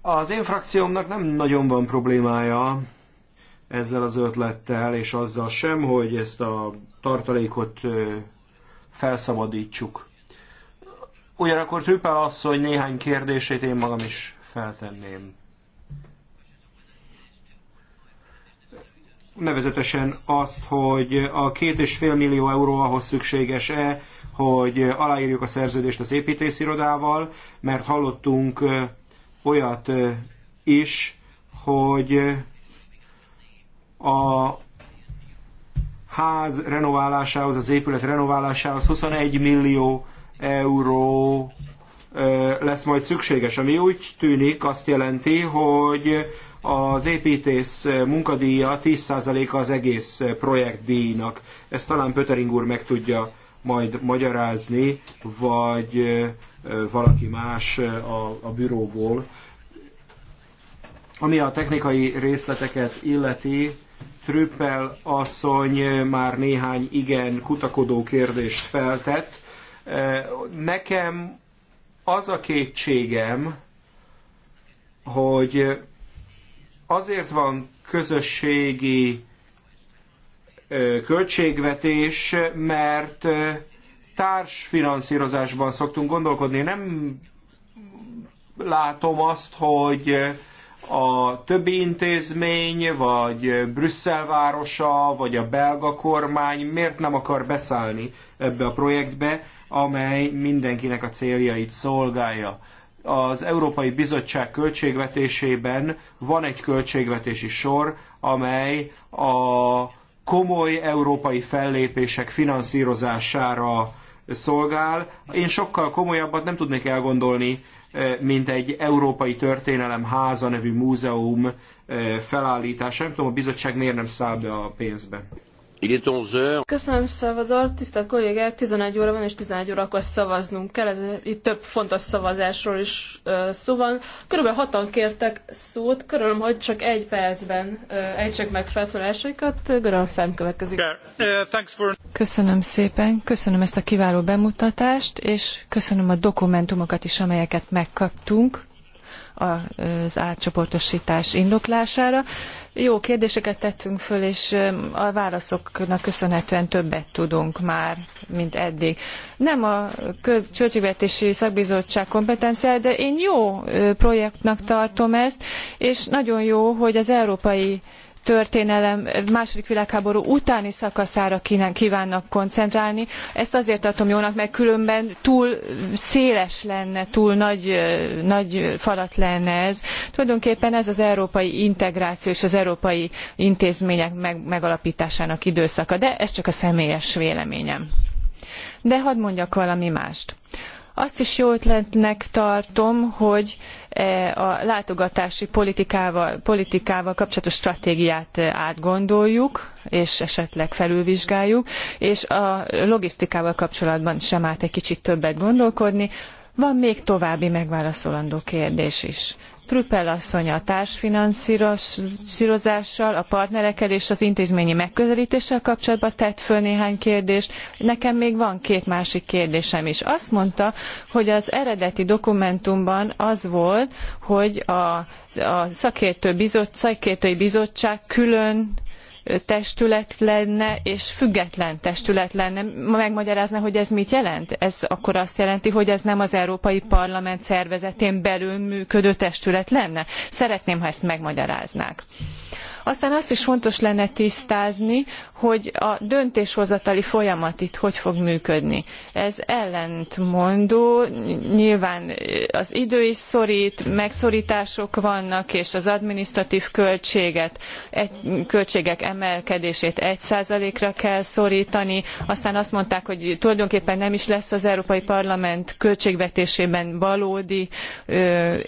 Az én frakciómnak nem nagyon van problémája ezzel az ötlettel, és azzal sem, hogy ezt a tartalékot felszabadítsuk. Ugyanakkor Trüppel asszony néhány kérdését én magam is feltenném. nevezetesen azt, hogy a két és fél millió euró ahhoz szükséges-e, hogy aláírjuk a szerződést az építészirodával, mert hallottunk olyat is, hogy a ház renoválásához, az épület renoválásához 21 millió euró lesz majd szükséges, ami úgy tűnik azt jelenti, hogy az építész munkadíja 10%-a az egész projektdíjnak. Ezt talán Pötering úr meg tudja majd magyarázni, vagy valaki más a, a büróból. Ami a technikai részleteket illeti, Trüppel asszony már néhány igen kutakodó kérdést feltett, Nekem az a kétségem, hogy azért van közösségi költségvetés, mert társfinanszírozásban szoktunk gondolkodni. Nem látom azt, hogy a többi intézmény, vagy Brüsszel városa, vagy a belga kormány miért nem akar beszállni ebbe a projektbe, amely mindenkinek a céljait szolgálja. Az Európai Bizottság költségvetésében van egy költségvetési sor, amely a komoly európai fellépések finanszírozására szolgál. Én sokkal komolyabbat nem tudnék elgondolni mint egy Európai Történelem Háza nevű múzeum felállítása. Nem tudom, a bizottság miért nem száll be a pénzbe. Köszönöm, Salvador. Tisztelt kollégák, 11 óra van, és 11 órakor szavaznunk kell. Ez, itt több fontos szavazásról is uh, szó van. Körülbelül hatan kértek szót. Körülöm, hogy csak egy percben uh, ejtsék meg felszólásaikat. Görön Fem következik. Uh, köszönöm szépen, köszönöm ezt a kiváló bemutatást, és köszönöm a dokumentumokat is, amelyeket megkaptunk az átcsoportosítás indoklására. Jó kérdéseket tettünk föl, és a válaszoknak köszönhetően többet tudunk már, mint eddig. Nem a Költségvetési Szakbizottság kompetenciája, de én jó projektnek tartom ezt, és nagyon jó, hogy az Európai történelem második világháború utáni szakaszára kívánnak koncentrálni. Ezt azért tartom jónak, mert különben túl széles lenne, túl nagy, nagy falat lenne ez. Tulajdonképpen ez az európai integráció és az európai intézmények meg, megalapításának időszaka, de ez csak a személyes véleményem. De hadd mondjak valami mást. Azt is jó ötletnek tartom, hogy e, a látogatási politikával, politikával kapcsolatos stratégiát e, átgondoljuk, és esetleg felülvizsgáljuk, és a logisztikával kapcsolatban sem állt egy kicsit többet gondolkodni. Van még további megválaszolandó kérdés is. Trüppel asszony a társfinanszírozással, a partnerekkel és az intézményi megközelítéssel kapcsolatban tett föl néhány kérdést. Nekem még van két másik kérdésem is. Azt mondta, hogy az eredeti dokumentumban az volt, hogy a, a szakértő szakértői bizottság külön testület lenne, és független testület lenne. Megmagyarázná, hogy ez mit jelent? Ez akkor azt jelenti, hogy ez nem az Európai Parlament szervezetén belül működő testület lenne? Szeretném, ha ezt megmagyaráznák. Aztán azt is fontos lenne tisztázni, hogy a döntéshozatali folyamat itt hogy fog működni. Ez ellentmondó, nyilván az idő is szorít, megszorítások vannak, és az adminisztratív költséget, költségek emelkedését 1%-ra kell szorítani. Aztán azt mondták, hogy tulajdonképpen nem is lesz az Európai Parlament költségvetésében valódi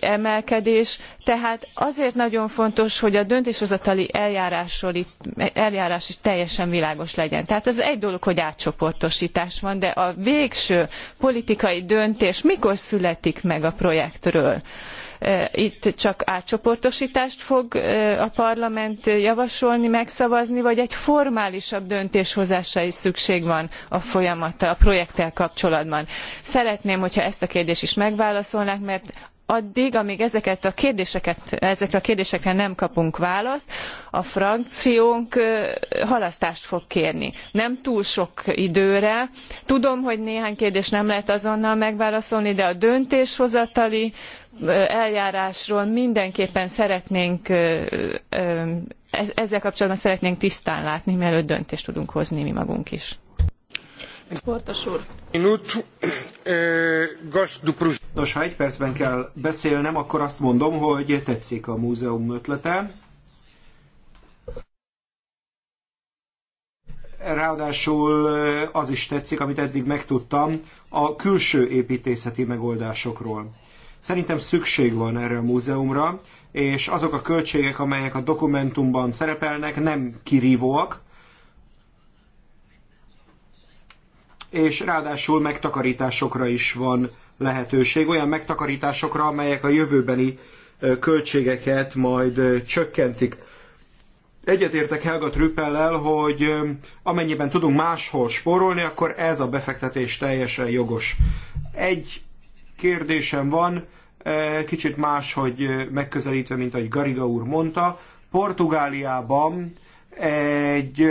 emelkedés, tehát azért nagyon fontos, hogy a döntéshozatali eljárásról itt, eljárás is teljesen világos legyen. Tehát ez egy dolog, hogy átcsoportosítás van, de a végső politikai döntés mikor születik meg a projektről? E, itt csak átcsoportosítást fog e, a parlament javasolni, megszavazni, vagy egy formálisabb döntéshozásra is szükség van a folyamattal, a projekttel kapcsolatban. Szeretném, hogyha ezt a kérdést is megválaszolnák, mert addig, amíg ezeket a kérdéseket, ezekre a kérdésekre nem kapunk választ, a frakciónk halasztást fog kérni. Nem túl sok időre. Tudom, hogy néhány kérdést nem lehet azonnal megválaszolni, de a döntéshozatali eljárásról mindenképpen szeretnénk ezzel kapcsolatban szeretnénk tisztán látni, mielőtt döntést tudunk hozni mi magunk is. úr, Nos, ha egy percben kell beszélnem, akkor azt mondom, hogy tetszik a múzeum ötlete. Ráadásul az is tetszik, amit eddig megtudtam, a külső építészeti megoldásokról. Szerintem szükség van erre a múzeumra, és azok a költségek, amelyek a dokumentumban szerepelnek, nem kirívóak, és ráadásul megtakarításokra is van lehetőség, olyan megtakarításokra, amelyek a jövőbeni költségeket majd csökkentik. Egyetértek Helga Trüppellel, hogy amennyiben tudunk máshol spórolni, akkor ez a befektetés teljesen jogos. Egy kérdésem van, kicsit más, hogy megközelítve, mint ahogy Gariga úr mondta. Portugáliában egy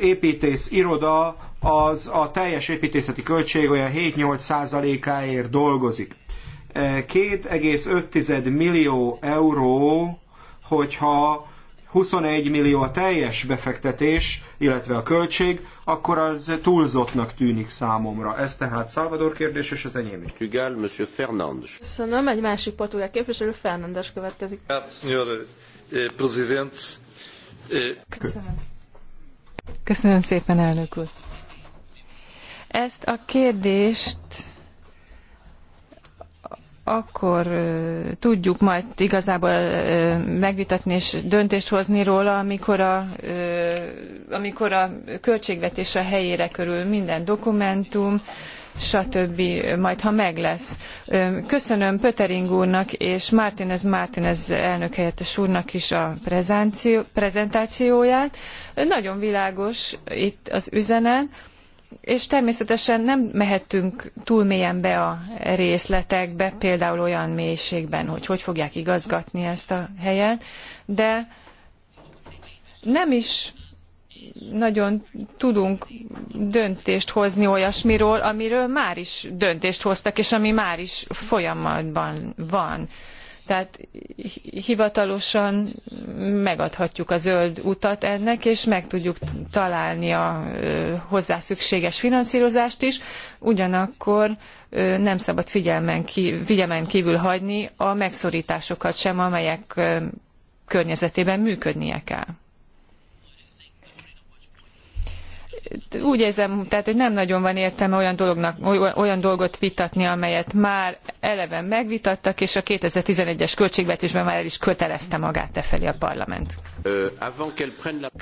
építész iroda az a teljes építészeti költség olyan 7-8 százalékáért dolgozik. 2,5 millió euró, hogyha 21 millió a teljes befektetés, illetve a költség, akkor az túlzottnak tűnik számomra. Ez tehát Salvador kérdés, és az enyém is. Portugal, Monsieur Fernandes. Köszönöm, egy másik portugál képviselő, Fernandes következik. Eh, eh, Köszönöm. Köszönöm szépen, elnök úr. Ezt a kérdést akkor tudjuk majd igazából megvitatni és döntést hozni róla, amikor a, euh, amikor a költségvetés a helyére körül minden dokumentum, stb. majd, ha meg lesz. Köszönöm Pötering úrnak és Martinez Martinez elnök helyettes úrnak is a prezentációját. Nagyon világos itt az üzenet, és természetesen nem mehetünk túl mélyen be a részletekbe, például olyan mélységben, hogy hogy fogják igazgatni ezt a helyet, de nem is nagyon tudunk döntést hozni olyasmiről, amiről már is döntést hoztak, és ami már is folyamatban van. Tehát hivatalosan megadhatjuk a zöld utat ennek, és meg tudjuk találni a hozzá szükséges finanszírozást is, ugyanakkor nem szabad figyelmen, figyelmen kívül hagyni a megszorításokat sem, amelyek környezetében működnie kell. úgy érzem, tehát, hogy nem nagyon van értelme olyan, dolognak, olyan dolgot vitatni, amelyet már eleven megvitattak, és a 2011-es költségvetésben már el is kötelezte magát tefelé a parlament.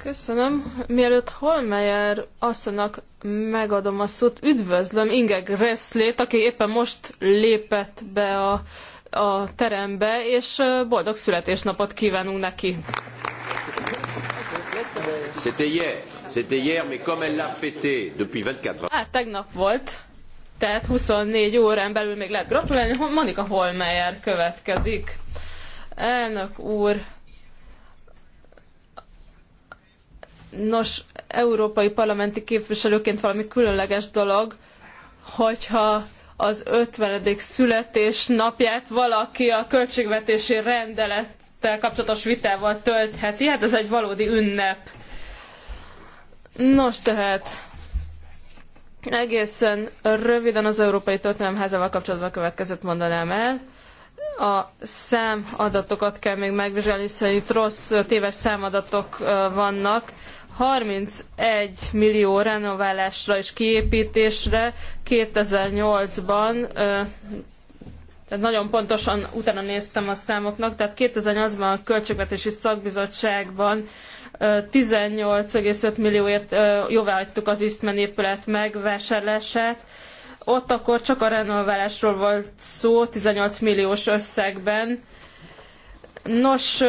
Köszönöm. Mielőtt Holmeyer asszonynak megadom a szót, üdvözlöm Inge Gresslét, aki éppen most lépett be a, a terembe, és boldog születésnapot kívánunk neki. C'était hier. C'était hier, mais comme elle l'a fêté depuis 24 heures. Hát tegnap volt, tehát 24 órán belül még lehet gratulálni. Monika Holmeyer következik. Elnök úr, nos, európai parlamenti képviselőként valami különleges dolog, hogyha az 50. születésnapját valaki a költségvetési rendelettel kapcsolatos vitával töltheti. Hát ez egy valódi ünnep. Nos tehát, egészen röviden az Európai Történelemházával kapcsolatban a következőt mondanám el. A számadatokat kell még megvizsgálni, hiszen itt rossz, téves számadatok vannak. 31 millió renoválásra és kiépítésre 2008-ban tehát nagyon pontosan utána néztem a számoknak, tehát 2008-ban a Költségvetési Szakbizottságban 18,5 millióért jóváhagytuk az Eastman épület megvásárlását. Ott akkor csak a renoválásról volt szó, 18 milliós összegben. Nos,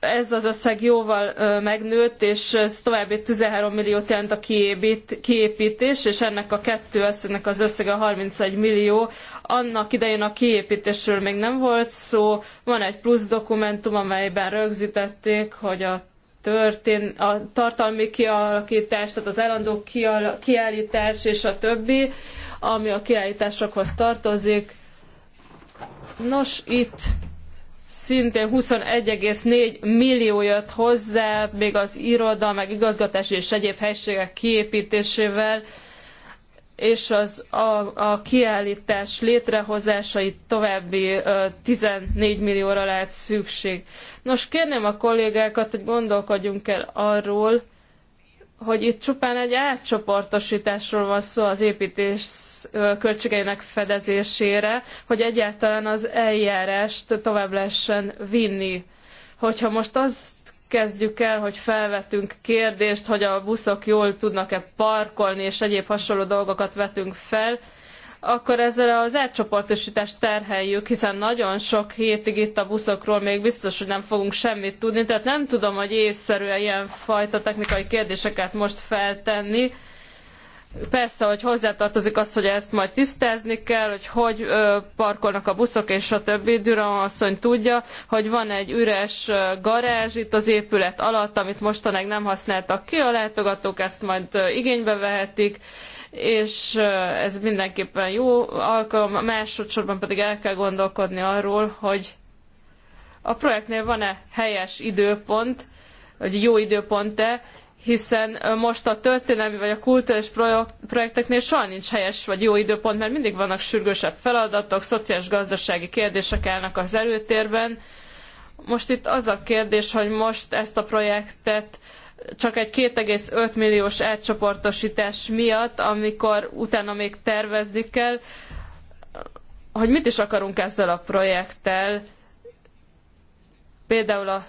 ez az összeg jóval megnőtt, és ez további 13 milliót jelent a kiépítés, és ennek a kettő összegnek az összege 31 millió. Annak idején a kiépítésről még nem volt szó, van egy plusz dokumentum, amelyben rögzítették, hogy a történ, a tartalmi kialakítás, tehát az állandó kial, kiállítás és a többi, ami a kiállításokhoz tartozik. Nos, itt szintén 21,4 millió jött hozzá, még az iroda, meg igazgatási és egyéb helységek kiépítésével, és az a, a kiállítás létrehozásai további ö, 14 millióra lehet szükség. Nos, kérném a kollégákat, hogy gondolkodjunk el arról, hogy itt csupán egy átcsoportosításról van szó az építés költségeinek fedezésére, hogy egyáltalán az eljárást tovább lehessen vinni. Hogyha most azt kezdjük el, hogy felvetünk kérdést, hogy a buszok jól tudnak-e parkolni, és egyéb hasonló dolgokat vetünk fel, akkor ezzel az átcsoportosítást terheljük, hiszen nagyon sok hétig itt a buszokról még biztos, hogy nem fogunk semmit tudni, tehát nem tudom, hogy észszerű-e ilyen fajta technikai kérdéseket most feltenni, Persze, hogy hozzátartozik az, hogy ezt majd tisztázni kell, hogy hogy parkolnak a buszok és a többi. Düran asszony tudja, hogy van egy üres garázs itt az épület alatt, amit mostanáig nem használtak ki, a látogatók ezt majd igénybe vehetik és ez mindenképpen jó alkalom, másodszorban pedig el kell gondolkodni arról, hogy a projektnél van-e helyes időpont, vagy jó időpont-e, hiszen most a történelmi vagy a kulturális projekteknél soha nincs helyes vagy jó időpont, mert mindig vannak sürgősebb feladatok, szociális-gazdasági kérdések állnak az előtérben. Most itt az a kérdés, hogy most ezt a projektet csak egy 2,5 milliós átcsoportosítás miatt, amikor utána még tervezni kell, hogy mit is akarunk ezzel a projekttel, például a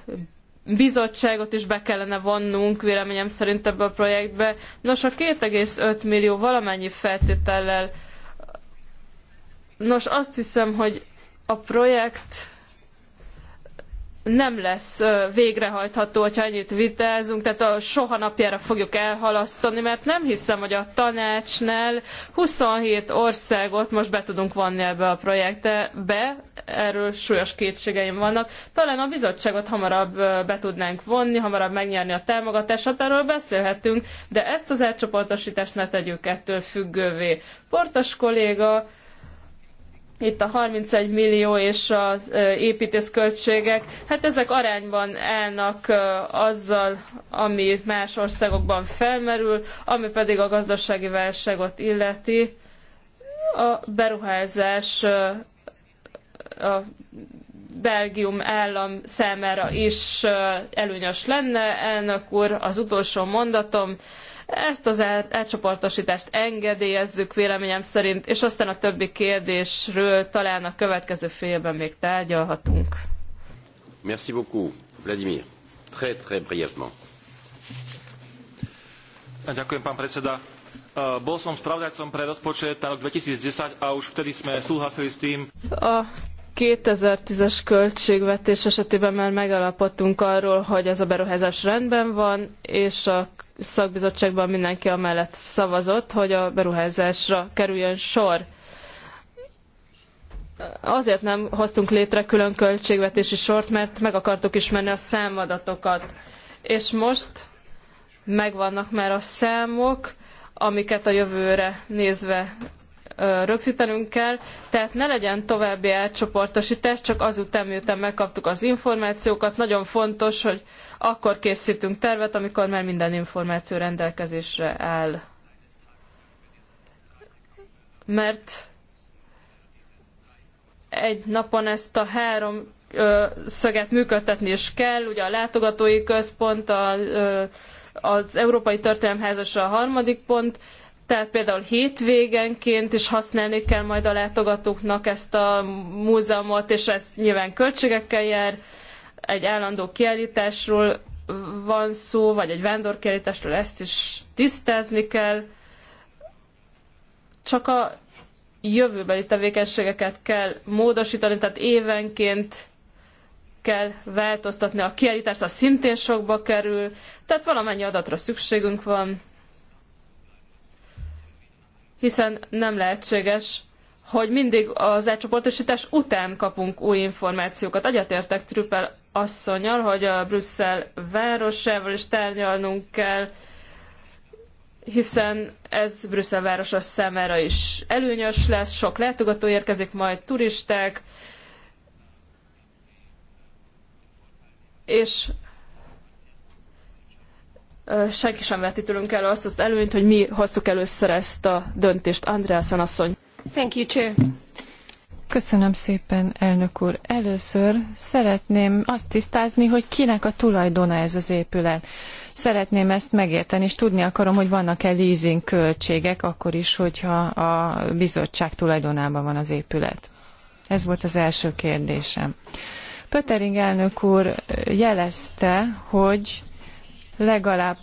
bizottságot is be kellene vonnunk véleményem szerint ebbe a projektbe. Nos, a 2,5 millió valamennyi feltétellel Nos, azt hiszem, hogy a projekt nem lesz végrehajtható, hogyha ennyit vitázunk, tehát a soha napjára fogjuk elhalasztani, mert nem hiszem, hogy a tanácsnál 27 országot most be tudunk vonni ebbe a projektbe, erről súlyos kétségeim vannak. Talán a bizottságot hamarabb be tudnánk vonni, hamarabb megnyerni a támogatását, erről beszélhetünk, de ezt az elcsoportosítást ne tegyük ettől függővé. Portas kolléga, itt a 31 millió és az építészköltségek, hát ezek arányban állnak azzal, ami más országokban felmerül, ami pedig a gazdasági válságot illeti. A beruházás a Belgium állam számára is előnyös lenne. Elnök úr, az utolsó mondatom, ezt az átcsoportosítást engedélyezzük véleményem szerint, és aztán a többi kérdésről talán a következő félben még tárgyalhatunk. Merci beaucoup, Vladimir. Très, très brièvement. Ďakujem, pán predseda. E, bol som spravodajcom pre rozpočet na rok 2010 a už vtedy sme súhlasili s tým. A 2010-es költségvetés esetében már megalapodtunk arról, hogy ez a beruházás rendben van, és a szakbizottságban mindenki amellett szavazott, hogy a beruházásra kerüljön sor. Azért nem hoztunk létre külön költségvetési sort, mert meg akartuk ismerni a számadatokat. És most megvannak már a számok, amiket a jövőre nézve rögzítenünk kell, tehát ne legyen további átcsoportosítás, csak azután, miután megkaptuk az információkat. Nagyon fontos, hogy akkor készítünk tervet, amikor már minden információ rendelkezésre áll. Mert egy napon ezt a három ö, szöget működtetni is kell, ugye a látogatói központ, a, ö, az Európai Történelemházasra a harmadik pont, tehát például hétvégenként is használni kell majd a látogatóknak ezt a múzeumot, és ez nyilván költségekkel jár. Egy állandó kiállításról van szó, vagy egy vándorkiállításról, ezt is tisztázni kell. Csak a jövőbeli tevékenységeket kell módosítani, tehát évenként kell változtatni a kiállítást, az szintén sokba kerül, tehát valamennyi adatra szükségünk van hiszen nem lehetséges, hogy mindig az átcsoportosítás után kapunk új információkat. Egyetértek Trüppel asszonyal, hogy a Brüsszel városával is tárgyalnunk kell, hiszen ez Brüsszel városa számára is előnyös lesz, sok látogató érkezik, majd turisták, és senki sem veti tőlünk el azt az előnyt, hogy mi hoztuk először ezt a döntést. Andreasen asszony. Thank you, Chair. Köszönöm szépen, elnök úr. Először szeretném azt tisztázni, hogy kinek a tulajdona ez az épület. Szeretném ezt megérteni, és tudni akarom, hogy vannak-e leasing költségek, akkor is, hogyha a bizottság tulajdonában van az épület. Ez volt az első kérdésem. Pöttering elnök úr jelezte, hogy legalább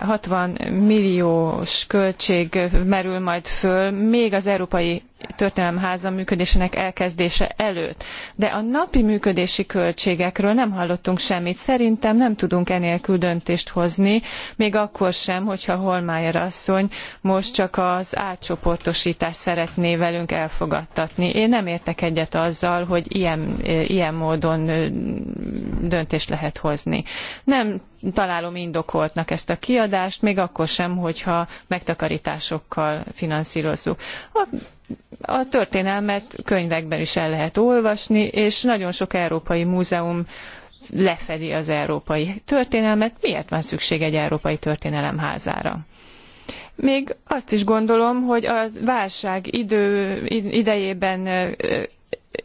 60 milliós költség merül majd föl, még az Európai Történelemháza működésének elkezdése előtt. De a napi működési költségekről nem hallottunk semmit. Szerintem nem tudunk enélkül döntést hozni, még akkor sem, hogyha Holmájer asszony most csak az átcsoportosítást szeretné velünk elfogadtatni. Én nem értek egyet azzal, hogy ilyen, ilyen módon döntést lehet hozni. Nem találom indokoltnak ezt a kiadást, még akkor sem, hogyha megtakarításokkal finanszírozzuk. A, a történelmet könyvekben is el lehet olvasni, és nagyon sok európai múzeum lefedi az európai történelmet. Miért van szükség egy európai történelemházára? Még azt is gondolom, hogy a válság idő, idejében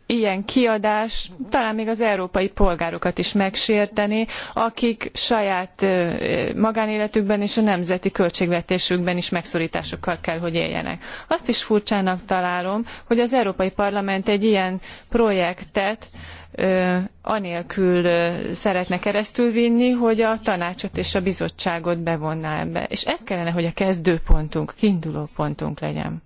ilyen kiadás talán még az európai polgárokat is megsérteni, akik saját magánéletükben és a nemzeti költségvetésükben is megszorításokkal kell, hogy éljenek. Azt is furcsának találom, hogy az Európai Parlament egy ilyen projektet anélkül szeretne vinni, hogy a tanácsot és a bizottságot bevonná ebbe. És ez kellene, hogy a kezdőpontunk, kiindulópontunk legyen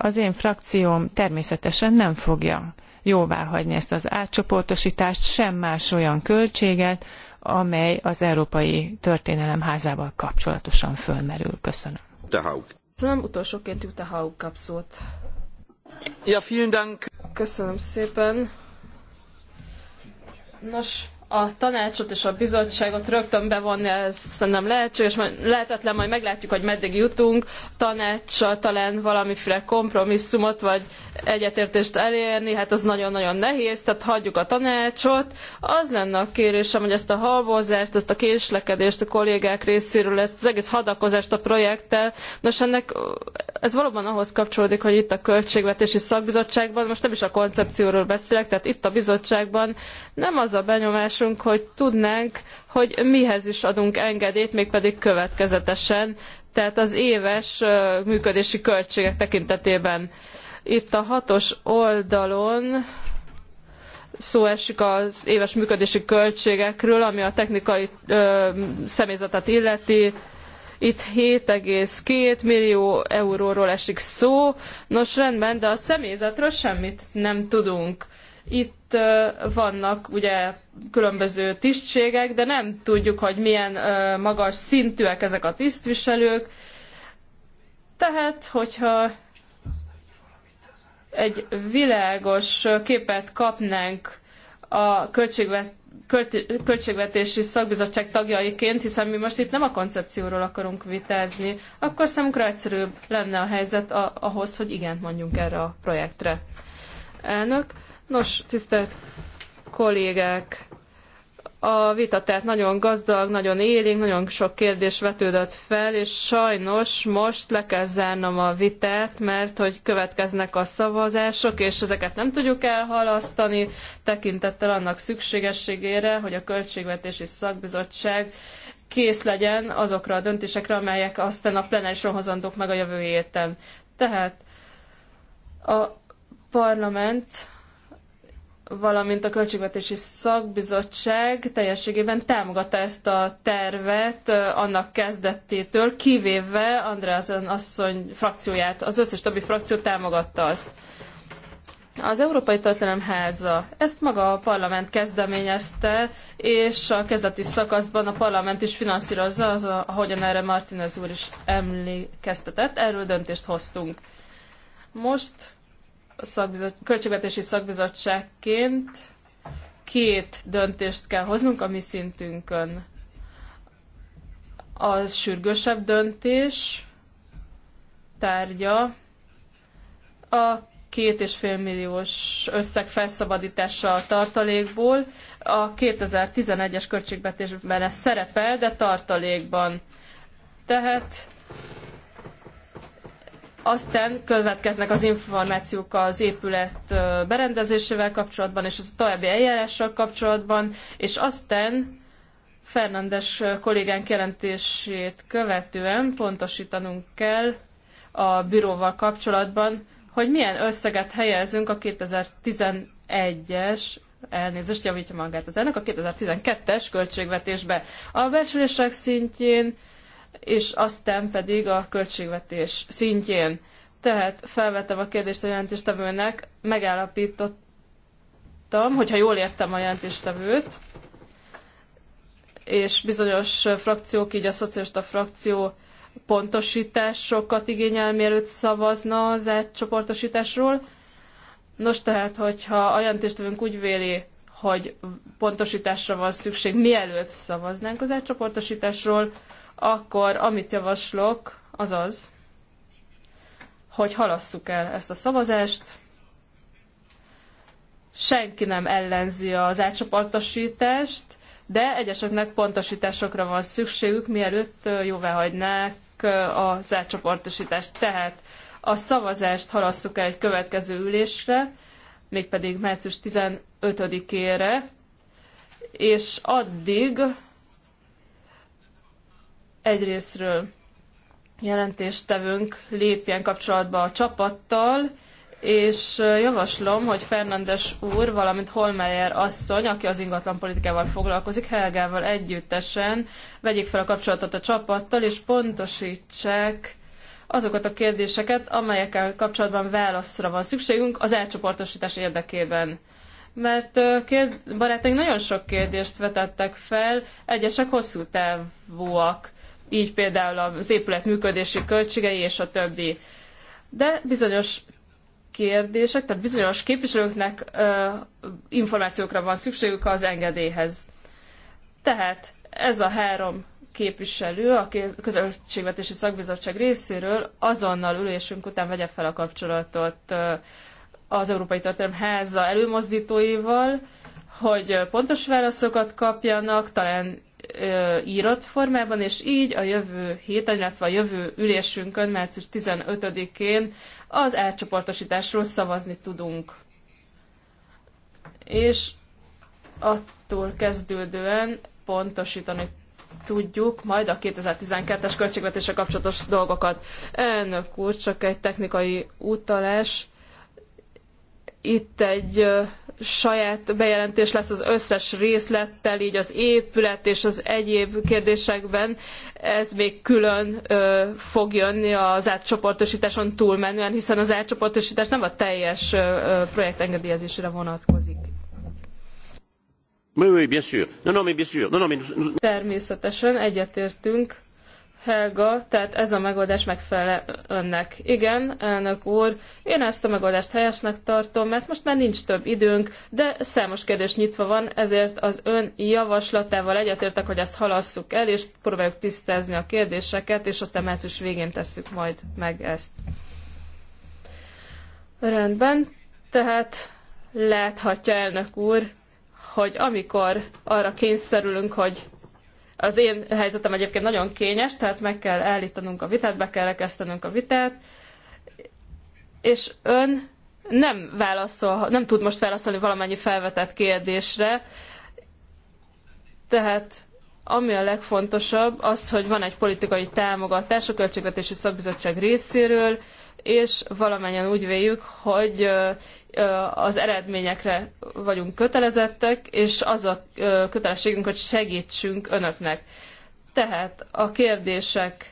az én frakcióm természetesen nem fogja jóváhagyni ezt az átcsoportosítást, sem más olyan költséget, amely az Európai Történelem házával kapcsolatosan fölmerül. Köszönöm. Tehauk. Köszönöm, utolsóként Jutta Haug kap Ja, vielen Dank. Köszönöm szépen. Nos, a tanácsot és a bizottságot rögtön bevonni, ez nem lehetséges, majd lehetetlen, majd meglátjuk, hogy meddig jutunk. Tanácssal talán valamiféle kompromisszumot vagy egyetértést elérni, hát az nagyon-nagyon nehéz, tehát hagyjuk a tanácsot. Az lenne a kérésem, hogy ezt a halbozást, ezt a késlekedést a kollégák részéről, ezt az egész hadakozást a projekttel, nos ennek ez valóban ahhoz kapcsolódik, hogy itt a költségvetési szakbizottságban, most nem is a koncepcióról beszélek, tehát itt a bizottságban nem az a benyomás, benyomásunk, hogy tudnánk, hogy mihez is adunk engedélyt, mégpedig következetesen, tehát az éves működési költségek tekintetében. Itt a hatos oldalon szó esik az éves működési költségekről, ami a technikai ö, személyzetet illeti. Itt 7,2 millió euróról esik szó. Nos, rendben, de a személyzetről semmit nem tudunk. Itt itt vannak ugye különböző tisztségek, de nem tudjuk, hogy milyen magas szintűek ezek a tisztviselők. Tehát, hogyha egy világos képet kapnánk a költségvet, költségvetési szakbizottság tagjaiként, hiszen mi most itt nem a koncepcióról akarunk vitázni, akkor számunkra egyszerűbb lenne a helyzet ahhoz, hogy igent mondjunk erre a projektre. Elnök, Nos, tisztelt kollégák, a vita tehát nagyon gazdag, nagyon élénk, nagyon sok kérdés vetődött fel, és sajnos most le kell zárnom a vitát, mert hogy következnek a szavazások, és ezeket nem tudjuk elhalasztani, tekintettel annak szükségességére, hogy a Költségvetési Szakbizottság kész legyen azokra a döntésekre, amelyek aztán a plenárison hozandók meg a jövő héten. Tehát a parlament valamint a Költségvetési Szakbizottság teljességében támogatta ezt a tervet annak kezdetétől, kivéve Andreasen asszony frakcióját, az összes többi frakció támogatta azt. Az Európai Történelem Háza ezt maga a parlament kezdeményezte, és a kezdeti szakaszban a parlament is finanszírozza, az, ahogyan erre Martinez úr is emlékeztetett, erről döntést hoztunk. Most szakbizot, költségvetési szakbizottságként két döntést kell hoznunk a mi szintünkön. A sürgősebb döntés tárgya a két és fél milliós összeg felszabadítása a tartalékból. A 2011-es költségvetésben ez szerepel, de tartalékban. Tehát aztán következnek az információk az épület berendezésével kapcsolatban, és az további eljárással kapcsolatban, és aztán Fernandes kollégánk jelentését követően pontosítanunk kell a bíróval kapcsolatban, hogy milyen összeget helyezünk a 2011-es elnézést javítja magát az ennek a 2012-es költségvetésbe. A becslések szintjén és aztán pedig a költségvetés szintjén. Tehát felvettem a kérdést a jelentéstevőnek, megállapítottam, hogyha jól értem a jelentéstevőt, és bizonyos frakciók, így a szocialista frakció pontosításokat igényel, mielőtt szavazna az átcsoportosításról. Nos, tehát, hogyha a jelentéstevőnk úgy véli, hogy pontosításra van szükség, mielőtt szavaznánk az átcsoportosításról, akkor amit javaslok, az az, hogy halasszuk el ezt a szavazást. Senki nem ellenzi az átcsoportosítást, de egyeseknek pontosításokra van szükségük, mielőtt jóvá hagynák az átcsoportosítást. Tehát a szavazást halasszuk el egy következő ülésre, mégpedig március 15-ére, és addig egyrésztről jelentéstevőnk lépjen kapcsolatba a csapattal, és javaslom, hogy Fernandes úr, valamint Holmeyer asszony, aki az ingatlanpolitikával foglalkozik, Helgával együttesen vegyék fel a kapcsolatot a csapattal, és pontosítsák azokat a kérdéseket, amelyekkel kapcsolatban válaszra van szükségünk az elcsoportosítás érdekében. Mert barátaink nagyon sok kérdést vetettek fel, egyesek hosszú távúak így például az épület működési költségei és a többi. De bizonyos kérdések, tehát bizonyos képviselőknek ö, információkra van szükségük az engedélyhez. Tehát ez a három képviselő a Közöltségvetési Szakbizottság részéről azonnal ülésünk után vegye fel a kapcsolatot az Európai Történelem Háza előmozdítóival, hogy pontos válaszokat kapjanak, talán írott formában, és így a jövő héten, illetve a jövő ülésünkön, március 15-én az elcsoportosításról szavazni tudunk. És attól kezdődően pontosítani tudjuk majd a 2012-es költségvetése kapcsolatos dolgokat. Elnök úr, csak egy technikai utalás itt egy saját bejelentés lesz az összes részlettel, így az épület és az egyéb kérdésekben. Ez még külön fog jönni az átcsoportosításon túlmenően, hiszen az átcsoportosítás nem a teljes projekt engedélyezésére vonatkozik. Természetesen egyetértünk. Helga, tehát ez a megoldás megfelel önnek. Igen, elnök úr, én ezt a megoldást helyesnek tartom, mert most már nincs több időnk, de számos kérdés nyitva van, ezért az ön javaslatával egyetértek, hogy ezt halasszuk el, és próbáljuk tisztázni a kérdéseket, és aztán március végén tesszük majd meg ezt. Rendben, tehát láthatja elnök úr, hogy amikor arra kényszerülünk, hogy az én helyzetem egyébként nagyon kényes, tehát meg kell állítanunk a vitát, be kell rekesztenünk a vitát, és ön nem válaszol, nem tud most válaszolni valamennyi felvetett kérdésre, tehát ami a legfontosabb, az, hogy van egy politikai támogatás a Költségvetési Szakbizottság részéről, és valamennyien úgy véljük, hogy az eredményekre vagyunk kötelezettek, és az a kötelességünk, hogy segítsünk önöknek. Tehát a kérdéseket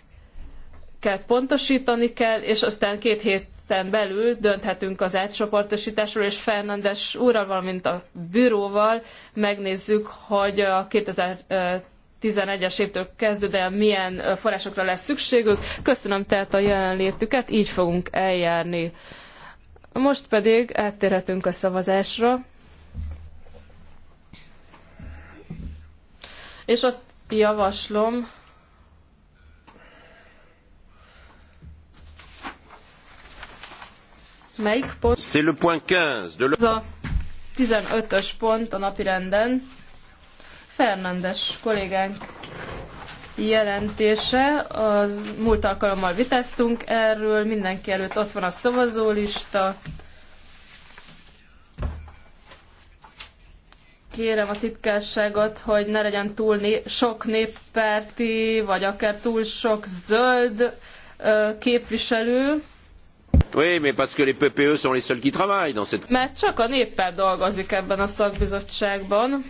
pontosítani kell, és aztán két héten belül dönthetünk az átcsoportosításról, és Fernandes úrral, valamint a büróval megnézzük, hogy a 2000 2011-es évtől kezdődően milyen forrásokra lesz szükségük. Köszönöm tehát a jelenlétüket, így fogunk eljárni. Most pedig áttérhetünk a szavazásra. És azt javaslom, melyik pont? C'est le point 15 de... Ez a 15-ös pont a napirenden. Fernandes kollégánk jelentése, az múlt alkalommal vitáztunk erről, mindenki előtt ott van a szavazólista. Kérem a titkárságot, hogy ne legyen túl né- sok néppárti, vagy akár túl sok zöld ö, képviselő. Oui, mais parce que les PPE sont les seuls qui travaillent dans cette... Mert csak a néppárt dolgozik ebben a szakbizottságban.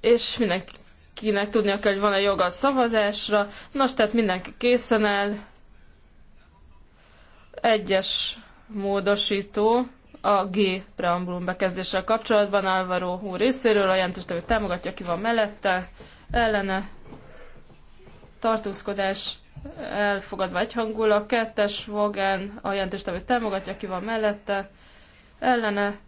és mindenkinek tudnia kell, hogy van-e joga a szavazásra. Nos, tehát mindenki készen el Egyes módosító a G preambulum bekezdéssel kapcsolatban Álvaro úr részéről, a hogy támogatja, ki van mellette, ellene, tartózkodás elfogadva egyhangul, a kettes Vogen a hogy támogatja, ki van mellette, ellene,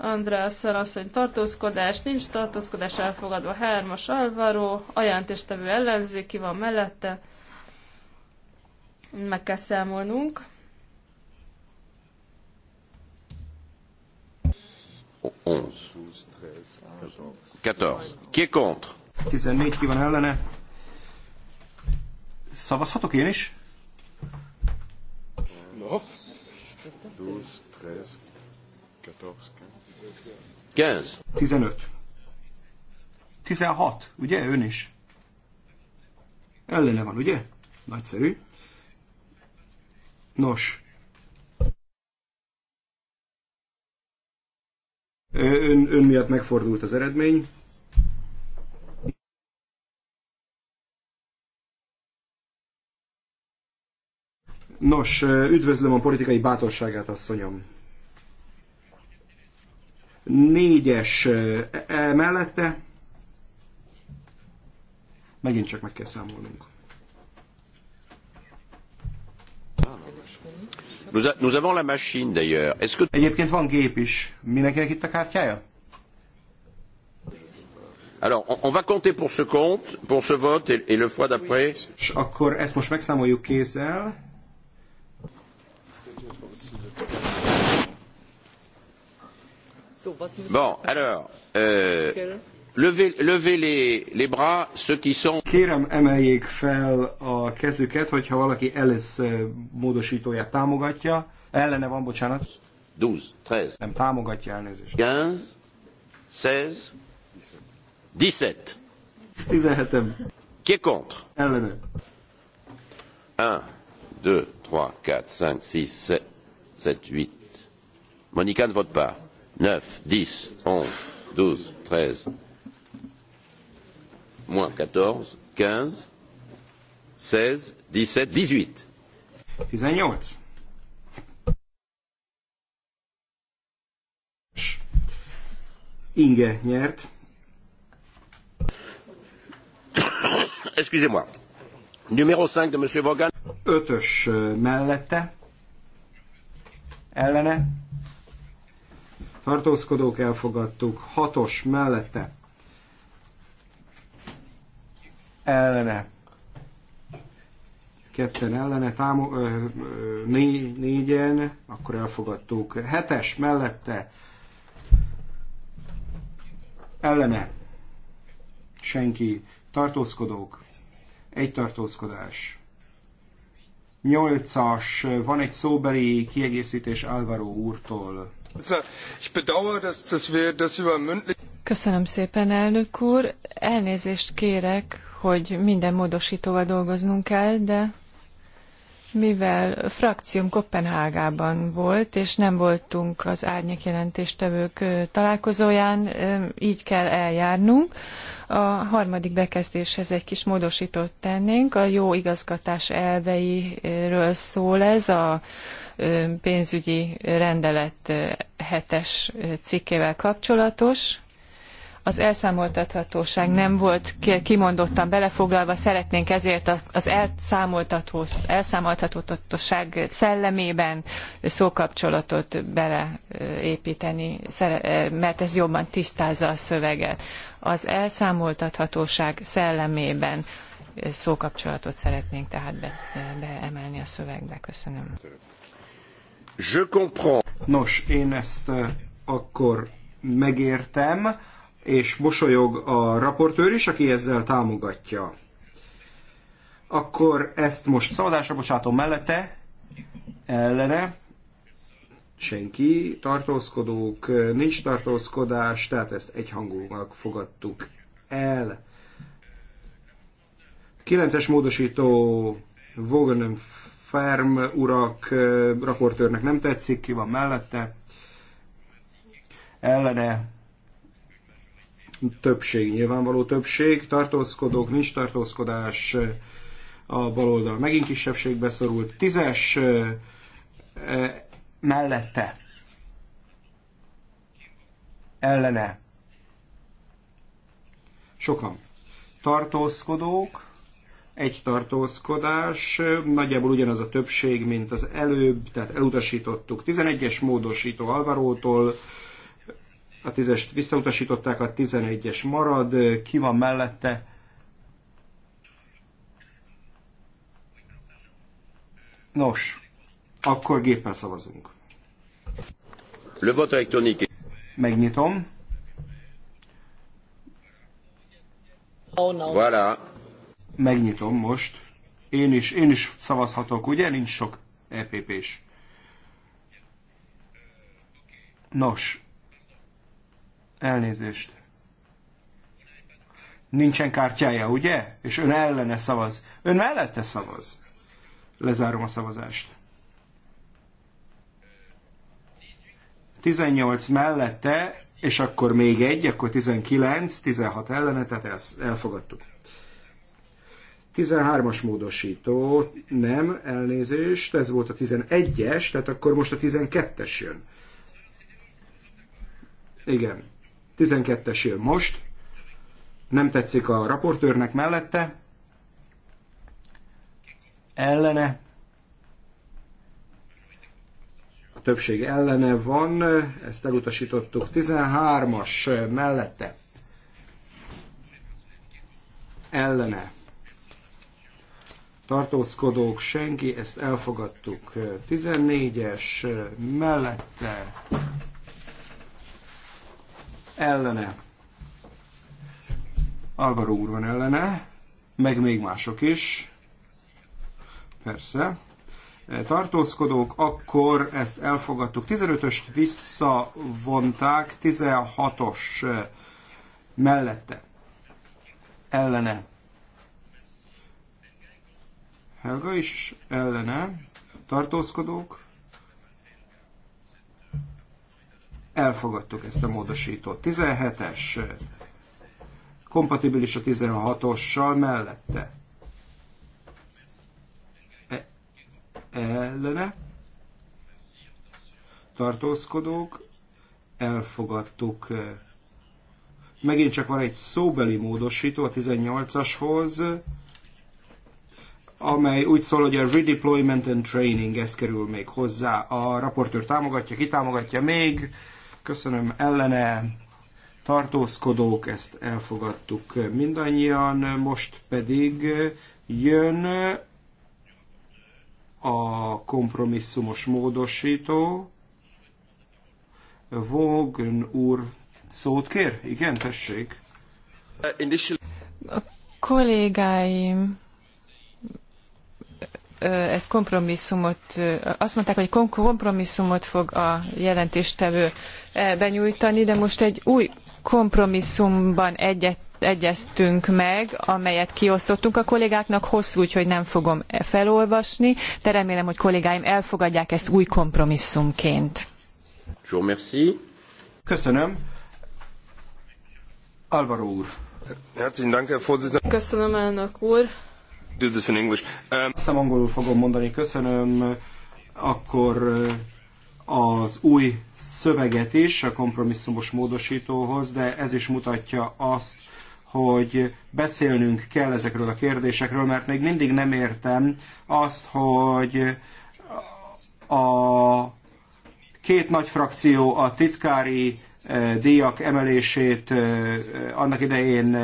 András asszony tartózkodás, nincs tartózkodás elfogadva, hármas Alvaro, ajánlástevő ellenzék, ki van mellette, meg kell számolnunk. 14. Ki est contre? 14 ki van ellene. Szavazhatok én is? No. 12, 13, 14, 15. 15. 16, ugye? Ön is. Ellene van, ugye? Nagyszerű. Nos. Ön, ön miatt megfordult az eredmény. Nos, üdvözlöm a politikai bátorságát, asszonyom. Négyes e, mellette. Megint csak meg kell számolnunk. Nous avons la machine d'ailleurs. Est-ce que... Egyébként van gép is. Mindenkinek itt a kártyája? Alors, on, on va compter pour ce compte, pour ce vote et, et le fois d'après. És akkor ezt most megszámoljuk kézzel. Bon, alors, euh, levez, les, les bras ceux qui sont... Kérem, emeljék fel a kezüket, hogyha valaki Ellis eh, módosítóját támogatja. Ellene van, bocsánat. 12, 13. Nem támogatja elnézést. 15, 16, 17. 17-em. Qui est contre Ellene. 1, 2, 3, 4, 5, 6, 7, 7, 8. Monica ne vote pas. 9, 10, 11, 12, 13, moins 14, 15, 16, 17, 18. 18. Inge nyert. Excusez-moi. Numéro 5 de Monsieur Vaughan. Ötös mellette. Ellene tartózkodók elfogadtuk, hatos mellette ellene, ketten ellene, támo, ö, ö, né, négyen, akkor elfogadtuk, hetes mellette ellene, senki, tartózkodók, egy tartózkodás. Nyolcas, van egy szóbeli kiegészítés Álvaro úrtól. Köszönöm szépen, elnök úr. Elnézést kérek, hogy minden módosítóval dolgoznunk kell, de mivel frakcióm Kopenhágában volt, és nem voltunk az árnyék jelentéstevők találkozóján, így kell eljárnunk. A harmadik bekezdéshez egy kis módosítót tennénk. A jó igazgatás elveiről szól ez a pénzügyi rendelet hetes cikkével kapcsolatos, az elszámoltathatóság nem volt kimondottan belefoglalva, szeretnénk ezért az elszámoltathatóság szellemében szókapcsolatot beleépíteni, e, mert ez jobban tisztázza a szöveget. Az elszámoltathatóság szellemében szókapcsolatot szeretnénk tehát be, e, beemelni a szövegbe. Köszönöm. Je comprends. Nos, én ezt e, akkor megértem és mosolyog a raportőr is, aki ezzel támogatja. Akkor ezt most szavazásra bocsátom mellette, ellene, senki, tartózkodók, nincs tartózkodás, tehát ezt egyhangúnak fogadtuk el. 9-es módosító Vogan Ferm urak raportőrnek nem tetszik, ki van mellette, ellene többség, nyilvánvaló többség, tartózkodók, nincs tartózkodás, a baloldal megint kisebbségbe szorult, tízes mellette, ellene, sokan tartózkodók, egy tartózkodás, nagyjából ugyanaz a többség, mint az előbb, tehát elutasítottuk. 11-es módosító Alvarótól, a 10-est visszautasították, a 11-es marad, ki van mellette? Nos, akkor géppel szavazunk. Le vote électronique. Megnyitom. Oh, no. Voilà. Megnyitom most. Én is, én is szavazhatok, ugye? Nincs sok EPP-s. Nos, Elnézést. Nincsen kártyája, ugye? És ön ellene szavaz. Ön mellette szavaz. Lezárom a szavazást. 18 mellette, és akkor még egy, akkor 19, 16 ellene, tehát ezt elfogadtuk. 13-as módosító, nem, elnézést, ez volt a 11-es, tehát akkor most a 12-es jön. Igen. 12 esél most, nem tetszik a raportőrnek mellette, ellene, a többség ellene van, ezt elutasítottuk, 13-as mellette, ellene, tartózkodók, senki, ezt elfogadtuk, 14-es mellette, ellene. Álvaro úr van ellene, meg még mások is. Persze. E, tartózkodók, akkor ezt elfogadtuk. 15-öst visszavonták, 16-os e, mellette. Ellene. Helga is ellene. Tartózkodók. Elfogadtuk ezt a módosítót. 17-es kompatibilis a 16-ossal mellette. E ellene tartózkodók elfogadtuk. Megint csak van egy szóbeli módosító a 18-ashoz, amely úgy szól, hogy a redeployment and training, ez kerül még hozzá. A raportőr támogatja, ki támogatja még, köszönöm, ellene tartózkodók, ezt elfogadtuk mindannyian, most pedig jön a kompromisszumos módosító. Vogn úr szót kér? Igen, tessék. A kollégáim egy kompromisszumot, azt mondták, hogy kompromisszumot fog a jelentéstevő benyújtani, de most egy új kompromisszumban egyet egyeztünk meg, amelyet kiosztottunk a kollégáknak, hosszú, úgyhogy nem fogom e felolvasni, de remélem, hogy kollégáim elfogadják ezt új kompromisszumként. Köszönöm. Alvaro úr. Köszönöm, elnök úr. Do this in English. Um... angolul fogom mondani, köszönöm. Akkor uh, az új szöveget is a kompromisszumos módosítóhoz, de ez is mutatja azt, hogy beszélnünk kell ezekről a kérdésekről, mert még mindig nem értem azt, hogy a két nagy frakció, a titkári díjak emelését annak idején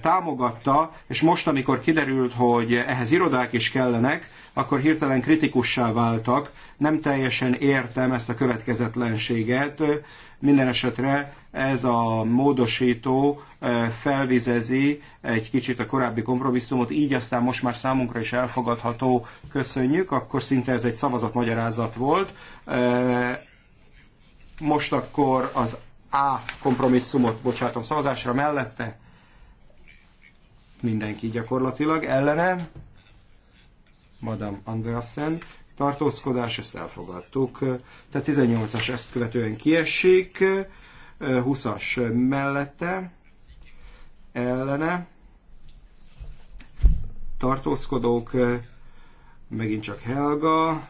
támogatta, és most, amikor kiderült, hogy ehhez irodák is kellenek, akkor hirtelen kritikussá váltak. Nem teljesen értem ezt a következetlenséget. Minden esetre ez a módosító felvizezi egy kicsit a korábbi kompromisszumot, így aztán most már számunkra is elfogadható, köszönjük, akkor szinte ez egy szavazatmagyarázat volt most akkor az A kompromisszumot bocsátom szavazásra mellette. Mindenki gyakorlatilag ellene. Madame Andersen tartózkodás, ezt elfogadtuk. Tehát 18-as ezt követően kiesik, 20-as mellette, ellene, tartózkodók, megint csak Helga,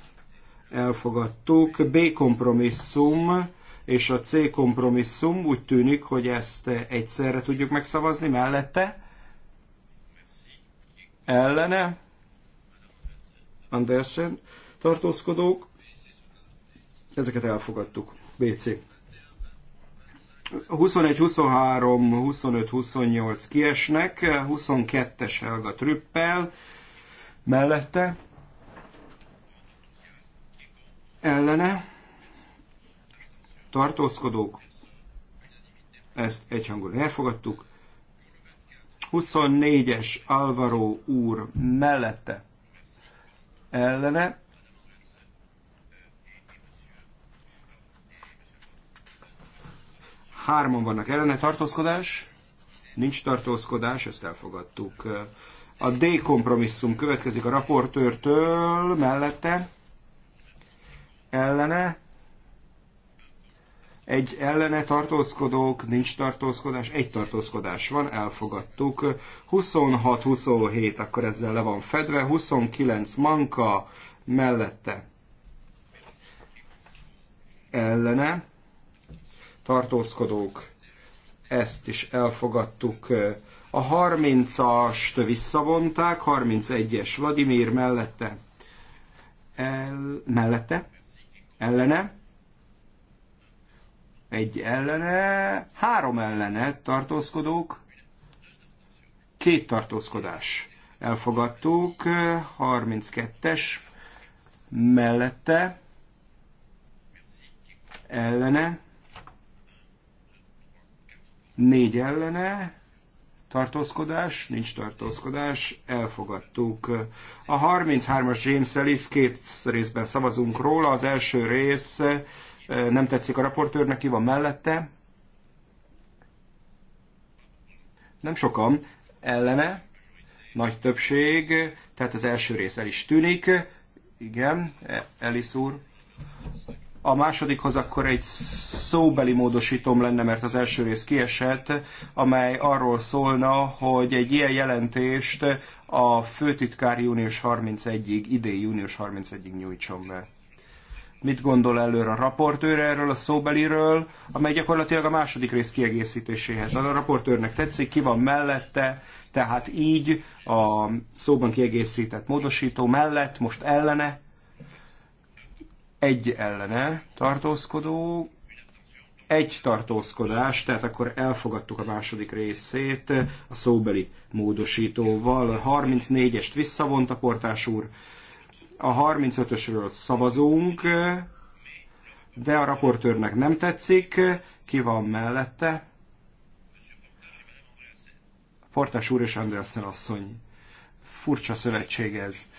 elfogadtuk, B kompromisszum és a C kompromisszum úgy tűnik, hogy ezt egyszerre tudjuk megszavazni mellette. Ellene. Andersen tartózkodók. Ezeket elfogadtuk. BC. 21, 23, 25, 28 kiesnek, 22-es Helga Trüppel, mellette, ellene, tartózkodók, ezt egyhangon elfogadtuk. 24-es Alvaro úr mellette ellene. Hárman vannak ellene tartózkodás. Nincs tartózkodás, ezt elfogadtuk. A D kompromisszum következik a raportőrtől mellette ellene egy ellene tartózkodók, nincs tartózkodás, egy tartózkodás van, elfogadtuk. 26-27, akkor ezzel le van fedve, 29 manka mellette ellene tartózkodók, ezt is elfogadtuk. A 30-ast visszavonták, 31-es Vladimir mellette, el, mellette, ellene, egy ellene, három ellene tartózkodók, két tartózkodás. Elfogadtuk, 32-es mellette, ellene, négy ellene, tartózkodás, nincs tartózkodás, elfogadtuk. A 33-as James Ellis két részben szavazunk róla, az első rész nem tetszik a raportőrnek, ki van mellette. Nem sokan, ellene, nagy többség, tehát az első rész el is tűnik. Igen, e- Elis úr. A másodikhoz akkor egy szóbeli módosítom lenne, mert az első rész kiesett, amely arról szólna, hogy egy ilyen jelentést a főtitkár június 31-ig, idén június 31-ig nyújtson be mit gondol előre a raportőr erről a szóbeliről, amely gyakorlatilag a második rész kiegészítéséhez. A raportőrnek tetszik, ki van mellette, tehát így a szóban kiegészített módosító mellett, most ellene, egy ellene tartózkodó, egy tartózkodás, tehát akkor elfogadtuk a második részét a szóbeli módosítóval. 34-est visszavont a portás úr, a 35-ösről szavazunk, de a raportőrnek nem tetszik. Ki van mellette? Portás úr és Andersen asszony. Furcsa szövetség ez.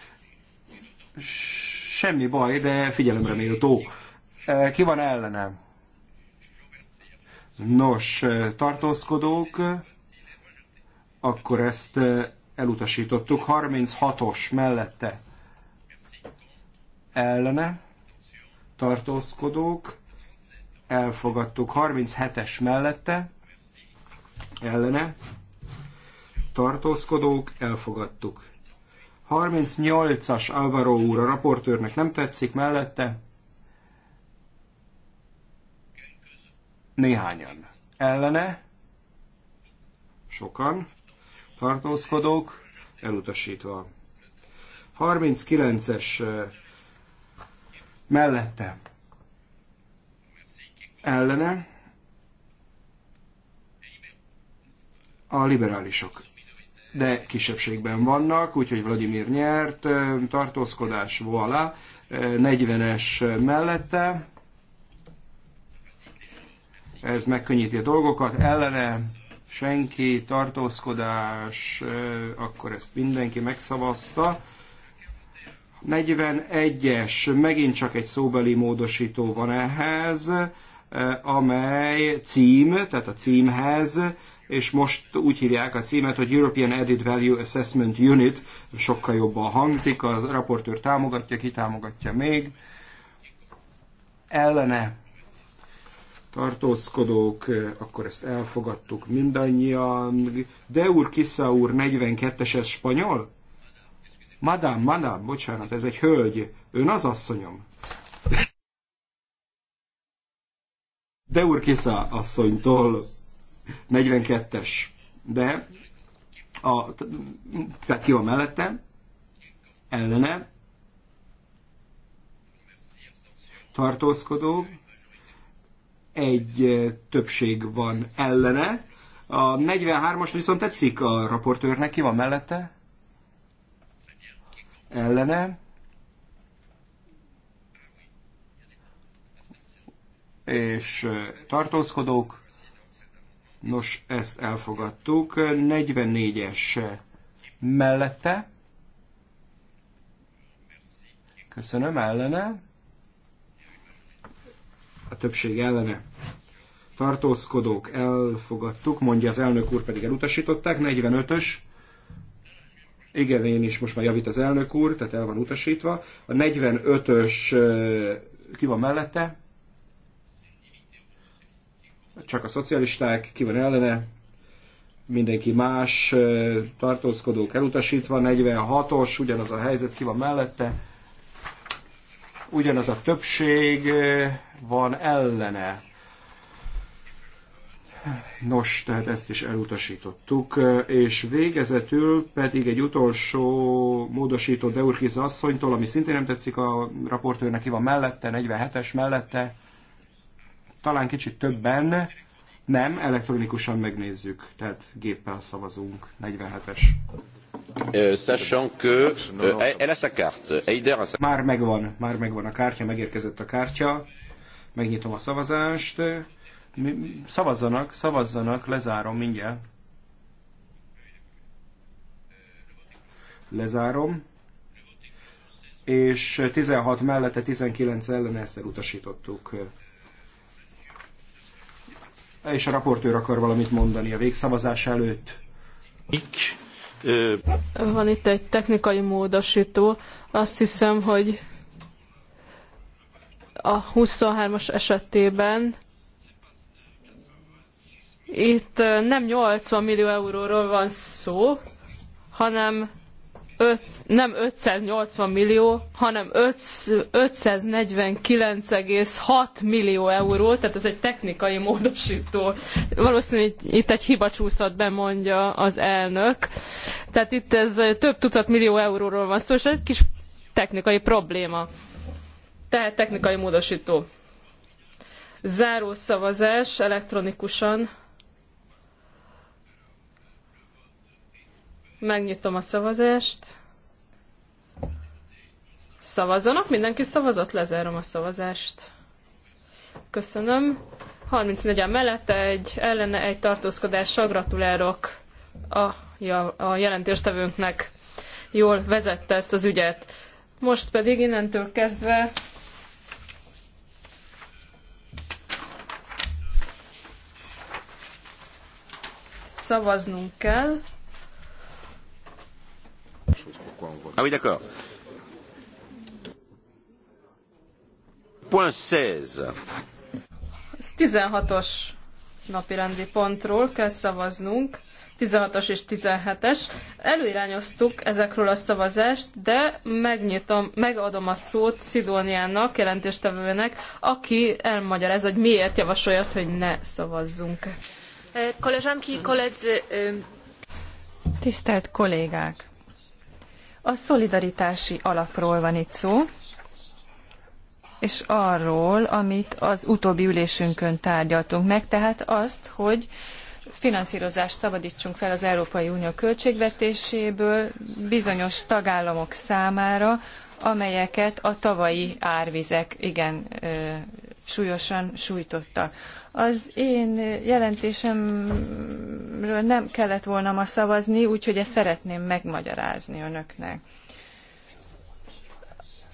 Semmi baj, de figyelemre méltó. Ki van ellene? Nos, tartózkodók, akkor ezt elutasítottuk. 36-os mellette ellene tartózkodók, elfogadtuk. 37-es mellette ellene tartózkodók, elfogadtuk. 38-as Alvaro úr a raportőrnek nem tetszik mellette. Néhányan. Ellene. Sokan. Tartózkodók. Elutasítva. 39-es mellette ellene a liberálisok. De kisebbségben vannak, úgyhogy Vladimir nyert, tartózkodás, voilà, 40-es mellette. Ez megkönnyíti a dolgokat, ellene senki, tartózkodás, akkor ezt mindenki megszavazta. 41-es, megint csak egy szóbeli módosító van ehhez, eh, amely cím, tehát a címhez, és most úgy hívják a címet, hogy European Added Value Assessment Unit, sokkal jobban hangzik, a raportőr támogatja, ki támogatja még. Ellene tartózkodók, eh, akkor ezt elfogadtuk mindannyian. De úr, úr, 42-es, ez spanyol? Madame, madame, bocsánat, ez egy hölgy. Ön az asszonyom. De Urkisza asszonytól 42-es. De a, tehát ki van mellette, ellene, tartózkodó, egy eh, többség van ellene, a 43-as viszont tetszik a raportőrnek, ki van mellette? ellene. És tartózkodók. Nos, ezt elfogadtuk. 44-es mellette. Köszönöm, ellene. A többség ellene. Tartózkodók elfogadtuk, mondja az elnök úr, pedig elutasították. 45-ös igen, én is most már javít az elnök úr, tehát el van utasítva. A 45-ös ki van mellette? Csak a szocialisták, ki van ellene? Mindenki más, tartózkodók elutasítva, 46-os, ugyanaz a helyzet, ki van mellette? Ugyanaz a többség van ellene. Nos, tehát ezt is elutasítottuk, és végezetül pedig egy utolsó módosító Deurkiz asszonytól, ami szintén nem tetszik a raportőrnek, ki van mellette, 47-es mellette, talán kicsit többen, nem, elektronikusan megnézzük, tehát géppel szavazunk, 47-es. Sachant que elle a sa carte, Eider a Már megvan, már megvan a kártya, megérkezett a kártya, megnyitom a szavazást, Szavazzanak, szavazzanak, lezárom mindjárt. Lezárom. És 16 mellette, 19 ellen ezt elutasítottuk. És a raportőr akar valamit mondani a végszavazás előtt. Mik? Van itt egy technikai módosító. Azt hiszem, hogy a 23-as esetében itt nem 80 millió euróról van szó, hanem 5 nem 580 millió, hanem 549,6 millió euró, tehát ez egy technikai módosító. Valószínűleg itt egy hiba csúszott be, mondja az elnök. Tehát itt ez több tucat millió euróról van szó, és ez egy kis technikai probléma. Tehát technikai módosító. Záró szavazás elektronikusan. Megnyitom a szavazást. Szavazanak, mindenki szavazott, lezárom a szavazást. Köszönöm. 34-en mellette, egy ellene, egy tartózkodással gratulálok a, ja, a jelentéstevőnknek. Jól vezette ezt az ügyet. Most pedig innentől kezdve szavaznunk kell chose pourquoi on vote. Ah oui, d'accord. Point 16. 16-os napirendi pontról kell szavaznunk. 16-os és 17-es. Előirányoztuk ezekről a szavazást, de megnyitom, megadom a szót Szidóniának, jelentéstevőnek, aki elmagyaráz, hogy miért javasolja azt, hogy ne szavazzunk. Eh, koleżanki, koledzy... Tisztelt kollégák! A szolidaritási alapról van itt szó, és arról, amit az utóbbi ülésünkön tárgyaltunk meg, tehát azt, hogy finanszírozást szabadítsunk fel az Európai Unió költségvetéséből bizonyos tagállamok számára, amelyeket a tavalyi árvizek igen súlyosan sújtottak. Az én jelentésemről nem kellett volna ma szavazni, úgyhogy ezt szeretném megmagyarázni önöknek.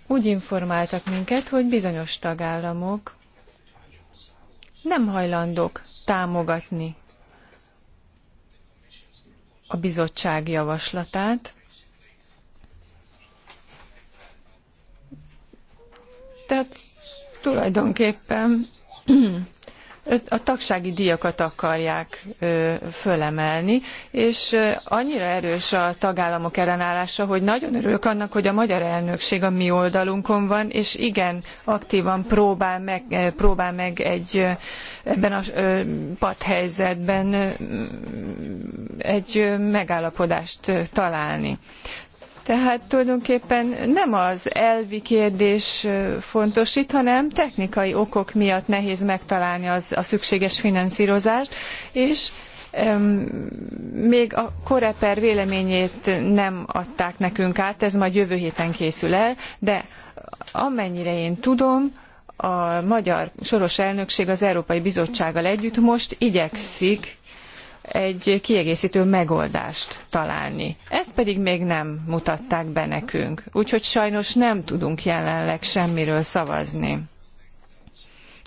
Úgy informáltak minket, hogy bizonyos tagállamok nem hajlandók támogatni a bizottság javaslatát. Tehát tulajdonképpen a tagsági díjakat akarják fölemelni, és annyira erős a tagállamok ellenállása, hogy nagyon örülök annak, hogy a magyar elnökség a mi oldalunkon van, és igen, aktívan próbál meg, próbál meg egy ebben a padhelyzetben egy megállapodást találni. Tehát tulajdonképpen nem az elvi kérdés fontos itt, hanem technikai okok miatt nehéz megtalálni az, a szükséges finanszírozást, és még a koreper véleményét nem adták nekünk át, ez majd jövő héten készül el, de amennyire én tudom, a magyar soros elnökség az Európai Bizottsággal együtt most igyekszik egy kiegészítő megoldást találni. Ezt pedig még nem mutatták be nekünk, úgyhogy sajnos nem tudunk jelenleg semmiről szavazni.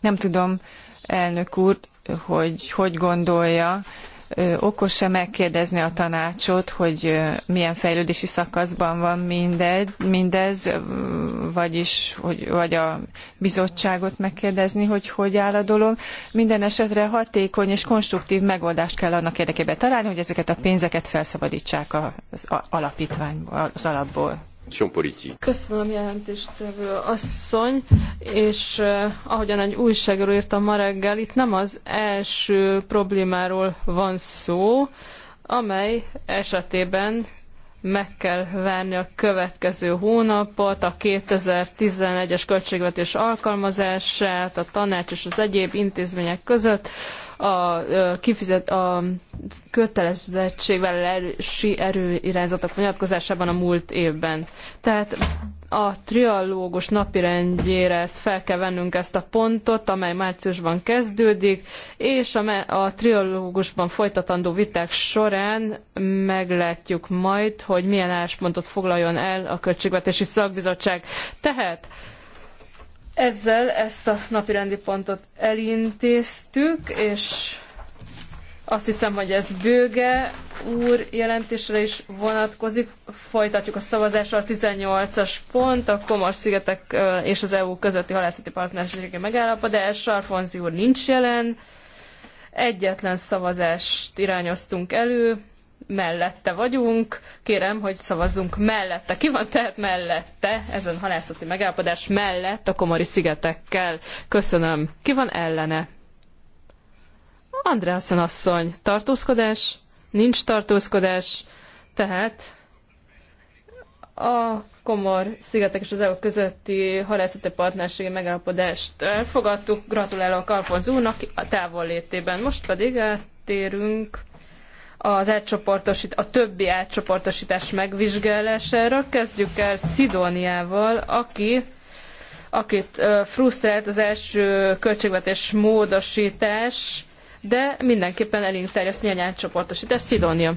Nem tudom, elnök úr, hogy hogy gondolja, okos-e megkérdezni a tanácsot, hogy milyen fejlődési szakaszban van mindez, mindez vagyis hogy, vagy a bizottságot megkérdezni, hogy hogy áll a dolog. Minden esetre hatékony és konstruktív megoldást kell annak érdekében találni, hogy ezeket a pénzeket felszabadítsák az alapítványból, az alapból. Köszönöm jelentéstevő asszony, és eh, ahogyan egy újságról írtam ma reggel, itt nem az első problémáról van szó, amely esetében meg kell várni a következő hónapot, a 2011-es költségvetés alkalmazását, a tanács és az egyéb intézmények között, a, kifizet, a kötelezettségvállalási erőirányzatok vonatkozásában a múlt évben. Tehát a triallógus napirendjére ezt fel kell vennünk ezt a pontot, amely márciusban kezdődik, és a, a triallógusban folytatandó viták során meglátjuk majd, hogy milyen álláspontot foglaljon el a Költségvetési Szakbizottság. Tehát ezzel ezt a napirendi pontot elintéztük, és azt hiszem, hogy ez bőge úr jelentésre is vonatkozik. Folytatjuk a szavazással. A 18-as pont, a Komor szigetek és az EU közötti halászati partnerségi megállapodás. Sarfonzi úr nincs jelen. Egyetlen szavazást irányoztunk elő mellette vagyunk, kérem, hogy szavazzunk mellette. Ki van tehát mellette, ezen halászati megállapodás mellett a komori szigetekkel? Köszönöm. Ki van ellene? Andreasen asszony, tartózkodás? Nincs tartózkodás, tehát a komor szigetek és az EU közötti halászati partnerségi megállapodást elfogadtuk. Gratulálok Alfonz úrnak a távollétében. Most pedig áttérünk az átcsoportosít, a többi átcsoportosítás megvizsgálására. Kezdjük el Szidóniával, aki akit frusztrált az első költségvetés módosítás, de mindenképpen elénk terjeszteni a nyárcsoportosítás. Szidónia.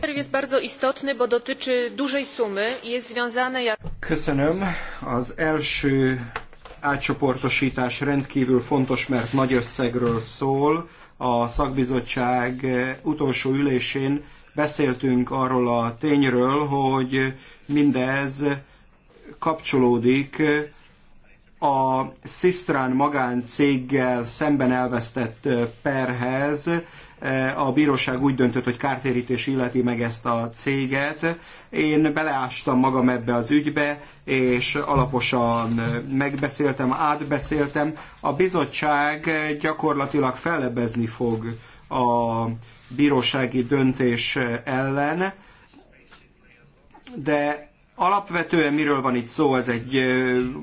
Köszönöm. Az első átcsoportosítás rendkívül fontos, mert nagy összegről szól a szakbizottság eh, utolsó ülésén beszéltünk arról a tényről, hogy mindez kapcsolódik eh, a Sistrán magáncéggel szemben elvesztett eh, perhez, a bíróság úgy döntött, hogy kártérítés illeti meg ezt a céget. Én beleástam magam ebbe az ügybe, és alaposan megbeszéltem, átbeszéltem. A bizottság gyakorlatilag fellebezni fog a bírósági döntés ellen, de alapvetően miről van itt szó? Ez egy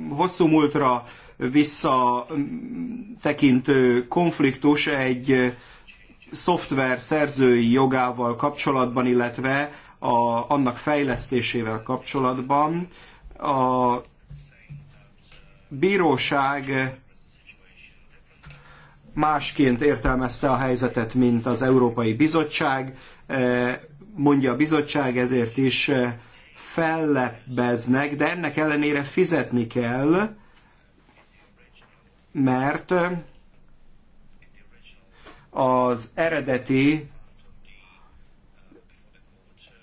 hosszú múltra visszatekintő konfliktus, egy szoftver szerzői jogával kapcsolatban, illetve a, annak fejlesztésével kapcsolatban. A bíróság másként értelmezte a helyzetet, mint az Európai Bizottság. E, mondja a bizottság, ezért is fellebbeznek, de ennek ellenére fizetni kell, mert az eredeti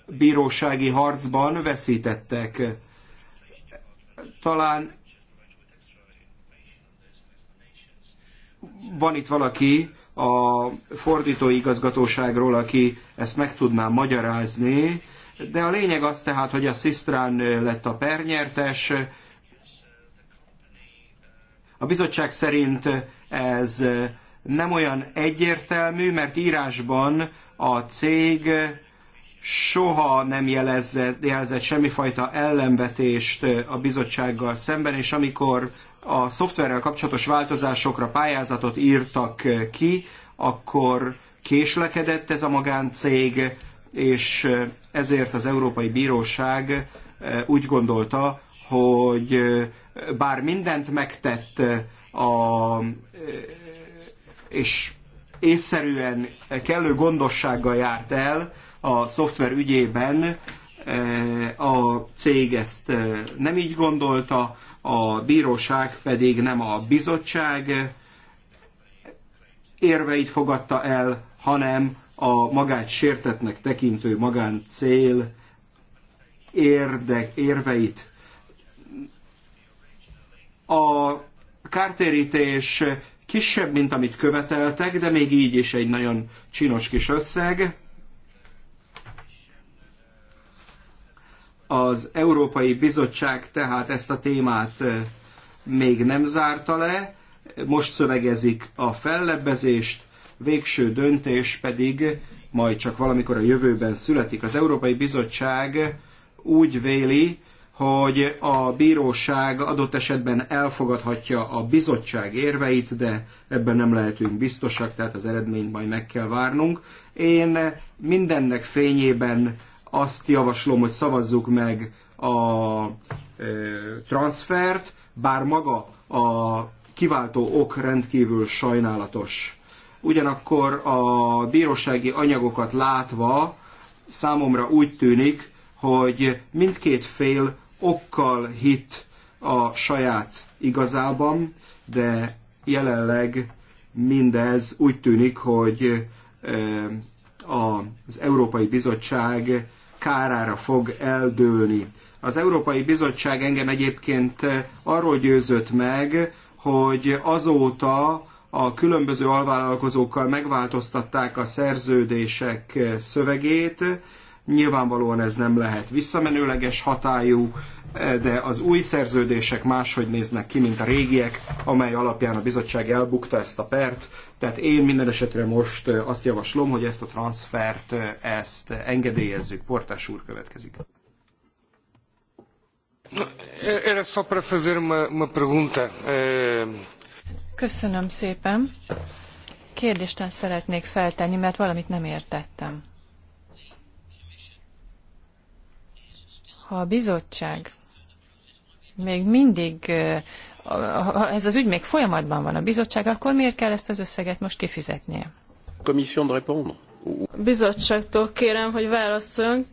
bírósági harcban veszítettek. Talán van itt valaki a fordítói igazgatóságról, aki ezt meg tudná magyarázni, de a lényeg az tehát, hogy a Sistrán lett a pernyertes. A bizottság szerint ez nem olyan egyértelmű, mert írásban a cég soha nem jelezett, jelzett semmifajta ellenvetést a bizottsággal szemben, és amikor a szoftverrel kapcsolatos változásokra pályázatot írtak ki, akkor késlekedett ez a magáncég, és ezért az Európai Bíróság úgy gondolta, hogy bár mindent megtett a és észszerűen, kellő gondossággal járt el a szoftver ügyében, eh, a cég ezt eh, nem így gondolta, a bíróság pedig nem a bizottság eh, érveit fogadta el, hanem a magát sértetnek tekintő magáncél érdek érveit. A kártérítés kisebb, mint amit követeltek, de még így is egy nagyon csinos kis összeg. Az Európai Bizottság tehát ezt a témát még nem zárta le, most szövegezik a fellebbezést, végső döntés pedig majd csak valamikor a jövőben születik. Az Európai Bizottság úgy véli, hogy a bíróság adott esetben elfogadhatja a bizottság érveit, de ebben nem lehetünk biztosak, tehát az eredményt majd meg kell várnunk. Én mindennek fényében azt javaslom, hogy szavazzuk meg a transfert, bár maga a kiváltó ok rendkívül sajnálatos. Ugyanakkor a bírósági anyagokat látva számomra úgy tűnik, hogy mindkét fél okkal hit a saját igazában, de jelenleg mindez úgy tűnik, hogy az Európai Bizottság kárára fog eldőlni. Az Európai Bizottság engem egyébként arról győzött meg, hogy azóta a különböző alvállalkozókkal megváltoztatták a szerződések szövegét. Nyilvánvalóan ez nem lehet visszamenőleges hatályú, de az új szerződések máshogy néznek ki, mint a régiek, amely alapján a bizottság elbukta ezt a pert. Tehát én minden esetre most azt javaslom, hogy ezt a transfert, ezt engedélyezzük. Portás úr következik. Era só para fazer uma, uma pergunta. Eh, Köszönöm szépen. Kérdést szeretnék feltenni, mert valamit nem értettem. Ha a bizottság még mindig, ha ez az ügy még folyamatban van a bizottság, akkor miért kell ezt az összeget most kifizetnie? Bizottságtól kérem, hogy válaszoljon.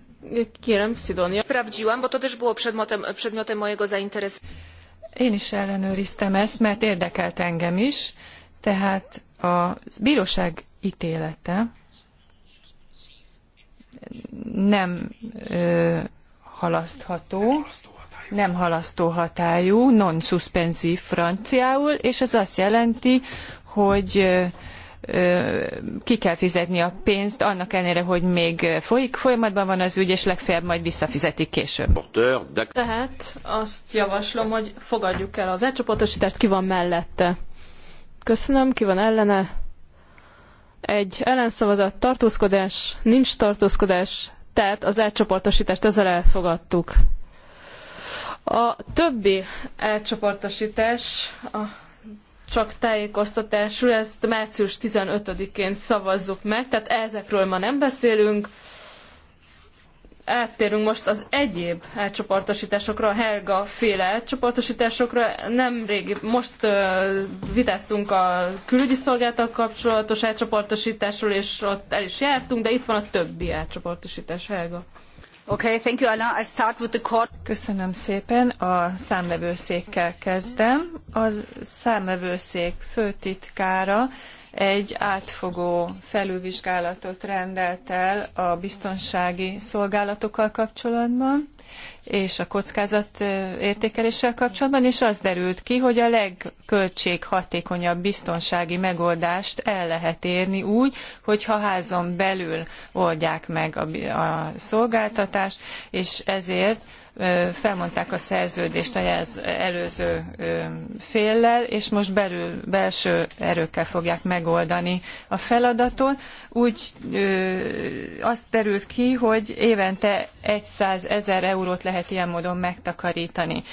Kérem, Szidonia. Prawdziłam, bo to też było przedmiotem, przedmiotem mojego zainteresowania. Én is ellenőriztem ezt, mert érdekelt engem is. Tehát a bíróság ítélete nem ö, halasztható nem halasztó hatályú, non-szuspenzív franciául, és ez azt jelenti, hogy ki kell fizetni a pénzt, annak ellenére, hogy még folyik, folyamatban van az ügy, és legfeljebb majd visszafizetik később. Tehát azt javaslom, hogy fogadjuk el az elcsoportosítást, ki van mellette. Köszönöm, ki van ellene. Egy ellenszavazat tartózkodás, nincs tartózkodás, tehát az elcsoportosítást ezzel elfogadtuk. A többi elcsoportosítás a csak tájékoztatásul, ezt március 15-én szavazzuk meg, tehát ezekről ma nem beszélünk. Áttérünk most az egyéb elcsoportosításokra, Helga féle elcsoportosításokra. régi. most uh, vitáztunk a külügyi szolgáltal kapcsolatos elcsoportosításról, és ott el is jártunk, de itt van a többi elcsoportosítás, Helga. Okay, thank you, Anna. I start with the court. Köszönöm szépen. A számvevőszékkel kezdem. A számvevőszék főtitkára egy átfogó felülvizsgálatot rendelt el a biztonsági szolgálatokkal kapcsolatban és a kockázat értékeléssel kapcsolatban, és az derült ki, hogy a legköltséghatékonyabb biztonsági megoldást el lehet érni úgy, hogy ha házon belül oldják meg a, a szolgáltatást, és ezért felmondták a szerződést az előző féllel, és most belül, belső erőkkel fogják megoldani a feladatot. Úgy azt terült ki, hogy évente 100 ezer eurót lehet ilyen módon megtakarítani.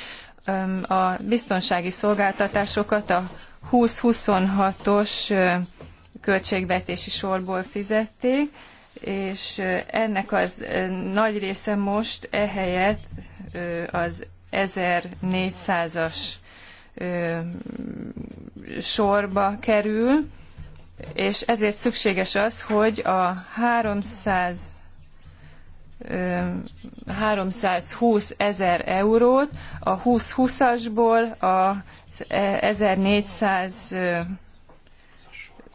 A biztonsági szolgáltatásokat a 20-26-os költségvetési sorból fizették, és ennek az nagy része most ehelyett az 1400-as sorba kerül, és ezért szükséges az, hogy a 300 320 ezer eurót a 20-20-asból a 1400 e-,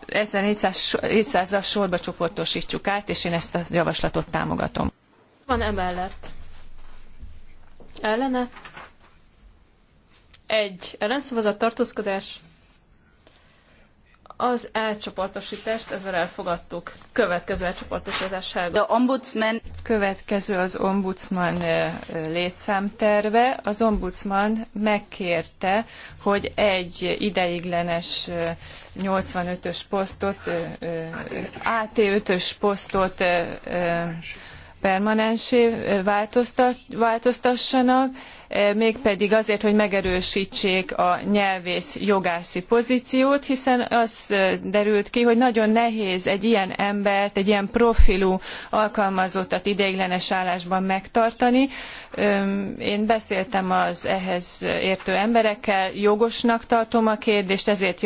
ezen évszázal sorba csoportosítsuk át, és én ezt a javaslatot támogatom. Van emellett ellene egy ellenszavazat tartózkodás az elcsoportosítást ezzel elfogadtuk. Következő elcsoportosítás. The ombudsman. Következő az ombudsman létszámterve. Az ombudsman megkérte, hogy egy ideiglenes 85-ös posztot, AT5-ös posztot permanensé változtassanak, mégpedig azért, hogy megerősítsék a nyelvész jogászi pozíciót, hiszen az derült ki, hogy nagyon nehéz egy ilyen embert, egy ilyen profilú alkalmazottat ideiglenes állásban megtartani. Én beszéltem az ehhez értő emberekkel, jogosnak tartom a kérdést, ezért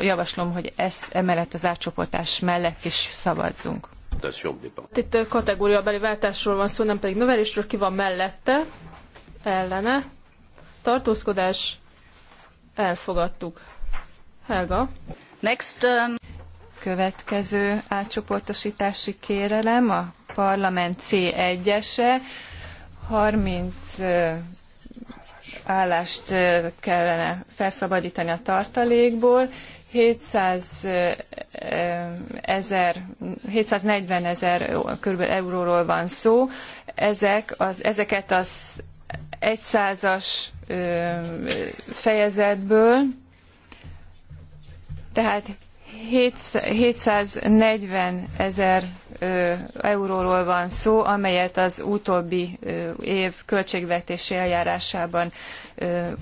javaslom, hogy ezt emellett az átcsoportás mellett is szavazzunk. Itt kategóriabeli váltásról van szó, nem pedig növelésről. Ki van mellette? Ellene. Tartózkodás. Elfogadtuk. Helga. Next. Um... Következő átcsoportosítási kérelem a parlament C1-ese. 30 uh, állást kellene felszabadítani a tartalékból, 700 eh, ezer, 740 ezer körülbelül euróról van szó. Ezek az, ezeket az egyszázas fejezetből, tehát 740 ezer euróról van szó, amelyet az utóbbi év költségvetési eljárásában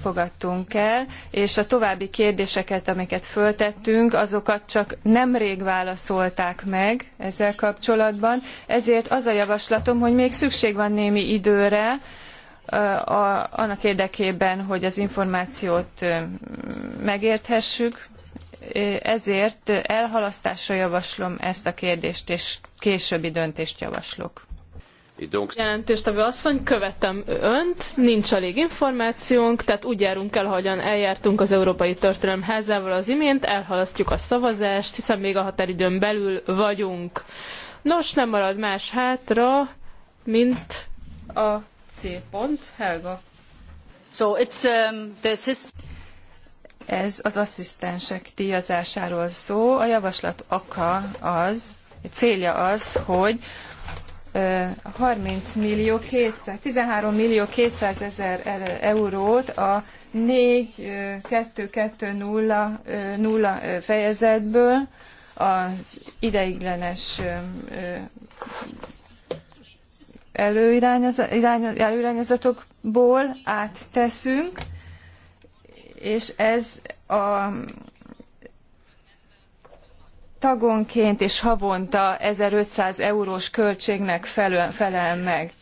fogadtunk el, és a további kérdéseket, amiket föltettünk, azokat csak nemrég válaszolták meg ezzel kapcsolatban, ezért az a javaslatom, hogy még szükség van némi időre, annak érdekében, hogy az információt megérthessük, ezért elhalasztásra javaslom ezt a kérdést, és későbbi döntést javaslok. Jelentéstevő asszony, követem önt, nincs elég információnk, tehát úgy járunk el, ahogyan eljártunk az Európai Történelem házával az imént, elhalasztjuk a szavazást, hiszen még a határidőn belül vagyunk. Nos, nem marad más hátra, mint a C pont, Helga. So it's um, the system. Ez az asszisztensek díjazásáról szó. A javaslat oka az, célja az, hogy 30 millió 200, 13 millió 200 ezer e-, eurót a 4220 fejezetből az ideiglenes előirányozatokból átteszünk és ez a tagonként és havonta 1500 eurós költségnek felel, felel meg.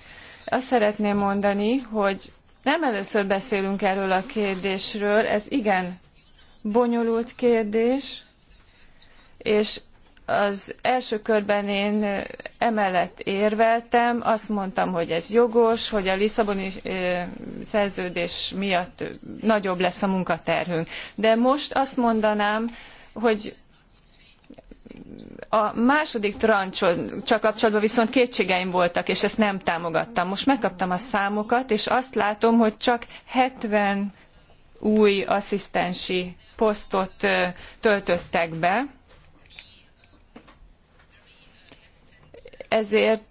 Azt szeretném mondani, hogy nem először beszélünk erről a kérdésről, ez igen bonyolult kérdés, és az első körben én emellett érveltem, azt mondtam, hogy ez jogos, hogy a Lisszaboni szerződés miatt nagyobb lesz a munkaterhünk. De most azt mondanám, hogy a második trancsal kapcsolatban viszont kétségeim voltak, és ezt nem támogattam. Most megkaptam a számokat, és azt látom, hogy csak 70 új asszisztensi posztot töltöttek be, ezért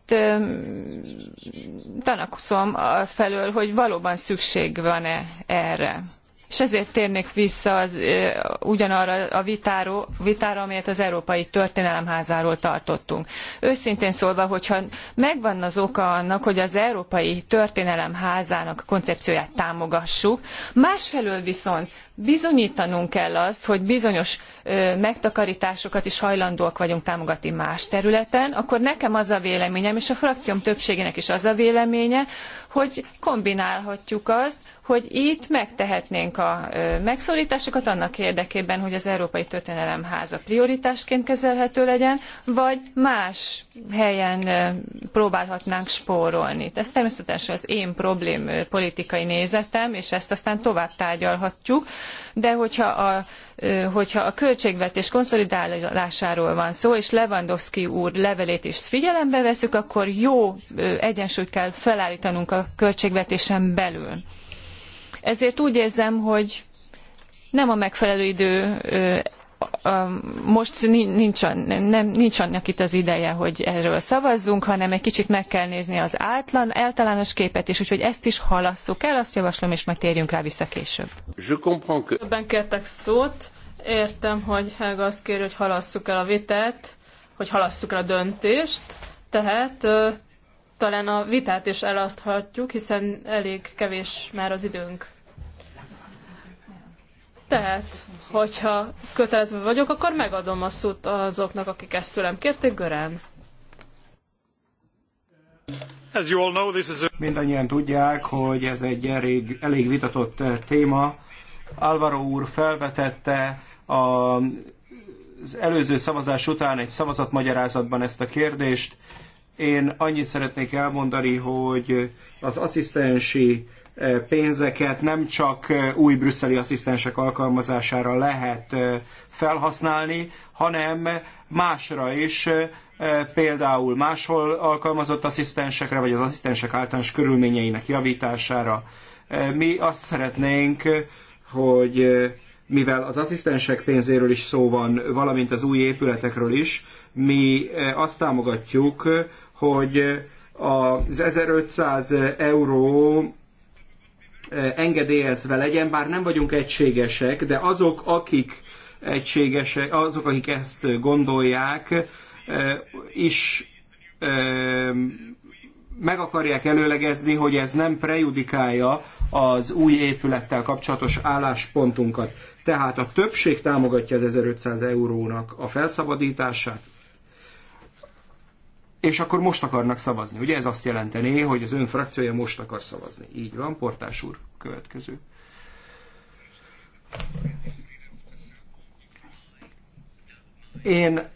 tanakszom felől, hogy valóban szükség van-e erre. És ezért térnék vissza az, ugyanarra a vitáról, vitára, amelyet az Európai Történelemházáról tartottunk. Őszintén szólva, hogyha megvan az oka annak, hogy az Európai Történelemházának koncepcióját támogassuk, másfelől viszont bizonyítanunk kell azt, hogy bizonyos megtakarításokat is hajlandóak vagyunk támogatni más területen, akkor nekem az a véleményem, és a frakcióm többségének is az a véleménye, hogy kombinálhatjuk azt, hogy itt megtehetnénk a megszorításokat annak érdekében, hogy az Európai Történelem Háza prioritásként kezelhető legyen, vagy más helyen próbálhatnánk spórolni. Ez természetesen az én problém politikai nézetem, és ezt aztán tovább tárgyalhatjuk, de hogyha a, hogyha a költségvetés konszolidálásáról van szó, és Lewandowski úr levelét is figyelembe vesszük, akkor jó egyensúlyt kell felállítanunk a költségvetésen belül. Ezért úgy érzem, hogy nem a megfelelő idő most nincs, nem, nincs annak itt az ideje, hogy erről szavazzunk, hanem egy kicsit meg kell nézni az általan, általános képet is, úgyhogy ezt is halasszuk el, azt javaslom, és majd térjünk rá vissza később. Többen kértek szót, értem, hogy Helga azt kér, hogy halasszuk el a vitát, hogy halasszuk el a döntést, tehát talán a vitát is elaszthatjuk, hiszen elég kevés már az időnk. Tehát, hogyha kötelezve vagyok, akkor megadom a szót azoknak, akik ezt tőlem kérték, Görán. Mindannyian tudják, hogy ez egy elég, elég vitatott eh, téma. Álvaro úr felvetette a, az előző szavazás után egy szavazatmagyarázatban ezt a kérdést. Én annyit szeretnék elmondani, hogy az asszisztensi pénzeket nem csak új brüsszeli asszisztensek alkalmazására lehet felhasználni, hanem másra is, például máshol alkalmazott asszisztensekre, vagy az asszisztensek általános körülményeinek javítására. Mi azt szeretnénk, hogy mivel az asszisztensek pénzéről is szó van, valamint az új épületekről is, mi azt támogatjuk, hogy az 1500 euró engedélyezve legyen, bár nem vagyunk egységesek, de azok, akik egységesek, azok, akik ezt gondolják, is meg akarják előlegezni, hogy ez nem prejudikálja az új épülettel kapcsolatos álláspontunkat. Tehát a többség támogatja az 1500 eurónak a felszabadítását, és akkor most akarnak szavazni. Ugye ez azt jelenteni, hogy az ön frakciója most akar szavazni. Így van, Portás úr következő. Én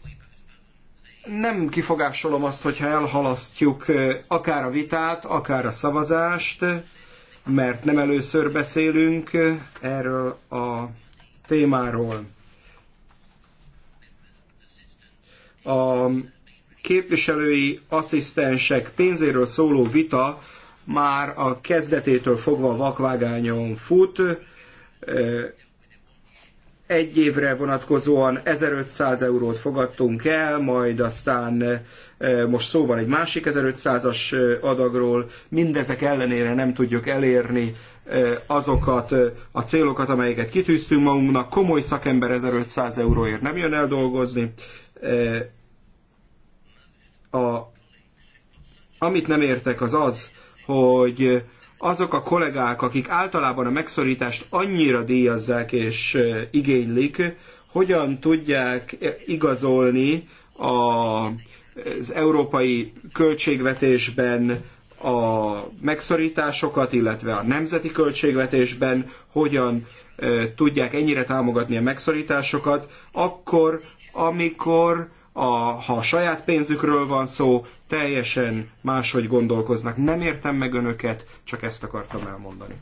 nem kifogásolom azt, hogyha elhalasztjuk akár a vitát, akár a szavazást, mert nem először beszélünk erről a témáról. A képviselői asszisztensek pénzéről szóló vita már a kezdetétől fogva vakvágányon fut. Egy évre vonatkozóan 1500 eurót fogadtunk el, majd aztán most szó van egy másik 1500-as adagról. Mindezek ellenére nem tudjuk elérni azokat a célokat, amelyeket kitűztünk magunknak. Komoly szakember 1500 euróért nem jön el dolgozni a, amit nem értek az az, hogy azok a kollégák, akik általában a megszorítást annyira díjazzák és igénylik, hogyan tudják igazolni a, az európai költségvetésben a megszorításokat, illetve a nemzeti költségvetésben hogyan tudják ennyire támogatni a megszorításokat, akkor, amikor a, ha a saját pénzükről van szó, teljesen máshogy gondolkoznak. Nem értem meg önöket, csak ezt akartam elmondani.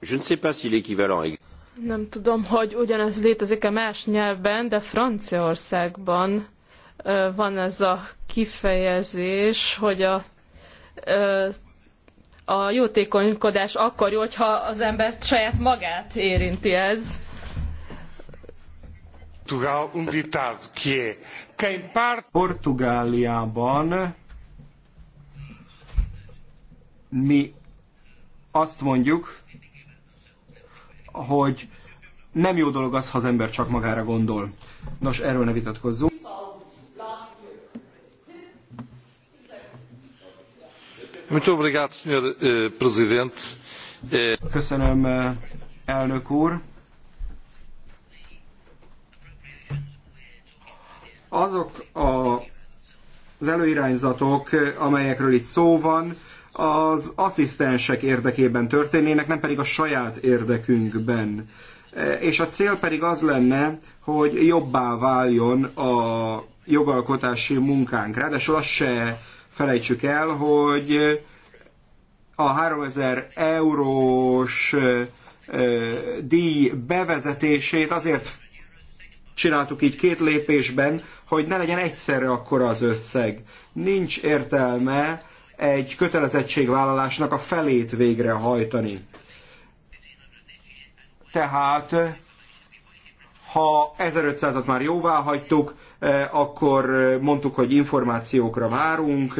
Je ne sais pas si l'équivalent nem tudom, hogy ugyanez létezik-e más nyelven, de Franciaországban van ez a kifejezés, hogy a, a jótékonykodás akkor jó, hogyha az embert saját magát érinti ez. Portugal um ditado que é quem parte... Portugáliában mi azt mondjuk, hogy nem jó dolog az, ha az ember csak magára gondol. Nos, erről ne vitatkozzunk. Muito obrigado, eh, Presidente. Eh, Köszönöm, eh, elnök úr. Azok a, az előirányzatok, amelyekről itt szó van, az asszisztensek érdekében történnének, nem pedig a saját érdekünkben. E, és a cél pedig az lenne, hogy jobbá váljon a jogalkotási munkánk. Ráadásul azt se felejtsük el, hogy a 3000 eurós e, díj bevezetését azért csináltuk így két lépésben, hogy ne legyen egyszerre akkora az összeg. Nincs értelme egy kötelezettségvállalásnak a felét végrehajtani. Tehát, ha 1500-at már jóvá hagytuk, e, akkor mondtuk, hogy információkra várunk,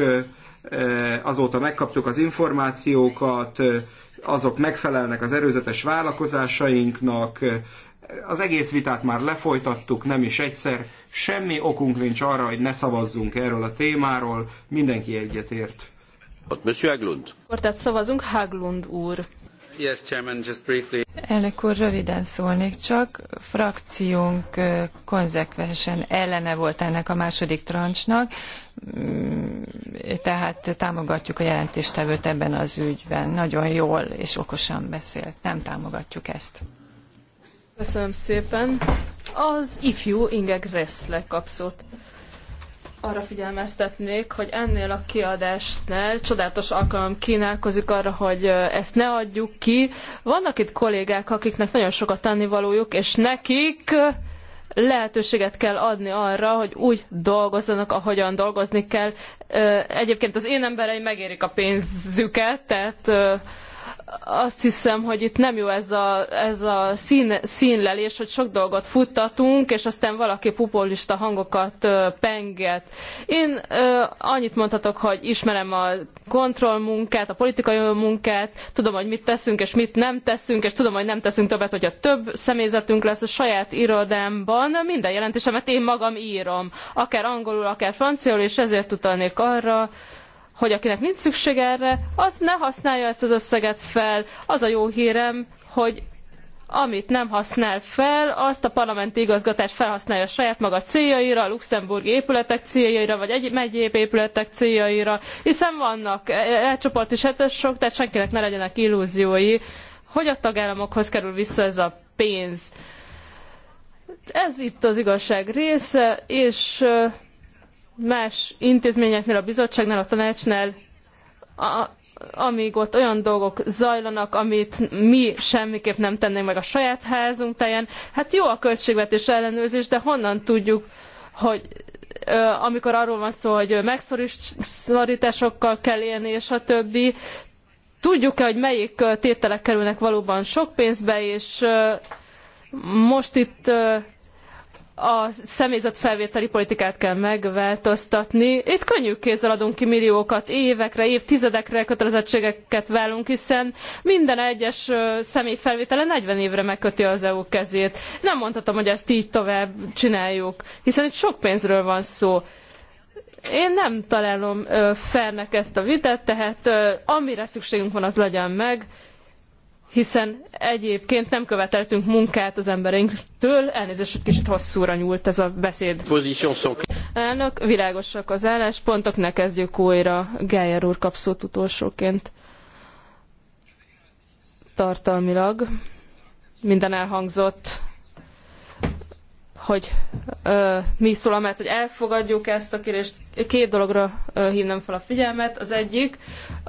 e, azóta megkaptuk az információkat, e, azok megfelelnek az erőzetes vállalkozásainknak, az egész vitát már lefolytattuk, nem is egyszer. Semmi okunk nincs arra, hogy ne szavazzunk erről a témáról. Mindenki egyetért. Monsieur Haglund. tehát szavazunk Haglund úr. Yes, Chairman, just briefly. Elnök úr, röviden szólnék csak. Frakciónk konzekvensen ellene volt ennek a második trancsnak, mm, tehát támogatjuk a jelentéstevőt ebben az ügyben. Nagyon jól és okosan beszélt. Nem támogatjuk ezt. Köszönöm szépen. Az ifjú Inge Gressle kapszott. Arra figyelmeztetnék, hogy ennél a kiadásnál csodálatos alkalom kínálkozik arra, hogy ezt ne adjuk ki. Vannak itt kollégák, akiknek nagyon sokat tennivalójuk, és nekik lehetőséget kell adni arra, hogy úgy dolgozzanak, ahogyan dolgozni kell. Egyébként az én embereim megérik a pénzüket, tehát azt hiszem, hogy itt nem jó ez a, ez a szín, színlelés, hogy sok dolgot futtatunk, és aztán valaki populista hangokat penget. Én ö, annyit mondhatok, hogy ismerem a kontrollmunkát, a politikai munkát, tudom, hogy mit teszünk és mit nem teszünk, és tudom, hogy nem teszünk többet, hogyha több személyzetünk lesz a saját irodámban, minden jelentésemet én magam írom, akár angolul, akár franciául, és ezért utalnék arra, hogy akinek nincs szükség erre, az ne használja ezt az összeget fel. Az a jó hírem, hogy amit nem használ fel, azt a parlamenti igazgatás felhasználja saját maga céljaira, a luxemburgi épületek céljaira, vagy egy megyéb épületek céljaira, hiszen vannak e, elcsoporti sok, tehát senkinek ne legyenek illúziói, hogy a tagállamokhoz kerül vissza ez a pénz. Ez itt az igazság része, és más intézményeknél, a bizottságnál, a tanácsnál, a, amíg ott olyan dolgok zajlanak, amit mi semmiképp nem tennénk meg a saját házunk táján. Hát jó a költségvetés ellenőrzés, de honnan tudjuk, hogy amikor arról van szó, hogy megszorításokkal kell élni, és a többi, tudjuk-e, hogy melyik tételek kerülnek valóban sok pénzbe, és most itt a személyzet felvételi politikát kell megváltoztatni. Itt könnyű kézzel adunk ki milliókat, évekre, évtizedekre kötelezettségeket vállunk, hiszen minden egyes személy felvétele 40 évre megköti az EU kezét. Nem mondhatom, hogy ezt így tovább csináljuk, hiszen itt sok pénzről van szó. Én nem találom fernek ezt a vitát, tehát amire szükségünk van, az legyen meg hiszen egyébként nem követeltünk munkát az embereinktől. Elnézést, hogy kicsit hosszúra nyúlt ez a beszéd. Elnök, világosak az álláspontok, ne kezdjük újra. Geyer úr kap szót utolsóként. Tartalmilag minden elhangzott hogy ö, mi szól, mert hogy elfogadjuk ezt a kérést. Két dologra ö, hívnám fel a figyelmet. Az egyik,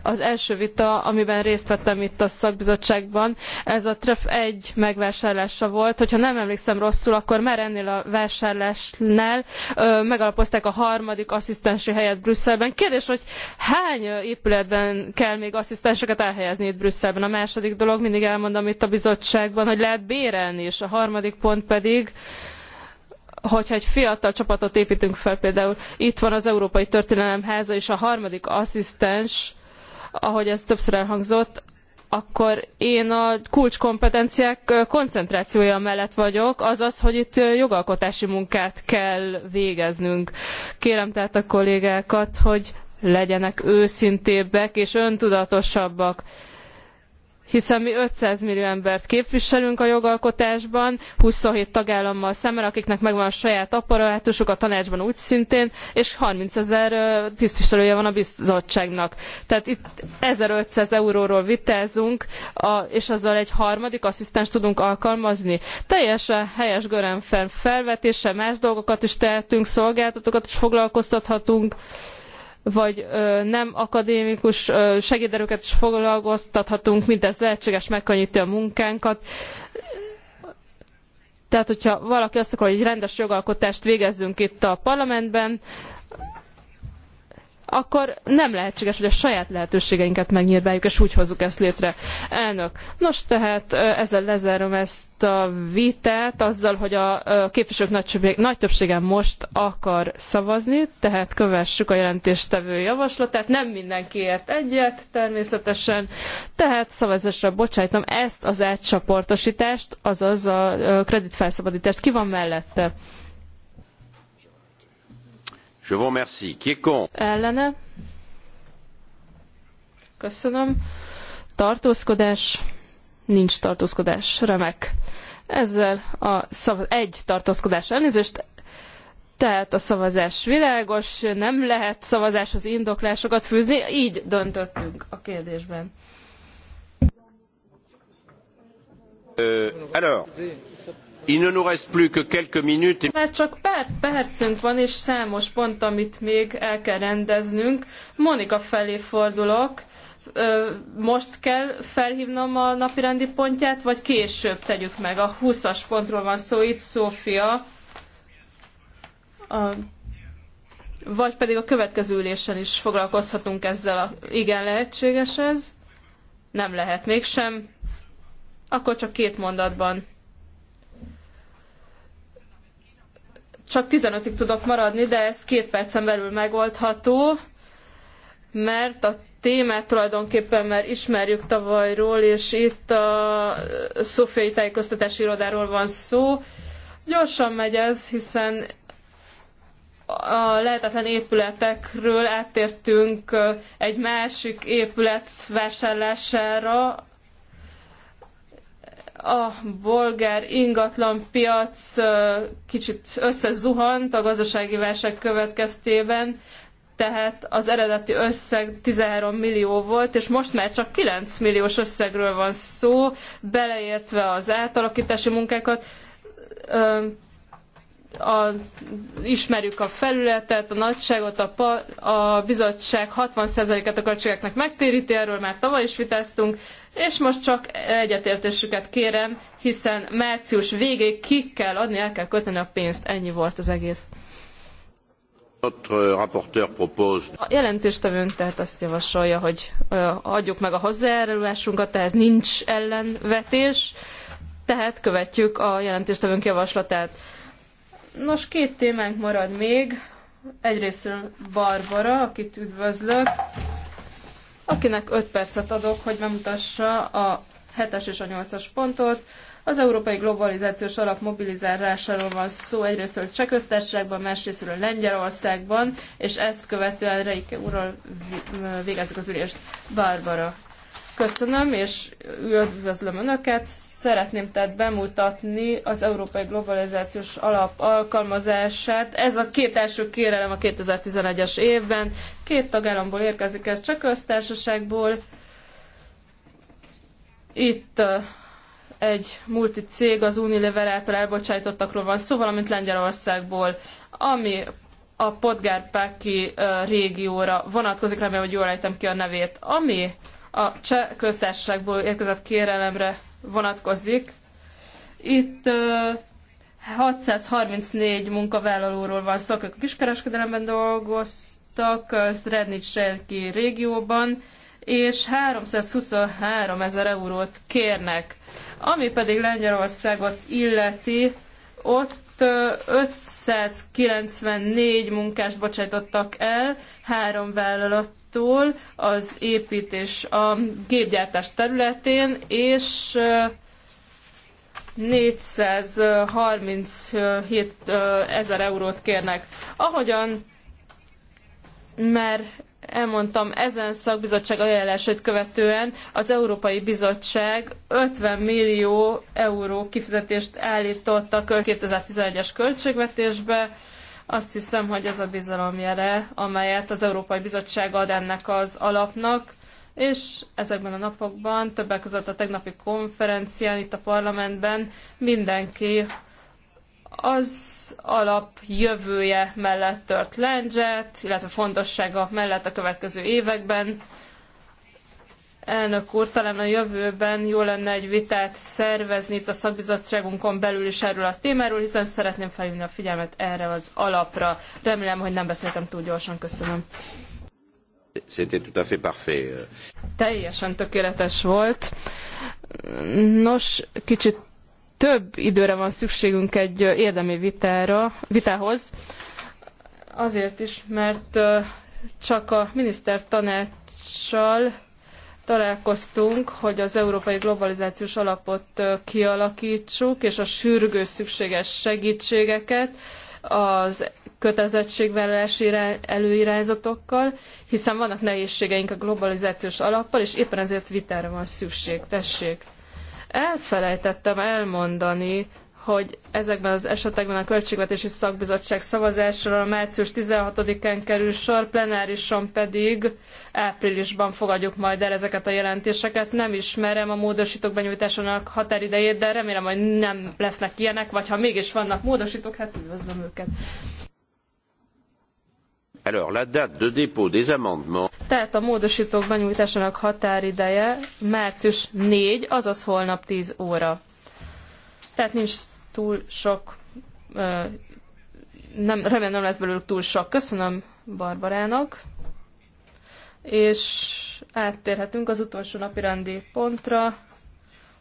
az első vita, amiben részt vettem itt a szakbizottságban, ez a TREF 1 megvásárlása volt. Hogyha nem emlékszem rosszul, akkor már ennél a vásárlásnál ö, megalapozták a harmadik asszisztensi helyet Brüsszelben. Kérdés, hogy hány épületben kell még asszisztenseket elhelyezni itt Brüsszelben? A második dolog, mindig elmondom itt a bizottságban, hogy lehet bérelni, és a harmadik pont pedig, hogyha egy fiatal csapatot építünk fel, például itt van az Európai Történelem Háza, és a harmadik asszisztens, ahogy ez többször elhangzott, akkor én a kulcskompetenciák koncentrációja mellett vagyok, azaz, hogy itt jogalkotási munkát kell végeznünk. Kérem tehát a kollégákat, hogy legyenek őszintébbek és öntudatosabbak hiszen mi 500 millió embert képviselünk a jogalkotásban, 27 tagállammal szemben, akiknek megvan a saját apparátusuk, a tanácsban úgy szintén, és 30 ezer tisztviselője van a bizottságnak. Tehát itt 1500 euróról vitázunk, a, és azzal egy harmadik asszisztens tudunk alkalmazni. Teljesen helyes Gören felvetése, más dolgokat is tehetünk, szolgáltatókat is foglalkoztathatunk vagy nem akadémikus segéderőket is foglalkoztathatunk, mindez lehetséges, megkönnyíti a munkánkat. Tehát, hogyha valaki azt akar, hogy egy rendes jogalkotást végezzünk itt a parlamentben, akkor nem lehetséges, hogy a saját lehetőségeinket megnyírbáljuk, és úgy hozzuk ezt létre. Elnök, nos tehát ezzel lezárom ezt a vitát, azzal, hogy a képviselők nagy, nagy többsége most akar szavazni, tehát kövessük a jelentéstevő javaslatát, nem mindenki ért egyet természetesen, tehát szavazásra bocsájtom ezt az átcsoportosítást, azaz a kreditfelszabadítást. Ki van mellette? Ellene. Köszönöm. Tartózkodás. Nincs tartózkodás. Remek. Ezzel a szavaz... egy tartózkodás elnézést. Tehát a szavazás világos, nem lehet szavazáshoz indoklásokat fűzni, így döntöttünk a kérdésben. Euh, alors, Il ne nous reste plus que quelques minutes. Már csak pár percünk van, és számos pont, amit még el kell rendeznünk. Monika felé fordulok. Most kell felhívnom a napirendi pontját, vagy később tegyük meg? A 20-as pontról van szó, itt Szófia. A vagy pedig a következő ülésen is foglalkozhatunk ezzel. A... Igen, lehetséges ez? Nem lehet mégsem. Akkor csak két mondatban. Csak 15-ig tudok maradni, de ez két percen belül megoldható, mert a témát tulajdonképpen már ismerjük tavalyról, és itt a Szofiai Tájékoztatási Irodáról van szó. Gyorsan megy ez, hiszen a lehetetlen épületekről áttértünk egy másik épület vásárlására, a bolgár ingatlanpiac kicsit összezuhant a gazdasági válság következtében, tehát az eredeti összeg 13 millió volt, és most már csak 9 milliós összegről van szó, beleértve az átalakítási munkákat. A, ismerjük a felületet, a nagyságot, a, a bizottság 60%-át a költségeknek megtéríti, erről már tavaly is vitáztunk, és most csak egyetértésüket kérem, hiszen március végéig ki kell adni, el kell kötni a pénzt. Ennyi volt az egész. A jelentéstevőnk tehát azt javasolja, hogy adjuk meg a hozzájárulásunkat, tehát nincs ellenvetés, tehát követjük a jelentéstevőnk javaslatát. Nos, két témánk marad még. Egyrészt Barbara, akit üdvözlök, akinek 5 percet adok, hogy bemutassa a 7-es és a 8-as pontot. Az európai globalizációs alap mobilizálásáról van szó egyrészt a Csehköztársaságban, másrészt a Lengyelországban, és ezt követően Reike úrral végezzük az ülést. Barbara, köszönöm, és üdvözlöm Önöket, Szeretném tehát bemutatni az Európai Globalizációs Alap alkalmazását. Ez a két első kérelem a 2011-es évben. Két tagállamból érkezik ez, csak köztársaságból. Itt egy multicég, az Unilever által elbocsájtottakról van szó, valamint Lengyelországból, ami a Podgárpáki régióra vonatkozik, remélem, hogy jól ejtem ki a nevét, ami a cseh köztársaságból érkezett kérelemre vonatkozik. Itt 634 munkavállalóról van szó, akik a kiskereskedelemben dolgoztak, Srednicselki régióban, és 323 ezer eurót kérnek. Ami pedig Lengyelországot illeti, ott 594 munkást bocsájtottak el, három vállalat Tól az építés a gépgyártás területén, és 437 ezer eurót kérnek. Ahogyan már elmondtam, ezen szakbizottság ajánlásait követően az Európai Bizottság 50 millió euró kifizetést állított a 2011-es költségvetésbe, azt hiszem, hogy ez a bizalomjele, amelyet az Európai Bizottság ad ennek az alapnak, és ezekben a napokban, többek között a tegnapi konferencián itt a parlamentben mindenki az alap jövője mellett tört lencset, illetve fontossága mellett a következő években. Elnök úr, talán a jövőben jó lenne egy vitát szervezni itt a szakbizottságunkon belül is erről a témáról, hiszen szeretném felhívni a figyelmet erre az alapra. Remélem, hogy nem beszéltem túl gyorsan. Köszönöm. Teljesen tökéletes volt. Nos, kicsit több időre van szükségünk egy érdemi vitára, vitához, azért is, mert csak a miniszter tanácssal találkoztunk, hogy az európai globalizációs alapot kialakítsuk, és a sürgő szükséges segítségeket az kötelezettségvállalási előirányzatokkal, hiszen vannak nehézségeink a globalizációs alappal, és éppen ezért vitára van szükség. Tessék! Elfelejtettem elmondani, hogy ezekben az esetekben a Költségvetési Szakbizottság szavazásra március 16-án kerül sor, plenárison pedig áprilisban fogadjuk majd el ezeket a jelentéseket. Nem ismerem a módosítók benyújtásának határidejét, de remélem, hogy nem lesznek ilyenek, vagy ha mégis vannak módosítók, hát üdvözlöm őket. Alors, la date de dépôt des amendements. Tehát a módosítók benyújtásának határideje március 4, azaz holnap 10 óra. Tehát nincs túl sok, nem, remélem nem lesz belőlük túl sok. Köszönöm Barbarának, és áttérhetünk az utolsó napi rendi pontra,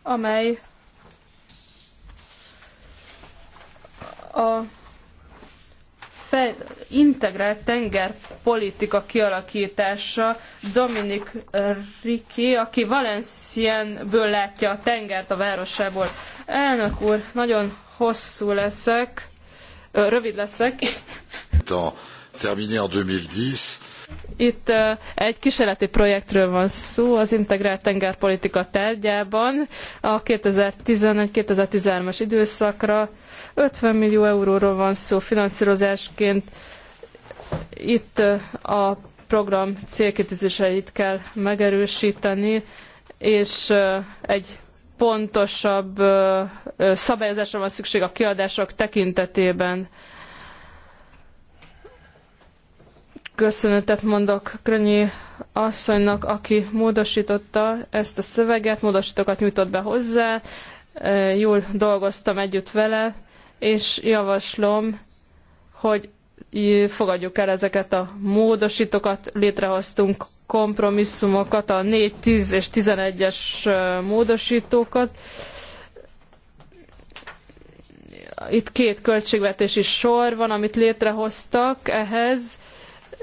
amely a integrált tengerpolitika kialakítása Dominik Riki, aki Valencienből látja a tengert a városából. Elnök úr, nagyon hosszú leszek, rövid leszek. Terminé 2010. Itt egy kísérleti projektről van szó az integrált tengerpolitika tárgyában. A 2011-2013-as időszakra 50 millió euróról van szó finanszírozásként. Itt a program célkitűzéseit kell megerősíteni, és egy pontosabb szabályozásra van szükség a kiadások tekintetében. Köszönetet mondok Krönyi asszonynak, aki módosította ezt a szöveget, módosítókat nyújtott be hozzá, jól dolgoztam együtt vele, és javaslom, hogy fogadjuk el ezeket a módosítókat, létrehoztunk kompromisszumokat, a 4, 10 és 11-es módosítókat. Itt két költségvetési sor van, amit létrehoztak ehhez,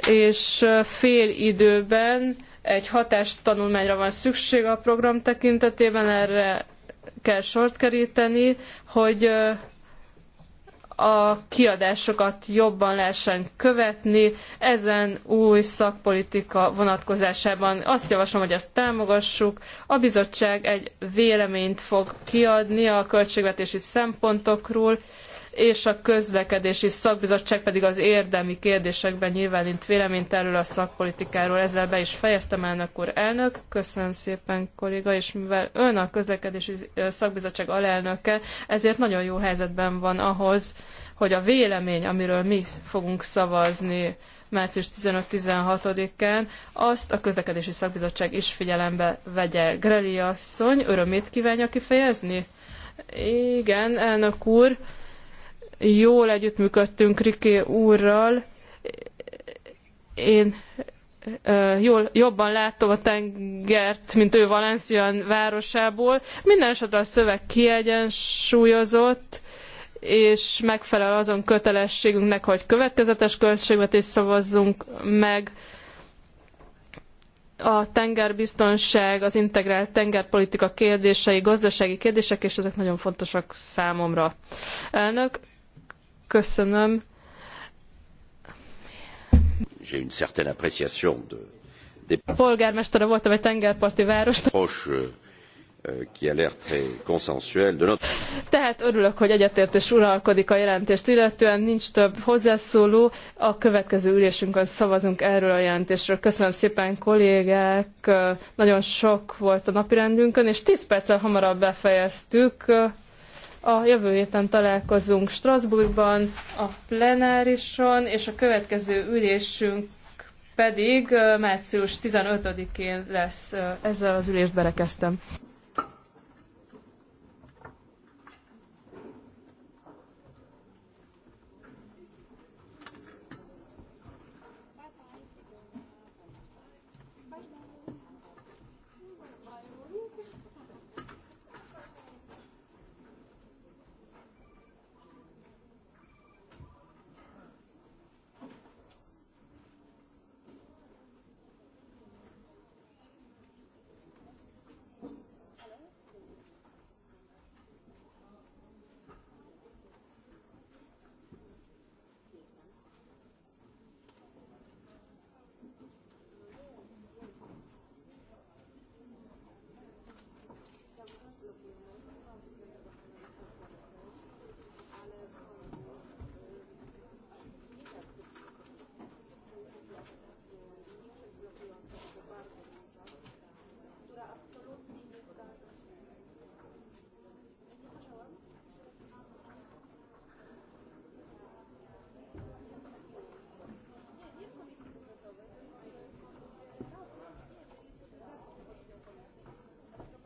és fél időben egy hatástanulmányra van szükség a program tekintetében, erre kell sort keríteni, hogy a kiadásokat jobban lehessen követni ezen új szakpolitika vonatkozásában. Azt javaslom, hogy ezt támogassuk. A bizottság egy véleményt fog kiadni a költségvetési szempontokról, és a közlekedési szakbizottság pedig az érdemi kérdésekben nyilvánint véleményt erről a szakpolitikáról. Ezzel be is fejeztem, elnök úr. Elnök, köszönöm szépen, kolléga, és mivel ön a közlekedési szakbizottság alelnöke, ezért nagyon jó helyzetben van ahhoz, hogy a vélemény, amiről mi fogunk szavazni március 15-16-án, azt a közlekedési szakbizottság is figyelembe vegye. Greli asszony, örömét kívánja kifejezni? Igen, elnök úr jól együttműködtünk Riké úrral. Én jól, jobban látom a tengert, mint ő valencia városából. Minden esetre a szöveg kiegyensúlyozott, és megfelel azon kötelességünknek, hogy következetes költségvetést szavazzunk meg. A tengerbiztonság, az integrált tengerpolitika kérdései, gazdasági kérdések, és ezek nagyon fontosak számomra. Elnök, Köszönöm. J'ai une certaine appréciation de, Polgármestere voltam egy tengerparti városnak. Euh, a Tehát örülök, hogy egyetértés uralkodik a jelentést, illetően nincs több hozzászóló. A következő ülésünkön szavazunk erről a jelentésről. Köszönöm szépen, kollégák! Nagyon sok volt a napirendünkön, és 10 perccel hamarabb befejeztük. A jövő héten találkozunk Strasbourgban, a plenárison, és a következő ülésünk pedig március 15-én lesz. Ezzel az ülést berekeztem.